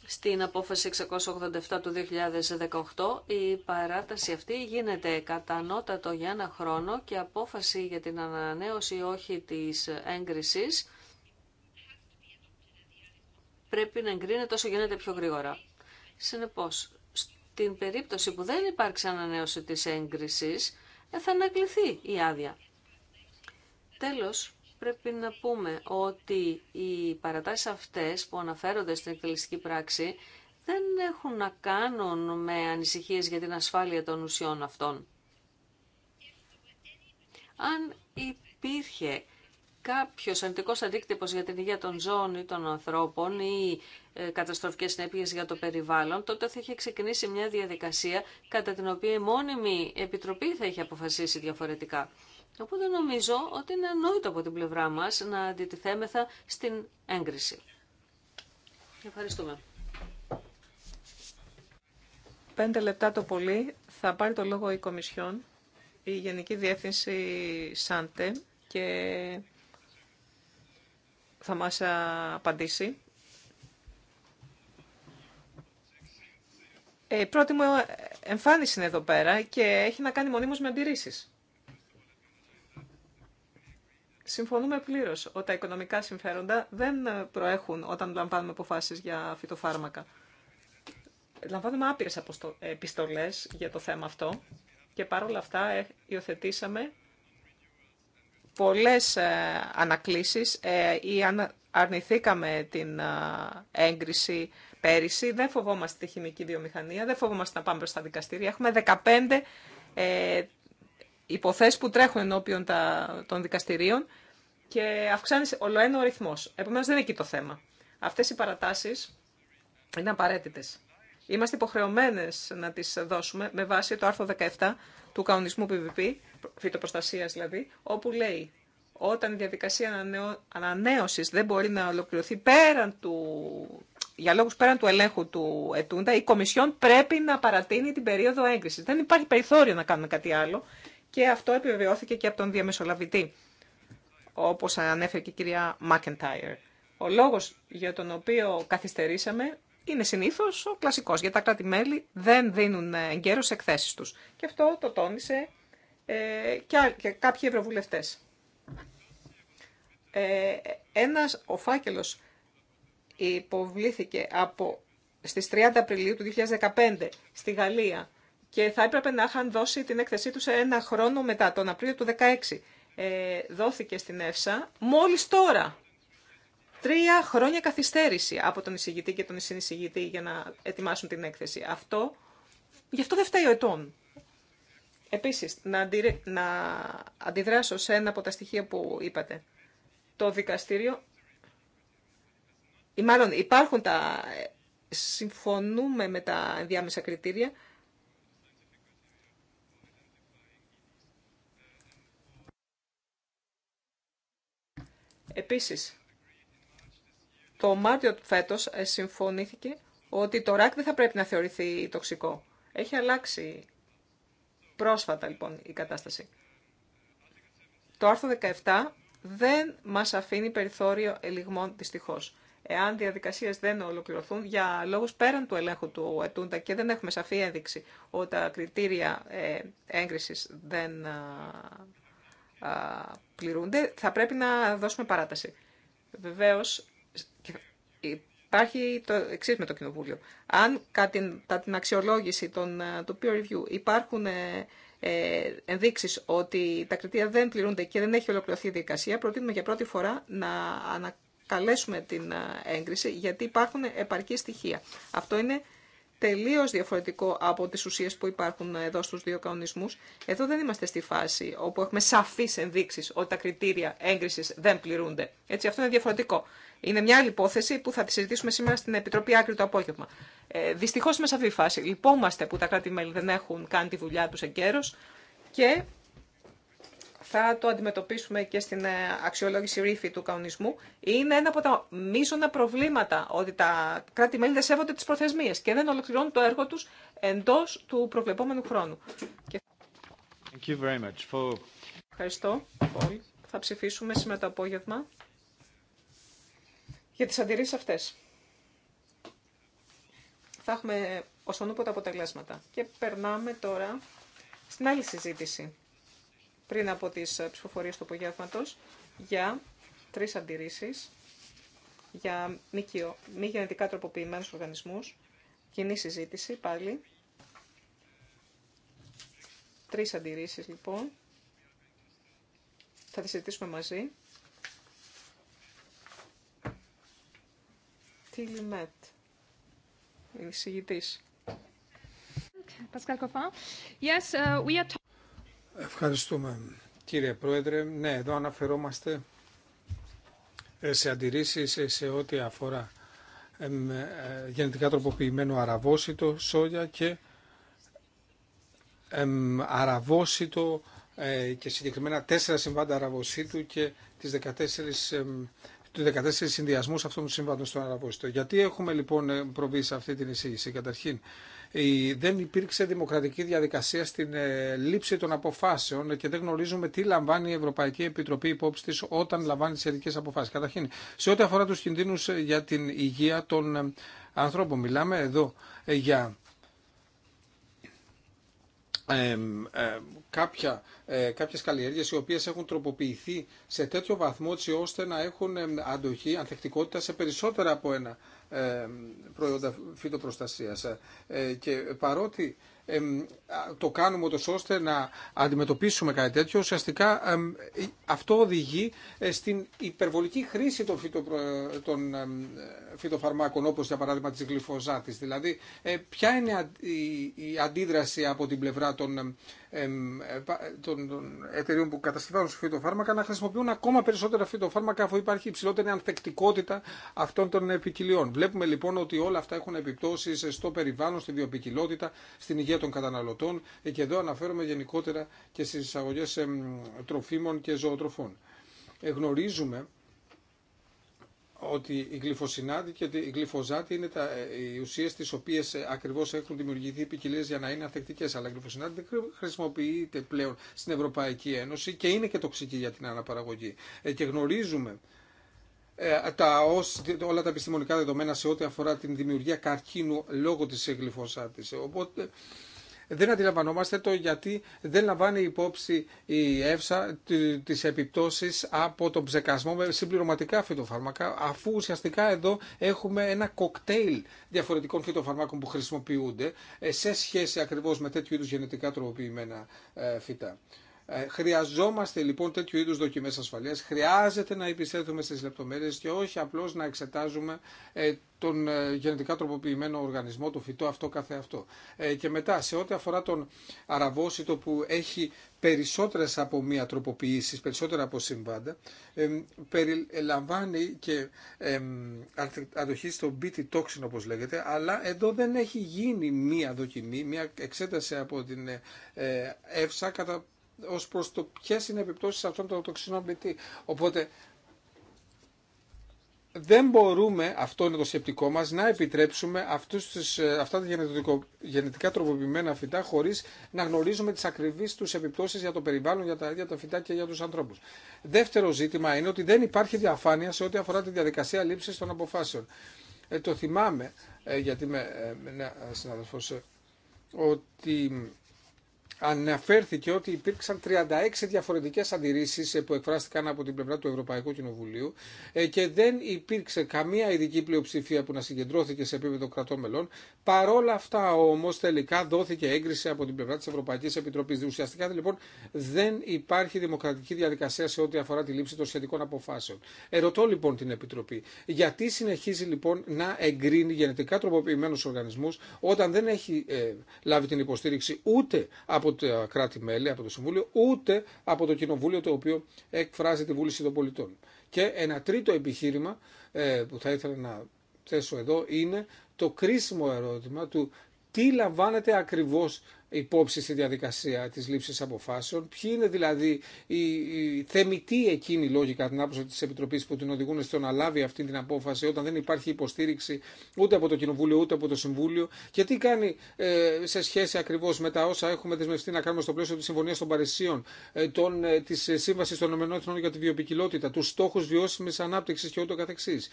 στην απόφαση 687 του 2018 η παράταση αυτή γίνεται κατανότατο για ένα χρόνο και απόφαση για την ανανέωση ή όχι της έγκρισης πρέπει να εγκρίνεται όσο γίνεται πιο γρήγορα. Συνεπώς, την περίπτωση που δεν υπάρξει ανανέωση της έγκρισης, ε, θα ανακληθεί η άδεια. Τέλος, πρέπει να πούμε ότι οι παρατάσεις αυτές που αναφέρονται στην εκτελεστική πράξη δεν έχουν να κάνουν με ανησυχίες για την ασφάλεια των ουσιών αυτών. Αν υπήρχε κάποιος αρνητικός αντίκτυπος για την υγεία των ζώων ή των ανθρώπων ή ε, καταστροφικές συνέπειες για το περιβάλλον, τότε θα είχε ξεκινήσει μια διαδικασία κατά την οποία η μόνιμη επιτροπή θα είχε αποφασίσει διαφορετικά. Οπότε νομίζω ότι είναι ανόητο από την πλευρά μας να αντιτιθέμεθα στην έγκριση. Ευχαριστούμε. Πέντε λεπτά το πολύ θα πάρει το λόγο η Κομισιόν, η Γενική Διεύθυνση ΣΑΝΤΕ και θα μας ε, απαντήσει. Ε, η πρώτη μου ε, εμφάνιση είναι εδώ πέρα και έχει να κάνει μονίμως με αντιρρήσεις. Συμφωνούμε πλήρως ότι τα οικονομικά συμφέροντα δεν προέχουν όταν λαμβάνουμε αποφάσεις για φυτοφάρμακα. Λαμβάνουμε άπειρες επιστολές για το θέμα αυτό και παρόλα αυτά υιοθετήσαμε πολλές ε, ανακλήσεις. Ε, ή αρνηθήκαμε την ε, έγκριση πέρυσι. Δεν φοβόμαστε τη χημική βιομηχανία, δεν φοβόμαστε να πάμε τα δικαστήρια. Έχουμε 15 ε, υποθέσεις που τρέχουν ενώπιον τα, των δικαστηρίων και αυξάνει ολοένα ο ρυθμός. Επομένως δεν είναι εκεί το θέμα. Αυτές οι παρατάσεις είναι απαραίτητες. Είμαστε υποχρεωμένε να τι δώσουμε με βάση το άρθρο 17 του κανονισμού PVP, φυτοπροστασίας δηλαδή, όπου λέει όταν η διαδικασία ανανέωσης δεν μπορεί να ολοκληρωθεί πέραν του, για λόγους πέραν του ελέγχου του ετούντα, η Κομισιόν πρέπει να παρατείνει την περίοδο έγκρισης. Δεν υπάρχει περιθώριο να κάνουμε κάτι άλλο και αυτό επιβεβαιώθηκε και από τον διαμεσολαβητή, όπως ανέφερε και η κυρία Μάκεντάιρ. Ο λόγος για τον οποίο καθυστερήσαμε είναι συνήθω ο κλασικό, γιατί τα κράτη-μέλη δεν δίνουν ε, εγκαίρω εκθέσει του. Και αυτό το τόνισε ε, και κάποιοι ευρωβουλευτέ. Ε, ένα ο φάκελος υποβλήθηκε από στις 30 Απριλίου του 2015 στη Γαλλία και θα έπρεπε να είχαν δώσει την έκθεσή του σε ένα χρόνο μετά, τον Απρίλιο του 2016. Ε, δόθηκε στην ΕΦΣΑ μόλις τώρα. Τρία χρόνια καθυστέρηση από τον εισηγητή και τον συνεισηγητή για να ετοιμάσουν την έκθεση. Αυτό, γι' αυτό δεν φταίει ο ετών. Επίσης, να, να αντιδράσω σε ένα από τα στοιχεία που είπατε. Το δικαστήριο, ή μάλλον υπάρχουν τα, συμφωνούμε με τα ενδιάμεσα κριτήρια, Επίσης, το Μάρτιο φέτο ε, συμφωνήθηκε ότι το ράκ δεν θα πρέπει να θεωρηθεί τοξικό. Έχει αλλάξει πρόσφατα λοιπόν η κατάσταση. Το άρθρο 17 δεν μας αφήνει περιθώριο ελιγμών δυστυχώς. Εάν διαδικασίες δεν ολοκληρωθούν για λόγους πέραν του ελέγχου του ετούντα και δεν έχουμε σαφή ένδειξη ότι τα κριτήρια ε, έγκρισης δεν πληρούνται, θα πρέπει να δώσουμε παράταση. Βεβαίως, Υπάρχει το εξή με το Κοινοβούλιο. Αν κατά την αξιολόγηση των, ε, του peer review υπάρχουν ε, ε, ενδείξεις ότι τα κριτήρια δεν πληρούνται και δεν έχει ολοκληρωθεί η διαδικασία, προτείνουμε για πρώτη φορά να ανακαλέσουμε την ε, έγκριση γιατί υπάρχουν επαρκή στοιχεία. Αυτό είναι τελείως διαφορετικό από τις ουσίες που υπάρχουν εδώ στους δύο κανονισμούς. Εδώ δεν είμαστε στη φάση όπου έχουμε σαφείς ενδείξεις ότι τα κριτήρια έγκρισης δεν πληρούνται. Έτσι, αυτό είναι διαφορετικό. Είναι μια άλλη υπόθεση που θα τη συζητήσουμε σήμερα στην Επιτροπή Άκρη το απόγευμα. Ε, Δυστυχώ είμαι σε αυτή τη φάση. Λυπόμαστε που τα κράτη-μέλη δεν έχουν κάνει τη δουλειά του εγκαίρω και θα το αντιμετωπίσουμε και στην ε, αξιολόγηση ρήφη του κανονισμού, είναι ένα από τα μείζωνα προβλήματα ότι τα κράτη-μέλη δεν σέβονται τις προθεσμίες και δεν ολοκληρώνουν το έργο τους εντός του προβλεπόμενου χρόνου. Ευχαριστώ, πολύ. Θα ψηφίσουμε σήμερα το απόγευμα για τις αντιρρήσεις αυτές. Θα έχουμε ως τα αποτελέσματα. Και περνάμε τώρα στην άλλη συζήτηση πριν από τις ε, ψηφοφορίες του απογεύματος για τρεις αντιρρήσεις για μη, μη γενετικά τροποποιημένους οργανισμούς, κοινή συζήτηση πάλι. Τρεις αντιρρήσεις λοιπόν. Θα τις συζητήσουμε μαζί. Τιλιμέτ, εισηγητής. Πασκάλ Κοφά. Yes, uh, we are Ευχαριστούμε κύριε Πρόεδρε. Ναι, εδώ αναφερόμαστε σε αντιρρήσεις σε ό,τι αφορά ε, γενετικά τροποποιημένο αραβόσιτο σόγια και αραβόσιτο ε, και συγκεκριμένα τέσσερα συμβάντα αραβοσίτου και τις 14 του 14 συνδυασμού αυτών των συμβάντων στον Αραβόστο. Γιατί έχουμε λοιπόν ε, προβεί σε αυτή την εισήγηση. Καταρχήν, δεν υπήρξε δημοκρατική διαδικασία στην ε, λήψη των αποφάσεων και δεν γνωρίζουμε τι λαμβάνει η Ευρωπαϊκή Επιτροπή υπόψη τη όταν λαμβάνει τι ειδικέ αποφάσει. Καταρχήν, σε ό,τι αφορά του κινδύνου ε, για την υγεία των ανθρώπων, μιλάμε εδώ για ε, ε, κάποια, κάποιες καλλιέργειες οι οποίες έχουν τροποποιηθεί σε τέτοιο βαθμό ώστε να έχουν αντοχή, ανθεκτικότητα σε περισσότερα από ένα προϊόντα φυτοπροστασίας. Ε, και παρότι το κάνουμε ούτως ώστε να αντιμετωπίσουμε κάτι τέτοιο, ουσιαστικά αυτό οδηγεί ε, στην υπερβολική χρήση των, των φυτοφαρμάκων όπως για παράδειγμα της γλυφοζάτης. Δηλαδή, ε, ποια είναι η αντίδραση από την πλευρά των ε, ε, των, εταιρείων που κατασκευάζουν φυτοφάρμακα να χρησιμοποιούν ακόμα περισσότερα φυτοφάρμακα αφού υπάρχει υψηλότερη ανθεκτικότητα αυτών των επικοιλίων. Βλέπουμε λοιπόν ότι όλα αυτά έχουν επιπτώσει στο περιβάλλον, στη βιοπικιλότητα, στην υγεία των καταναλωτών και εδώ αναφέρομαι γενικότερα και στι εισαγωγέ τροφίμων και ζωοτροφών. Ε, γνωρίζουμε ότι η γλυφοσυνάτη και η γλυφοζάτη είναι τα, ε, οι ουσίε τι οποίε ακριβώ έχουν δημιουργηθεί ποικιλίε για να είναι ανθεκτικέ. Αλλά η γλυφοσυνάτη δεν χρησιμοποιείται πλέον στην Ευρωπαϊκή Ένωση και είναι και τοξική για την αναπαραγωγή. Ε, και γνωρίζουμε ε, τα, όλα τα επιστημονικά δεδομένα σε ό,τι αφορά την δημιουργία καρκίνου λόγω τη γλυφοσάτη. Οπότε δεν αντιλαμβανόμαστε το γιατί δεν λαμβάνει υπόψη η ΕΦΣΑ τις επιπτώσεις από τον ψεκασμό με συμπληρωματικά φυτοφάρμακα αφού ουσιαστικά εδώ έχουμε ένα κοκτέιλ διαφορετικών φυτοφαρμάκων που χρησιμοποιούνται ε, σε σχέση ακριβώς με τέτοιου είδους γενετικά τροποποιημένα ε, φυτά. Ε, χρειαζόμαστε λοιπόν τέτοιου είδους δοκιμές ασφαλείας, χρειάζεται να επιστρέφουμε στις λεπτομέρειες και όχι απλώς να εξετάζουμε ε, τον ε, γενετικά τροποποιημένο οργανισμό, το φυτό αυτό κάθε αυτό. Και μετά σε ό,τι αφορά τον αραβόσιτο που έχει περισσότερες από μία τροποποιήσεις, περισσότερα από συμβάντα, περιλαμβάνει και αντοχή στο BT toxin όπως λέγεται, αλλά εδώ δεν έχει γίνει μία δοκιμή, μία εξέταση από την ΕΦΣΑ κατά ως προς το ποιε είναι οι επιπτώσεις αυτών των τοξινών BT. Οπότε δεν μπορούμε, αυτό είναι το σκεπτικό μας, να επιτρέψουμε αυτούς τους, ε, αυτά τα γενετικά τροποποιημένα φυτά χωρίς να γνωρίζουμε τις ακριβείς τους επιπτώσεις για το περιβάλλον, για τα ίδια τα φυτά και για τους ανθρώπους. Δεύτερο ζήτημα είναι ότι δεν υπάρχει διαφάνεια σε ό,τι αφορά τη διαδικασία λήψης των αποφάσεων. Ε, το θυμάμαι, ε, γιατί με ε, ένα συναδελφός, ότι αναφέρθηκε ότι υπήρξαν 36 διαφορετικές αντιρρήσεις ε, που εκφράστηκαν από την πλευρά του Ευρωπαϊκού Κοινοβουλίου ε, και δεν υπήρξε καμία ειδική πλειοψηφία που να συγκεντρώθηκε σε επίπεδο κρατών μελών. Παρόλα αυτά όμως τελικά δόθηκε έγκριση από την πλευρά της Ευρωπαϊκής Επιτροπής. Ουσιαστικά λοιπόν δεν υπάρχει δημοκρατική διαδικασία σε ό,τι αφορά τη λήψη των σχετικών αποφάσεων. Ερωτώ λοιπόν την Επιτροπή, γιατί συνεχίζει λοιπόν να εγκρίνει γενετικά τροποποιημένους οργανισμούς όταν δεν έχει ε, λάβει την υποστήριξη ούτε από Ούτε τα κράτη-μέλη, από το Συμβούλιο, ούτε από το Κοινοβούλιο το οποίο εκφράζει τη βούληση των πολιτών. Και ένα τρίτο επιχείρημα ε, που θα ήθελα να θέσω εδώ είναι το κρίσιμο ερώτημα του τι λαμβάνεται ακριβώς υπόψη στη διαδικασία της λήψης αποφάσεων, ποιοι είναι δηλαδή οι, οι θεμητοί εκείνοι λόγοι κατά την άποψη της Επιτροπής που την οδηγούν στο να λάβει αυτή την απόφαση όταν δεν υπάρχει υποστήριξη ούτε από το Κοινοβούλιο ούτε από το Συμβούλιο και τι κάνει ε, σε σχέση ακριβώς με τα όσα έχουμε δεσμευτεί να κάνουμε στο πλαίσιο της Συμφωνίας των Παρισίων, ε, των, ε, της ε, Σύμβασης των ΗΠΑ για τη Βιοπικιλότητα, τους στόχους βιώσιμης ανάπτυξης και ούτω καθεξής.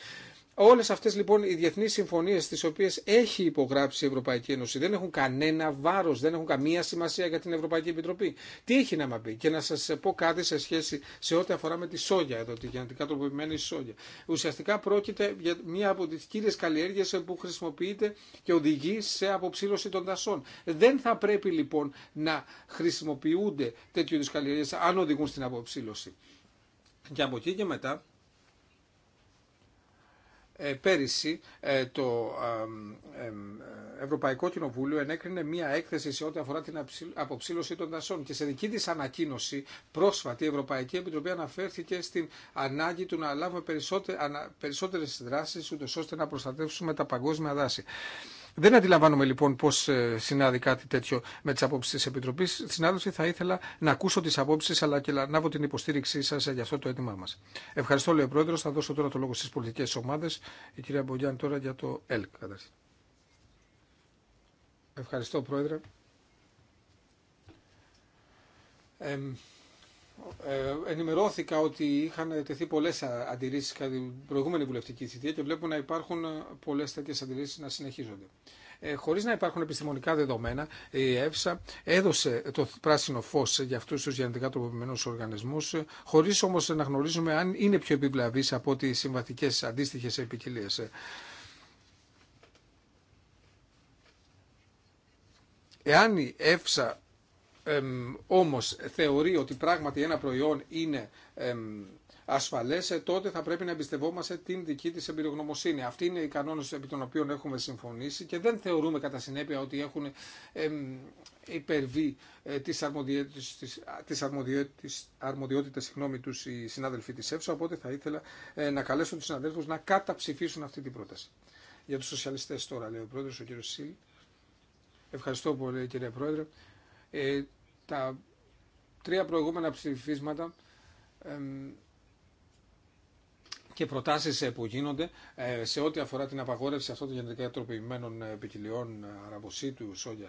Όλε αυτέ λοιπόν οι διεθνείς συμφωνίε τι οποίε έχει υπογράψει η Ευρωπαϊκή Ένωση δεν έχουν κανένα βάρο, δεν έχουν καμία σημασία για την Ευρωπαϊκή Επιτροπή. Τι έχει να μα πει και να σα πω κάτι σε σχέση σε ό,τι αφορά με τη σόγια εδώ, τη γενετικά τροποποιημένη σόγια. Ουσιαστικά πρόκειται για μία από τι κύριε καλλιέργειε που χρησιμοποιείται και οδηγεί σε αποψήλωση των δασών. Δεν θα πρέπει λοιπόν να χρησιμοποιούνται τέτοιου είδου καλλιέργειε αν οδηγούν στην αποψήλωση. Και από εκεί και μετά ε, πέρυσι ε, το Ευρωπαϊκό Κοινοβούλιο ενέκρινε μία έκθεση σε ό,τι αφορά την αποψήλωση των δασών και σε δική της ανακοίνωση πρόσφατη η Ευρωπαϊκή Επιτροπή αναφέρθηκε στην ανάγκη του να λάβουμε περισσότερες δράσεις ούτως ώστε να προστατεύσουμε τα παγκόσμια δάση. Δεν αντιλαμβάνομαι λοιπόν πώ ε, συνάδει κάτι τέτοιο με τι απόψει τη Επιτροπή. Συνάδελφοι, θα ήθελα να ακούσω τι απόψει αλλά και να λάβω την υποστήριξή σα ε, για αυτό το αίτημά μα. Ευχαριστώ, λέει ο Πρόεδρο. Θα δώσω τώρα το λόγο στι πολιτικέ ομάδε. Η κυρία Μπογιάν τώρα για το ΕΛΚ, Ευχαριστώ, Πρόεδρε. Ε, ενημερώθηκα ότι είχαν τεθεί πολλέ αντιρρήσει κατά την προηγούμενη βουλευτική θητεία και βλέπω να υπάρχουν πολλέ τέτοιε αντιρρήσει να συνεχίζονται. Ε, Χωρί να υπάρχουν επιστημονικά δεδομένα, η ΕΦΣΑ έδωσε το πράσινο φω για αυτού του γενετικά τροποποιημένου οργανισμού, χωρί όμω να γνωρίζουμε αν είναι πιο επιβλαβεί από τι συμβατικέ αντίστοιχε επικοινίε. Εάν η ΕΦΣΑ εμ, όμως θεωρεί ότι πράγματι ένα προϊόν είναι εμ, ασφαλές, ε, τότε θα πρέπει να εμπιστευόμαστε την δική της εμπειρογνωμοσύνη. Αυτή είναι η κανόνες επί των οποίων έχουμε συμφωνήσει και δεν θεωρούμε κατά συνέπεια ότι έχουν εμ, υπερβεί ε, τις αρμοδιότητες, τις, τις αρμοδιότητες, αρμοδιότητες συγγνώμη, τους οι συνάδελφοί της ΕΦΣΟ. οπότε θα ήθελα ε, να καλέσω τους συναδέλφους να καταψηφίσουν αυτή την πρόταση. Για τους σοσιαλιστές τώρα, λέει ο πρόεδρος, ο κύριος Σίλ. Ευχαριστώ πολύ κύριε πρόεδρε. Ε, τα τρία προηγούμενα ψηφίσματα και προτάσει ε, που γίνονται ε, σε ό,τι αφορά την απαγόρευση αυτών των γενετικά τροποποιημένων ε, ποικιλιών αραβοσίτου, σόγια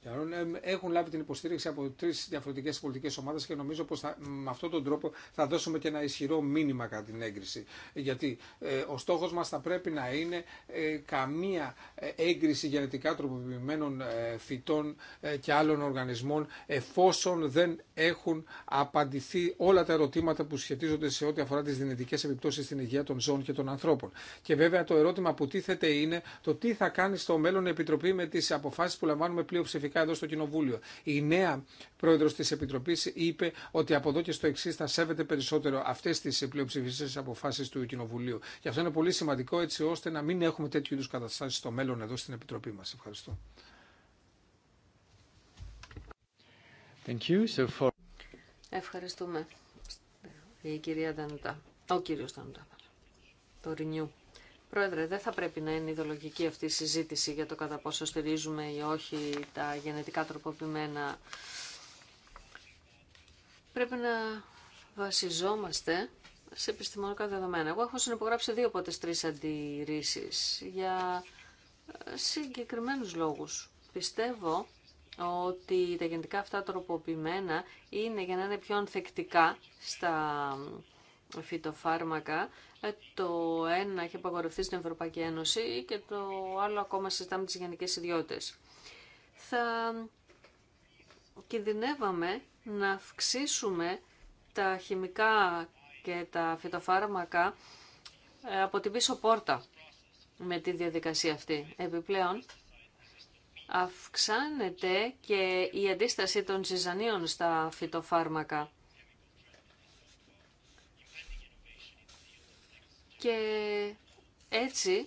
και άλλων, έχουν λάβει την υποστήριξη από τρει διαφορετικέ πολιτικέ ομάδε και νομίζω πω με αυτόν τον τρόπο θα δώσουμε και ένα ισχυρό μήνυμα κατά την έγκριση. Γιατί ο στόχο μα θα πρέπει να είναι καμία έγκριση γενετικά τροποποιημένων φυτών και άλλων οργανισμών εφόσον δεν έχουν απαντηθεί όλα τα ερωτήματα που σχετίζονται σε ό,τι αφορά τι δυνητικέ επιπτώσει στην υγεία των ζώων και των ανθρώπων. Και βέβαια το ερώτημα που τίθεται είναι το τι θα κάνει στο μέλλον η Επιτροπή με τι αποφάσει που λαμβάνουμε πλειοψηφικά εδώ στο Κοινοβούλιο. Η νέα πρόεδρο τη Επιτροπή είπε ότι από εδώ και στο εξή θα σέβεται περισσότερο αυτέ τι πλειοψηφικέ αποφάσει του Κοινοβουλίου. Και αυτό είναι πολύ σημαντικό έτσι ώστε να μην έχουμε τέτοιου είδου καταστάσει στο μέλλον εδώ στην Επιτροπή μα. Ευχαριστώ. Thank you. So for... Ευχαριστούμε η κυρία Δανούτα. Ο κύριο Ταντάβαρ. Το Ρινιού. Πρόεδρε, δεν θα πρέπει να είναι ιδεολογική αυτή η συζήτηση για το κατά πόσο στηρίζουμε ή όχι τα γενετικά τροποποιημένα. Πρέπει να βασιζόμαστε σε επιστημονικά δεδομένα. Εγώ έχω συνυπογράψει δύο από τι τρει αντιρρήσει για ε, συγκεκριμένου λόγους. Πιστεύω ότι τα γενετικά αυτά τροποποιημένα είναι για να είναι πιο ανθεκτικά στα φυτοφάρμακα. Ε, το ένα έχει απαγορευτεί στην Ευρωπαϊκή Ένωση και το άλλο ακόμα συζητάμε τις γενικές ιδιότητες. Θα κινδυνεύαμε να αυξήσουμε τα χημικά και τα φυτοφάρμακα ε, από την πίσω πόρτα με τη διαδικασία αυτή. Επιπλέον, αυξάνεται και η αντίσταση των ζυζανίων στα φυτοφάρμακα. και έτσι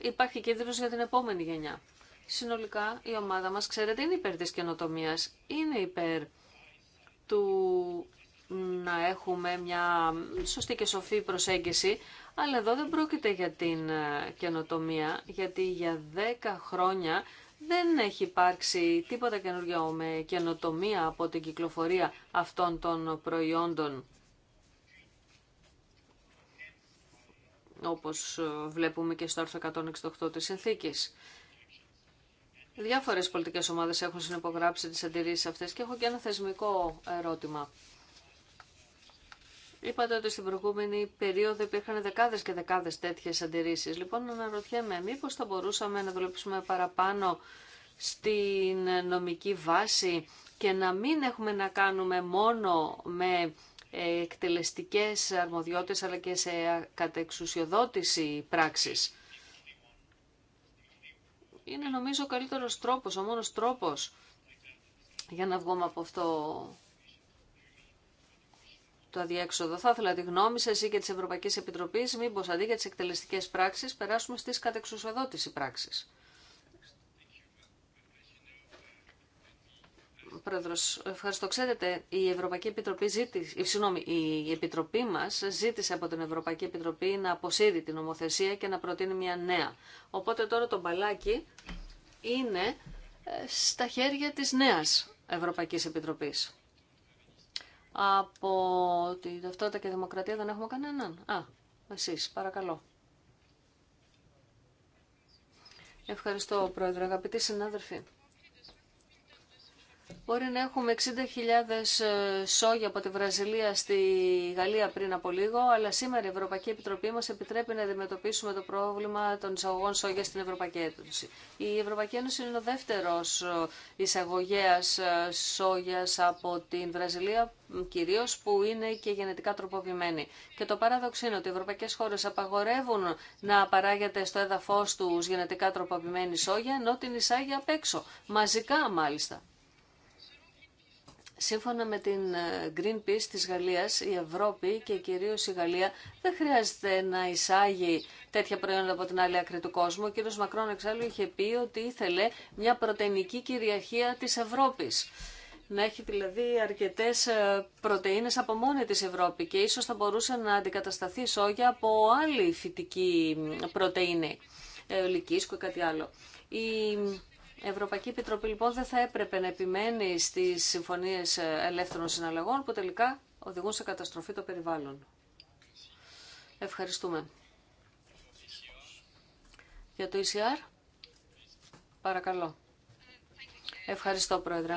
υπάρχει κίνδυνος για την επόμενη γενιά. Συνολικά η ομάδα μας, ξέρετε, είναι υπέρ της καινοτομίας, είναι υπέρ του να έχουμε μια σωστή και σοφή προσέγγιση, αλλά εδώ δεν πρόκειται για την ε, καινοτομία, γιατί για 10 χρόνια δεν έχει υπάρξει τίποτα καινούργιο με καινοτομία από την κυκλοφορία αυτών των προϊόντων όπως ε, βλέπουμε και στο άρθρο 168 της συνθήκης. Διάφορες πολιτικές ομάδες έχουν συνυπογράψει τις αντιρρήσεις αυτές και έχω και ένα θεσμικό ερώτημα. Είπατε ότι στην προηγούμενη περίοδο υπήρχαν δεκάδες και δεκάδες τέτοιες αντιρρήσεις. Λοιπόν, αναρωτιέμαι, μήπως θα μπορούσαμε να δουλέψουμε παραπάνω στην νομική βάση και να μην έχουμε να κάνουμε μόνο με εκτελεστικές αρμοδιότητες αλλά και σε κατεξουσιοδότηση πράξης. Είναι νομίζω ο καλύτερος τρόπος, ο μόνος τρόπος για να βγούμε από αυτό το αδιέξοδο. Θα ήθελα τη γνώμη σα ή και της Ευρωπαϊκής Επιτροπής μήπως αντί για τις εκτελεστικές πράξεις περάσουμε στις κατεξουσιοδότηση πράξεις. Πρόεδρος, ευχαριστώ. Ξέρετε, η Ευρωπαϊκή Επιτροπή ζήτησε, ε, συγγνώμη, η Επιτροπή μας ζήτησε από την Ευρωπαϊκή Επιτροπή να αποσύρει την νομοθεσία και να προτείνει μια νέα. Οπότε τώρα το μπαλάκι είναι ε, στα χέρια της νέας Ευρωπαϊκής Επιτροπής. Από τη Δευτότητα και δημοκρατία δεν έχουμε κανέναν. Α, εσείς, παρακαλώ. Ευχαριστώ, Πρόεδρε, αγαπητοί συνάδελφοι. Μπορεί να έχουμε 60.000 ε, σόγια από τη Βραζιλία στη Γαλλία πριν από λίγο, αλλά σήμερα η Ευρωπαϊκή Επιτροπή μας επιτρέπει να αντιμετωπίσουμε το πρόβλημα των εισαγωγών σόγια στην Ευρωπαϊκή Ένωση. Η Ευρωπαϊκή Ένωση είναι ο δεύτερος ε, εισαγωγέας ε, σόγιας από την Βραζιλία, κυρίω που είναι και γενετικά τροποποιημένη. Και το παράδοξο είναι ότι οι ευρωπαϊκές χώρε απαγορεύουν να παράγεται στο έδαφο του γενετικά τροποποιημένη σόγια, ενώ την εισάγει απ' έξω, μαζικά μάλιστα. Σύμφωνα με την ε, Greenpeace της Γαλλίας, η Ευρώπη και κυρίως η Γαλλία δεν χρειάζεται να εισάγει τέτοια προϊόντα από την άλλη άκρη του κόσμου. Ο κύριος Μακρόν εξάλλου είχε πει ότι ήθελε μια πρωτεϊνική κυριαρχία της Ευρώπης. Να έχει δηλαδή αρκετές ε, πρωτεΐνες από μόνη της Ευρώπη και ίσως θα μπορούσε να αντικατασταθεί σόγια από άλλη φυτική πρωτεΐνη, ολική ε, και κάτι άλλο. Η Ευρωπαϊκή Επιτροπή λοιπόν δεν θα έπρεπε να επιμένει στις συμφωνίες ελεύθερων συναλλαγών που τελικά οδηγούν σε καταστροφή το περιβάλλον. Ευχαριστούμε. Για το ECR, παρακαλώ. Ευχαριστώ, Πρόεδρε.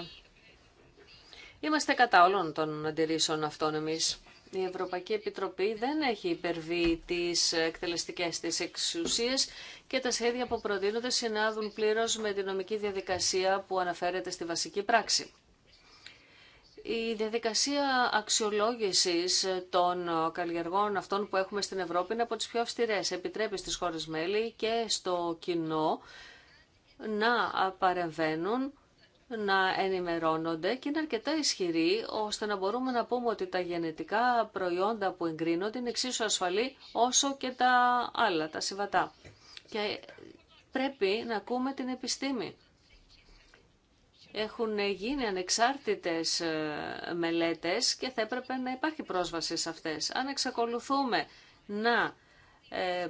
Είμαστε κατά όλων των αντιρρήσεων αυτών εμείς. Η Ευρωπαϊκή Επιτροπή δεν έχει υπερβεί τις εκτελεστικές της εξουσίες και τα σχέδια που προτείνονται συνάδουν πλήρως με την νομική διαδικασία που αναφέρεται στη βασική πράξη. Η διαδικασία αξιολόγησης των καλλιεργών αυτών που έχουμε στην Ευρώπη είναι από τις πιο αυστηρές. Επιτρέπει στις χώρες μέλη και στο κοινό να παρεμβαίνουν να ενημερώνονται και είναι αρκετά ισχυροί ώστε να μπορούμε να πούμε ότι τα γενετικά προϊόντα που εγκρίνονται είναι εξίσου ασφαλή όσο και τα άλλα, τα συμβατά. Και πρέπει να ακούμε την επιστήμη. Έχουν γίνει ανεξάρτητες ε, μελέτες και θα έπρεπε να υπάρχει πρόσβαση σε αυτές. Αν εξακολουθούμε να ε,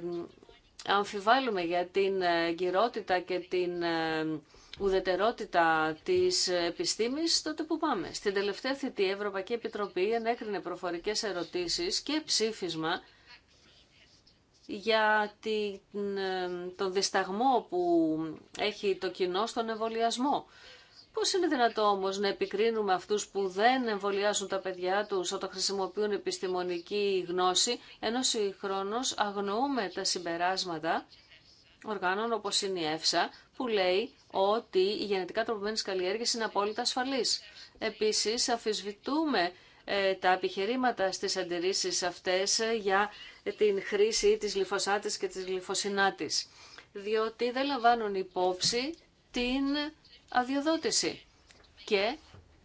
αμφιβάλλουμε για την ε, γυρότητα και την ε, ουδετερότητα της επιστήμης τότε που πάμε. Στην τελευταία θητή Ευρωπαϊκή Επιτροπή ενέκρινε προφορικές ερωτήσεις και ψήφισμα για την, ε, τον δισταγμό που έχει το κοινό στον εμβολιασμό. Πώ είναι δυνατό όμω να επικρίνουμε αυτού που δεν εμβολιάζουν τα παιδιά του όταν χρησιμοποιούν επιστημονική γνώση, ενώ συγχρόνω αγνοούμε τα συμπεράσματα οργάνων όπω είναι η ΕΦΣΑ, που λέει ότι οι γενετικά τροποποιημένε καλλιέργεια είναι απόλυτα ασφαλής. Επίσης, αφισβητούμε ε, τα επιχειρήματα στις αντιρρήσεις αυτές ε, για την χρήση τη γλυφοσάτης και της γλυφοσινάτης, διότι δεν λαμβάνουν υπόψη την αδειοδότηση. Και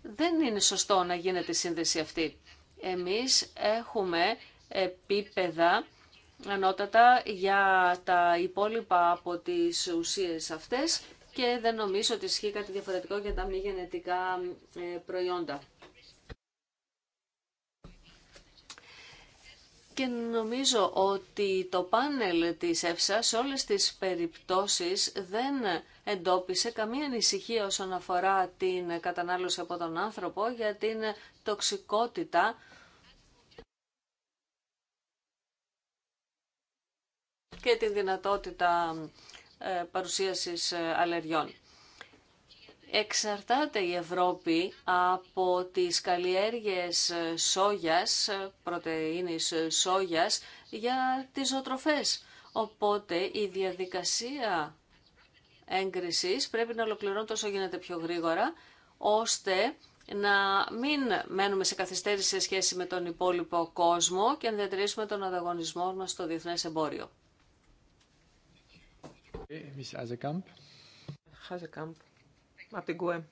δεν είναι σωστό να γίνεται η σύνδεση αυτή. Εμείς έχουμε επίπεδα ανώτατα για τα υπόλοιπα από τις ουσίες αυτές και δεν νομίζω ότι ισχύει κάτι διαφορετικό για τα μη γενετικά ε, προϊόντα. και νομίζω ότι το πάνελ της ΕΦΣΑ σε όλες τις περιπτώσεις δεν εντόπισε καμία ανησυχία όσον αφορά την κατανάλωση από τον άνθρωπο για την τοξικότητα και την δυνατότητα ε, παρουσίασης ε, αλλεργιών. Εξαρτάται η Ευρώπη από τις καλλιέργειες σόγιας, πρωτεΐνης σόγιας, για τις ζωοτροφές. Οπότε η διαδικασία έγκρισης πρέπει να ολοκληρώνεται όσο γίνεται πιο γρήγορα, ώστε να μην μένουμε σε καθυστέρηση σε σχέση με τον υπόλοιπο κόσμο και να διατηρήσουμε τον ανταγωνισμό μας στο διεθνές εμπόριο. Ε, από την ΚΟΕ.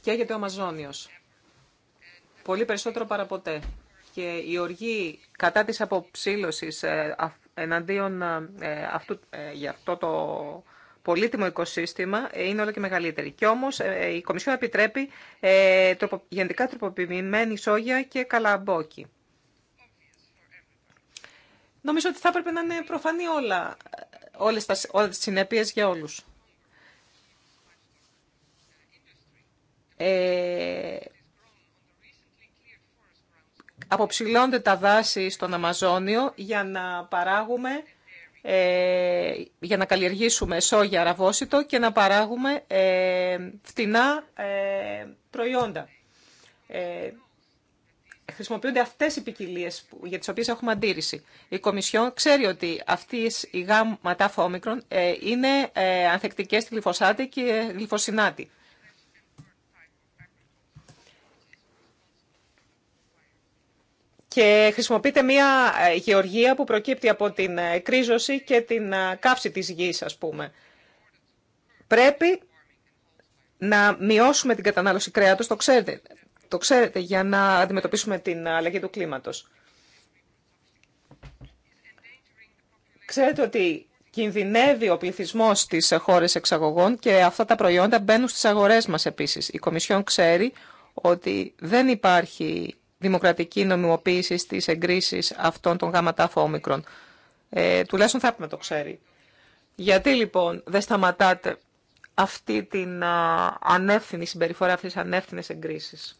Καίγεται ο Αμαζόνιος. Πολύ περισσότερο παραποτέ. Και η οργή κατά της αποψήλωσης ε, εναντίον ε, αυτού, ε, για αυτό το πολύτιμο οικοσύστημα είναι όλο και μεγαλύτερη. και όμως η Κομισιόν επιτρέπει γενικά τροποποιημένη σόγια και καλαμπόκι. Νομίζω ότι θα έπρεπε να είναι προφανή όλα, όλες τα, για όλους. Ε, αποψηλώνται τα δάση στον Αμαζόνιο για να παράγουμε, ε, για να καλλιεργήσουμε σόγια αραβόσιτο και να παράγουμε ε, φτηνά ε, προϊόντα. Ε, χρησιμοποιούνται αυτές οι ποικιλίε για τις οποίες έχουμε αντίρρηση. Η Κομισιόν ξέρει ότι αυτές οι γάμματα φόμικρον ε, είναι ανθεκτικές στη γλυφοσάτη και γλυφοσυνάτη. και χρησιμοποιείται μια ε, γεωργία που προκύπτει από την ε, κρίζωση και την ε, καύση της γης, ας πούμε. Πρέπει να μειώσουμε την κατανάλωση κρέατος, το ξέρετε, το ξέρετε για να αντιμετωπίσουμε την αλλαγή του κλίματος. Ξέρετε ότι κινδυνεύει ο πληθυσμό στι χώρε εξαγωγών και αυτά τα προϊόντα μπαίνουν στι αγορέ μα επίση. Η Κομισιόν ξέρει ότι δεν υπάρχει δημοκρατική νομιμοποίηση στις εγκρίσεις αυτών των γαμματάφα όμικρων. Ε, τουλάχιστον θα έπρεπε να το ξέρει. Γιατί λοιπόν δεν σταματάτε αυτή την α, ανεύθυνη συμπεριφορά, αυτή τις ανεύθυνες εγκρίσεις.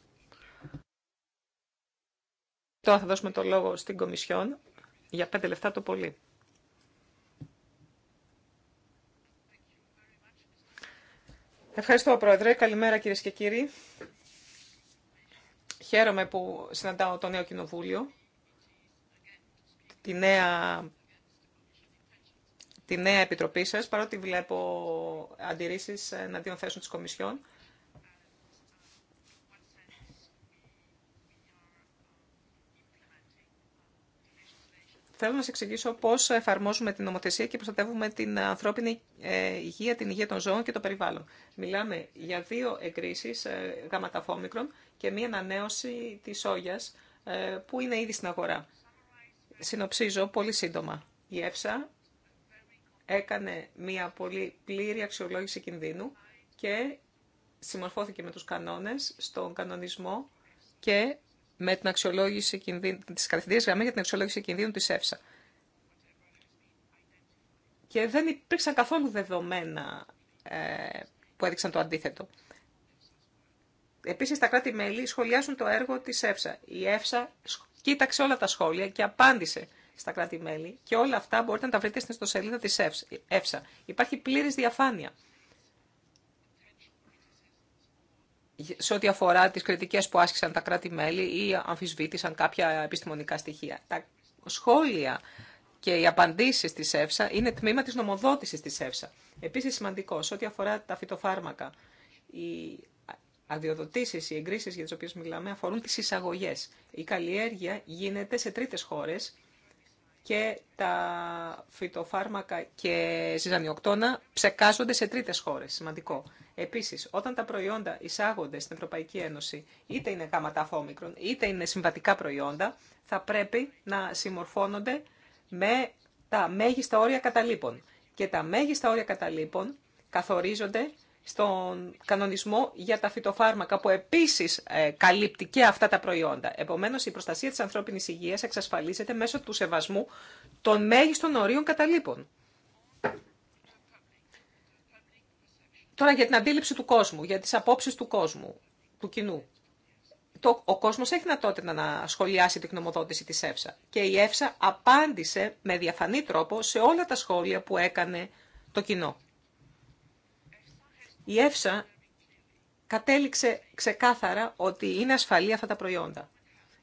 Τώρα θα δώσουμε το λόγο στην Κομισιόν για πέντε λεφτά το πολύ. Ευχαριστώ, Πρόεδρε. Καλημέρα, κυρίε και κύριοι. Χαίρομαι που συναντάω το νέο κοινοβούλιο, τη νέα, τη νέα επιτροπή σας, παρότι βλέπω αντιρρήσεις εναντίον θέσεων της Κομισιόν. Θέλω να σα εξηγήσω πώ εφαρμόζουμε την νομοθεσία και προστατεύουμε την ανθρώπινη ε, υγεία, την υγεία των ζώων και το περιβάλλον. Μιλάμε για δύο εγκρίσει ε, γαματαφόμικρων και μία ανανέωση τη όγια ε, που είναι ήδη στην αγορά. Συνοψίζω πολύ σύντομα. Η ΕΦΣΑ έκανε μία πολύ πλήρη αξιολόγηση κινδύνου και συμμορφώθηκε με τους κανόνες στον κανονισμό και με την αξιολόγηση κινδύνου, τις κατευθυντήρες για την αξιολόγηση κινδύνου της ΕΦΣΑ. Και δεν υπήρξαν καθόλου δεδομένα ε, που έδειξαν το αντίθετο. Επίσης, τα κράτη-μέλη σχολιάζουν το έργο της ΕΦΣΑ. Η ΕΦΣΑ κοίταξε όλα τα σχόλια και απάντησε στα κράτη-μέλη και όλα αυτά μπορείτε να τα βρείτε στην ιστοσελίδα της ΕΦΣΑ. Υπάρχει πλήρης διαφάνεια σε ό,τι αφορά τις κριτικές που άσκησαν τα κράτη-μέλη ή αμφισβήτησαν κάποια επιστημονικά στοιχεία. Τα σχόλια και οι απαντήσεις της ΕΦΣΑ είναι τμήμα της νομοδότησης της ΕΦΣΑ. Επίσης σημαντικό, σε ό,τι αφορά τα φυτοφάρμακα, οι αδειοδοτήσεις, οι εγκρίσεις για τις οποίες μιλάμε αφορούν τις εισαγωγές. Η καλλιέργεια γίνεται σε τρίτες χώρες και τα φυτοφάρμακα και ζυζανιοκτώνα ψεκάζονται σε τρίτες χώρες. Σημαντικό. Επίσης, όταν τα προϊόντα εισάγονται στην Ευρωπαϊκή Ένωση, είτε είναι γάματα φόμικρον, είτε είναι συμβατικά προϊόντα, θα πρέπει να συμμορφώνονται με τα μέγιστα όρια καταλήπων. Και τα μέγιστα όρια καταλήπων καθορίζονται στον κανονισμό για τα φυτοφάρμακα που επίσης ε, καλύπτει και αυτά τα προϊόντα. Επομένω, η προστασία τη ανθρώπινη υγεία εξασφαλίζεται μέσω του σεβασμού των μέγιστων ορίων καταλήπων. Τώρα για την αντίληψη του κόσμου, για τις απόψεις του κόσμου, του κοινού. ο κόσμος έχει δυνατότητα να σχολιάσει την γνωμοδότηση της ΕΦΣΑ και η ΕΦΣΑ απάντησε με διαφανή τρόπο σε όλα τα σχόλια που έκανε το κοινό. Η ΕΦΣΑ κατέληξε ξεκάθαρα ότι είναι ασφαλή αυτά τα προϊόντα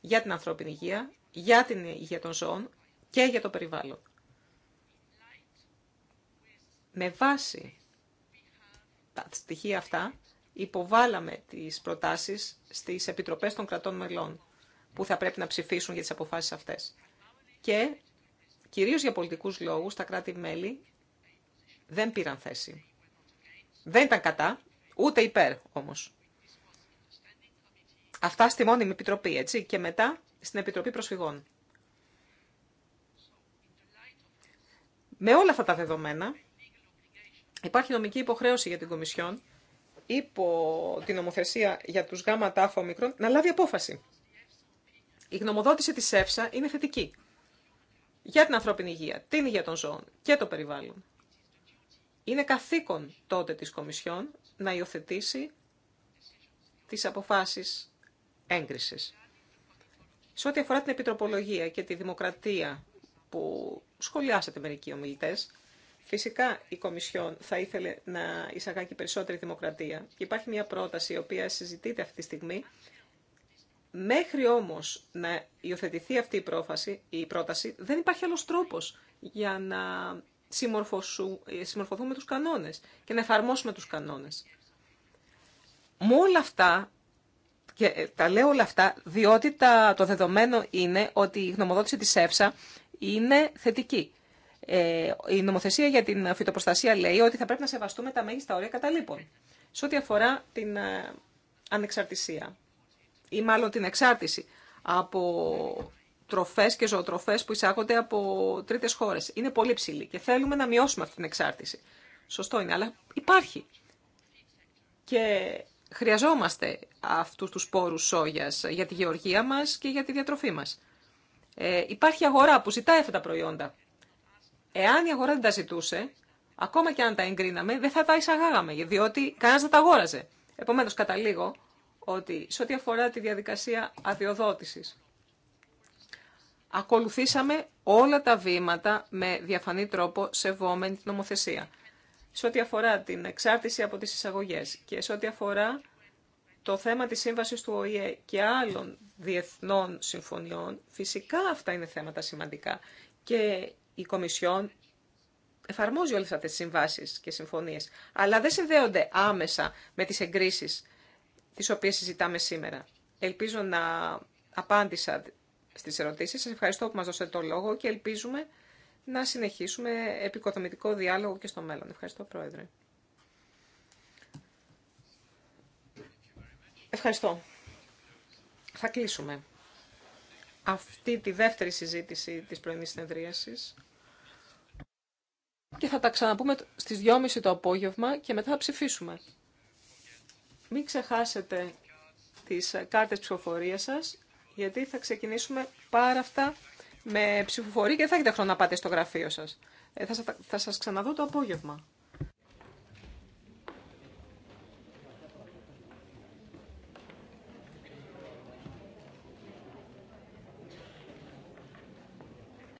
για την ανθρώπινη υγεία, για την υγεία των ζώων και για το περιβάλλον. Με βάση τα στοιχεία αυτά, υποβάλαμε τις προτάσεις στις επιτροπές των κρατών μελών που θα πρέπει να ψηφίσουν για τις αποφάσεις αυτές. Και κυρίως για πολιτικούς λόγους τα κράτη-μέλη δεν πήραν θέση. Δεν ήταν κατά, ούτε υπέρ όμως. Αυτά στη μόνιμη επιτροπή, έτσι, και μετά στην Επιτροπή Προσφυγών. Με όλα αυτά τα δεδομένα υπάρχει νομική υποχρέωση για την Κομισιόν υπό την νομοθεσία για τους γάμα τάφο μικρών να λάβει απόφαση. Η γνωμοδότηση της ΕΦΣΑ είναι θετική για την ανθρώπινη υγεία, την υγεία των ζώων και το περιβάλλον. Είναι καθήκον τότε της Κομισιόν να υιοθετήσει τις αποφάσεις έγκρισης. Σε ό,τι αφορά την επιτροπολογία και τη δημοκρατία που σχολιάσατε μερικοί ομιλητέ, φυσικά η Κομισιόν θα ήθελε να εισαγάγει περισσότερη δημοκρατία. Και υπάρχει μια πρόταση η οποία συζητείται αυτή τη στιγμή. Μέχρι όμως να υιοθετηθεί αυτή η, η πρόταση, δεν υπάρχει άλλος τρόπος για να ε, συμμορφωθούμε τους κανόνες και να εφαρμόσουμε τους κανόνες. Με όλα αυτά, και ε, τα λέω όλα αυτά, διότι τα, το δεδομένο είναι ότι η γνωμοδότηση της ΕΦΣΑ είναι θετική. Ε, η νομοθεσία για την φυτοπροστασία λέει ότι θα πρέπει να σεβαστούμε τα μέγιστα όρια καταλήπων. Σε ό,τι αφορά την ε, ανεξαρτησία ή μάλλον την εξάρτηση από Τροφέ και ζωοτροφέ που εισάγονται από τρίτε χώρε. Είναι πολύ ψηλή και θέλουμε να μειώσουμε αυτή την εξάρτηση. Σωστό είναι, αλλά υπάρχει. Και χρειαζόμαστε αυτού του σπόρους σόγιας για τη γεωργία μα και για τη διατροφή μα. Ε, υπάρχει αγορά που ζητάει αυτά τα προϊόντα. Εάν η αγορά δεν τα ζητούσε, ακόμα και αν τα εγκρίναμε, δεν θα τα εισαγάγαμε, διότι κανένα δεν τα αγόραζε. Επομένω, καταλήγω ότι σε ό,τι αφορά τη διαδικασία αδειοδότηση ακολουθήσαμε όλα τα βήματα με διαφανή τρόπο σεβόμενη την νομοθεσία. Σε ό,τι αφορά την εξάρτηση από τις εισαγωγές και σε ό,τι αφορά το θέμα της σύμβασης του ΟΗΕ και άλλων διεθνών συμφωνιών, φυσικά αυτά είναι θέματα σημαντικά. Και η Κομισιόν εφαρμόζει όλες αυτές τις συμβάσεις και συμφωνίες, αλλά δεν συνδέονται άμεσα με τις εγκρίσεις τις οποίες συζητάμε σήμερα. Ελπίζω να απάντησα στις ερωτήσεις. Σας ευχαριστώ που μας δώσετε το λόγο και ελπίζουμε να συνεχίσουμε επικοδομητικό διάλογο και στο μέλλον. Ευχαριστώ, Πρόεδρε. Ευχαριστώ. Θα κλείσουμε αυτή τη δεύτερη συζήτηση της πρωινής συνεδρίασης και θα τα ξαναπούμε στις 2.30 το απόγευμα και μετά θα ψηφίσουμε. Μην ξεχάσετε τις κάρτες ψηφοφορίας σας γιατί θα ξεκινήσουμε πάρα αυτά με ψηφοφορία και δεν θα έχετε χρόνο να πάτε στο γραφείο σας. Ε, θα, θα σας ξαναδώ το απόγευμα.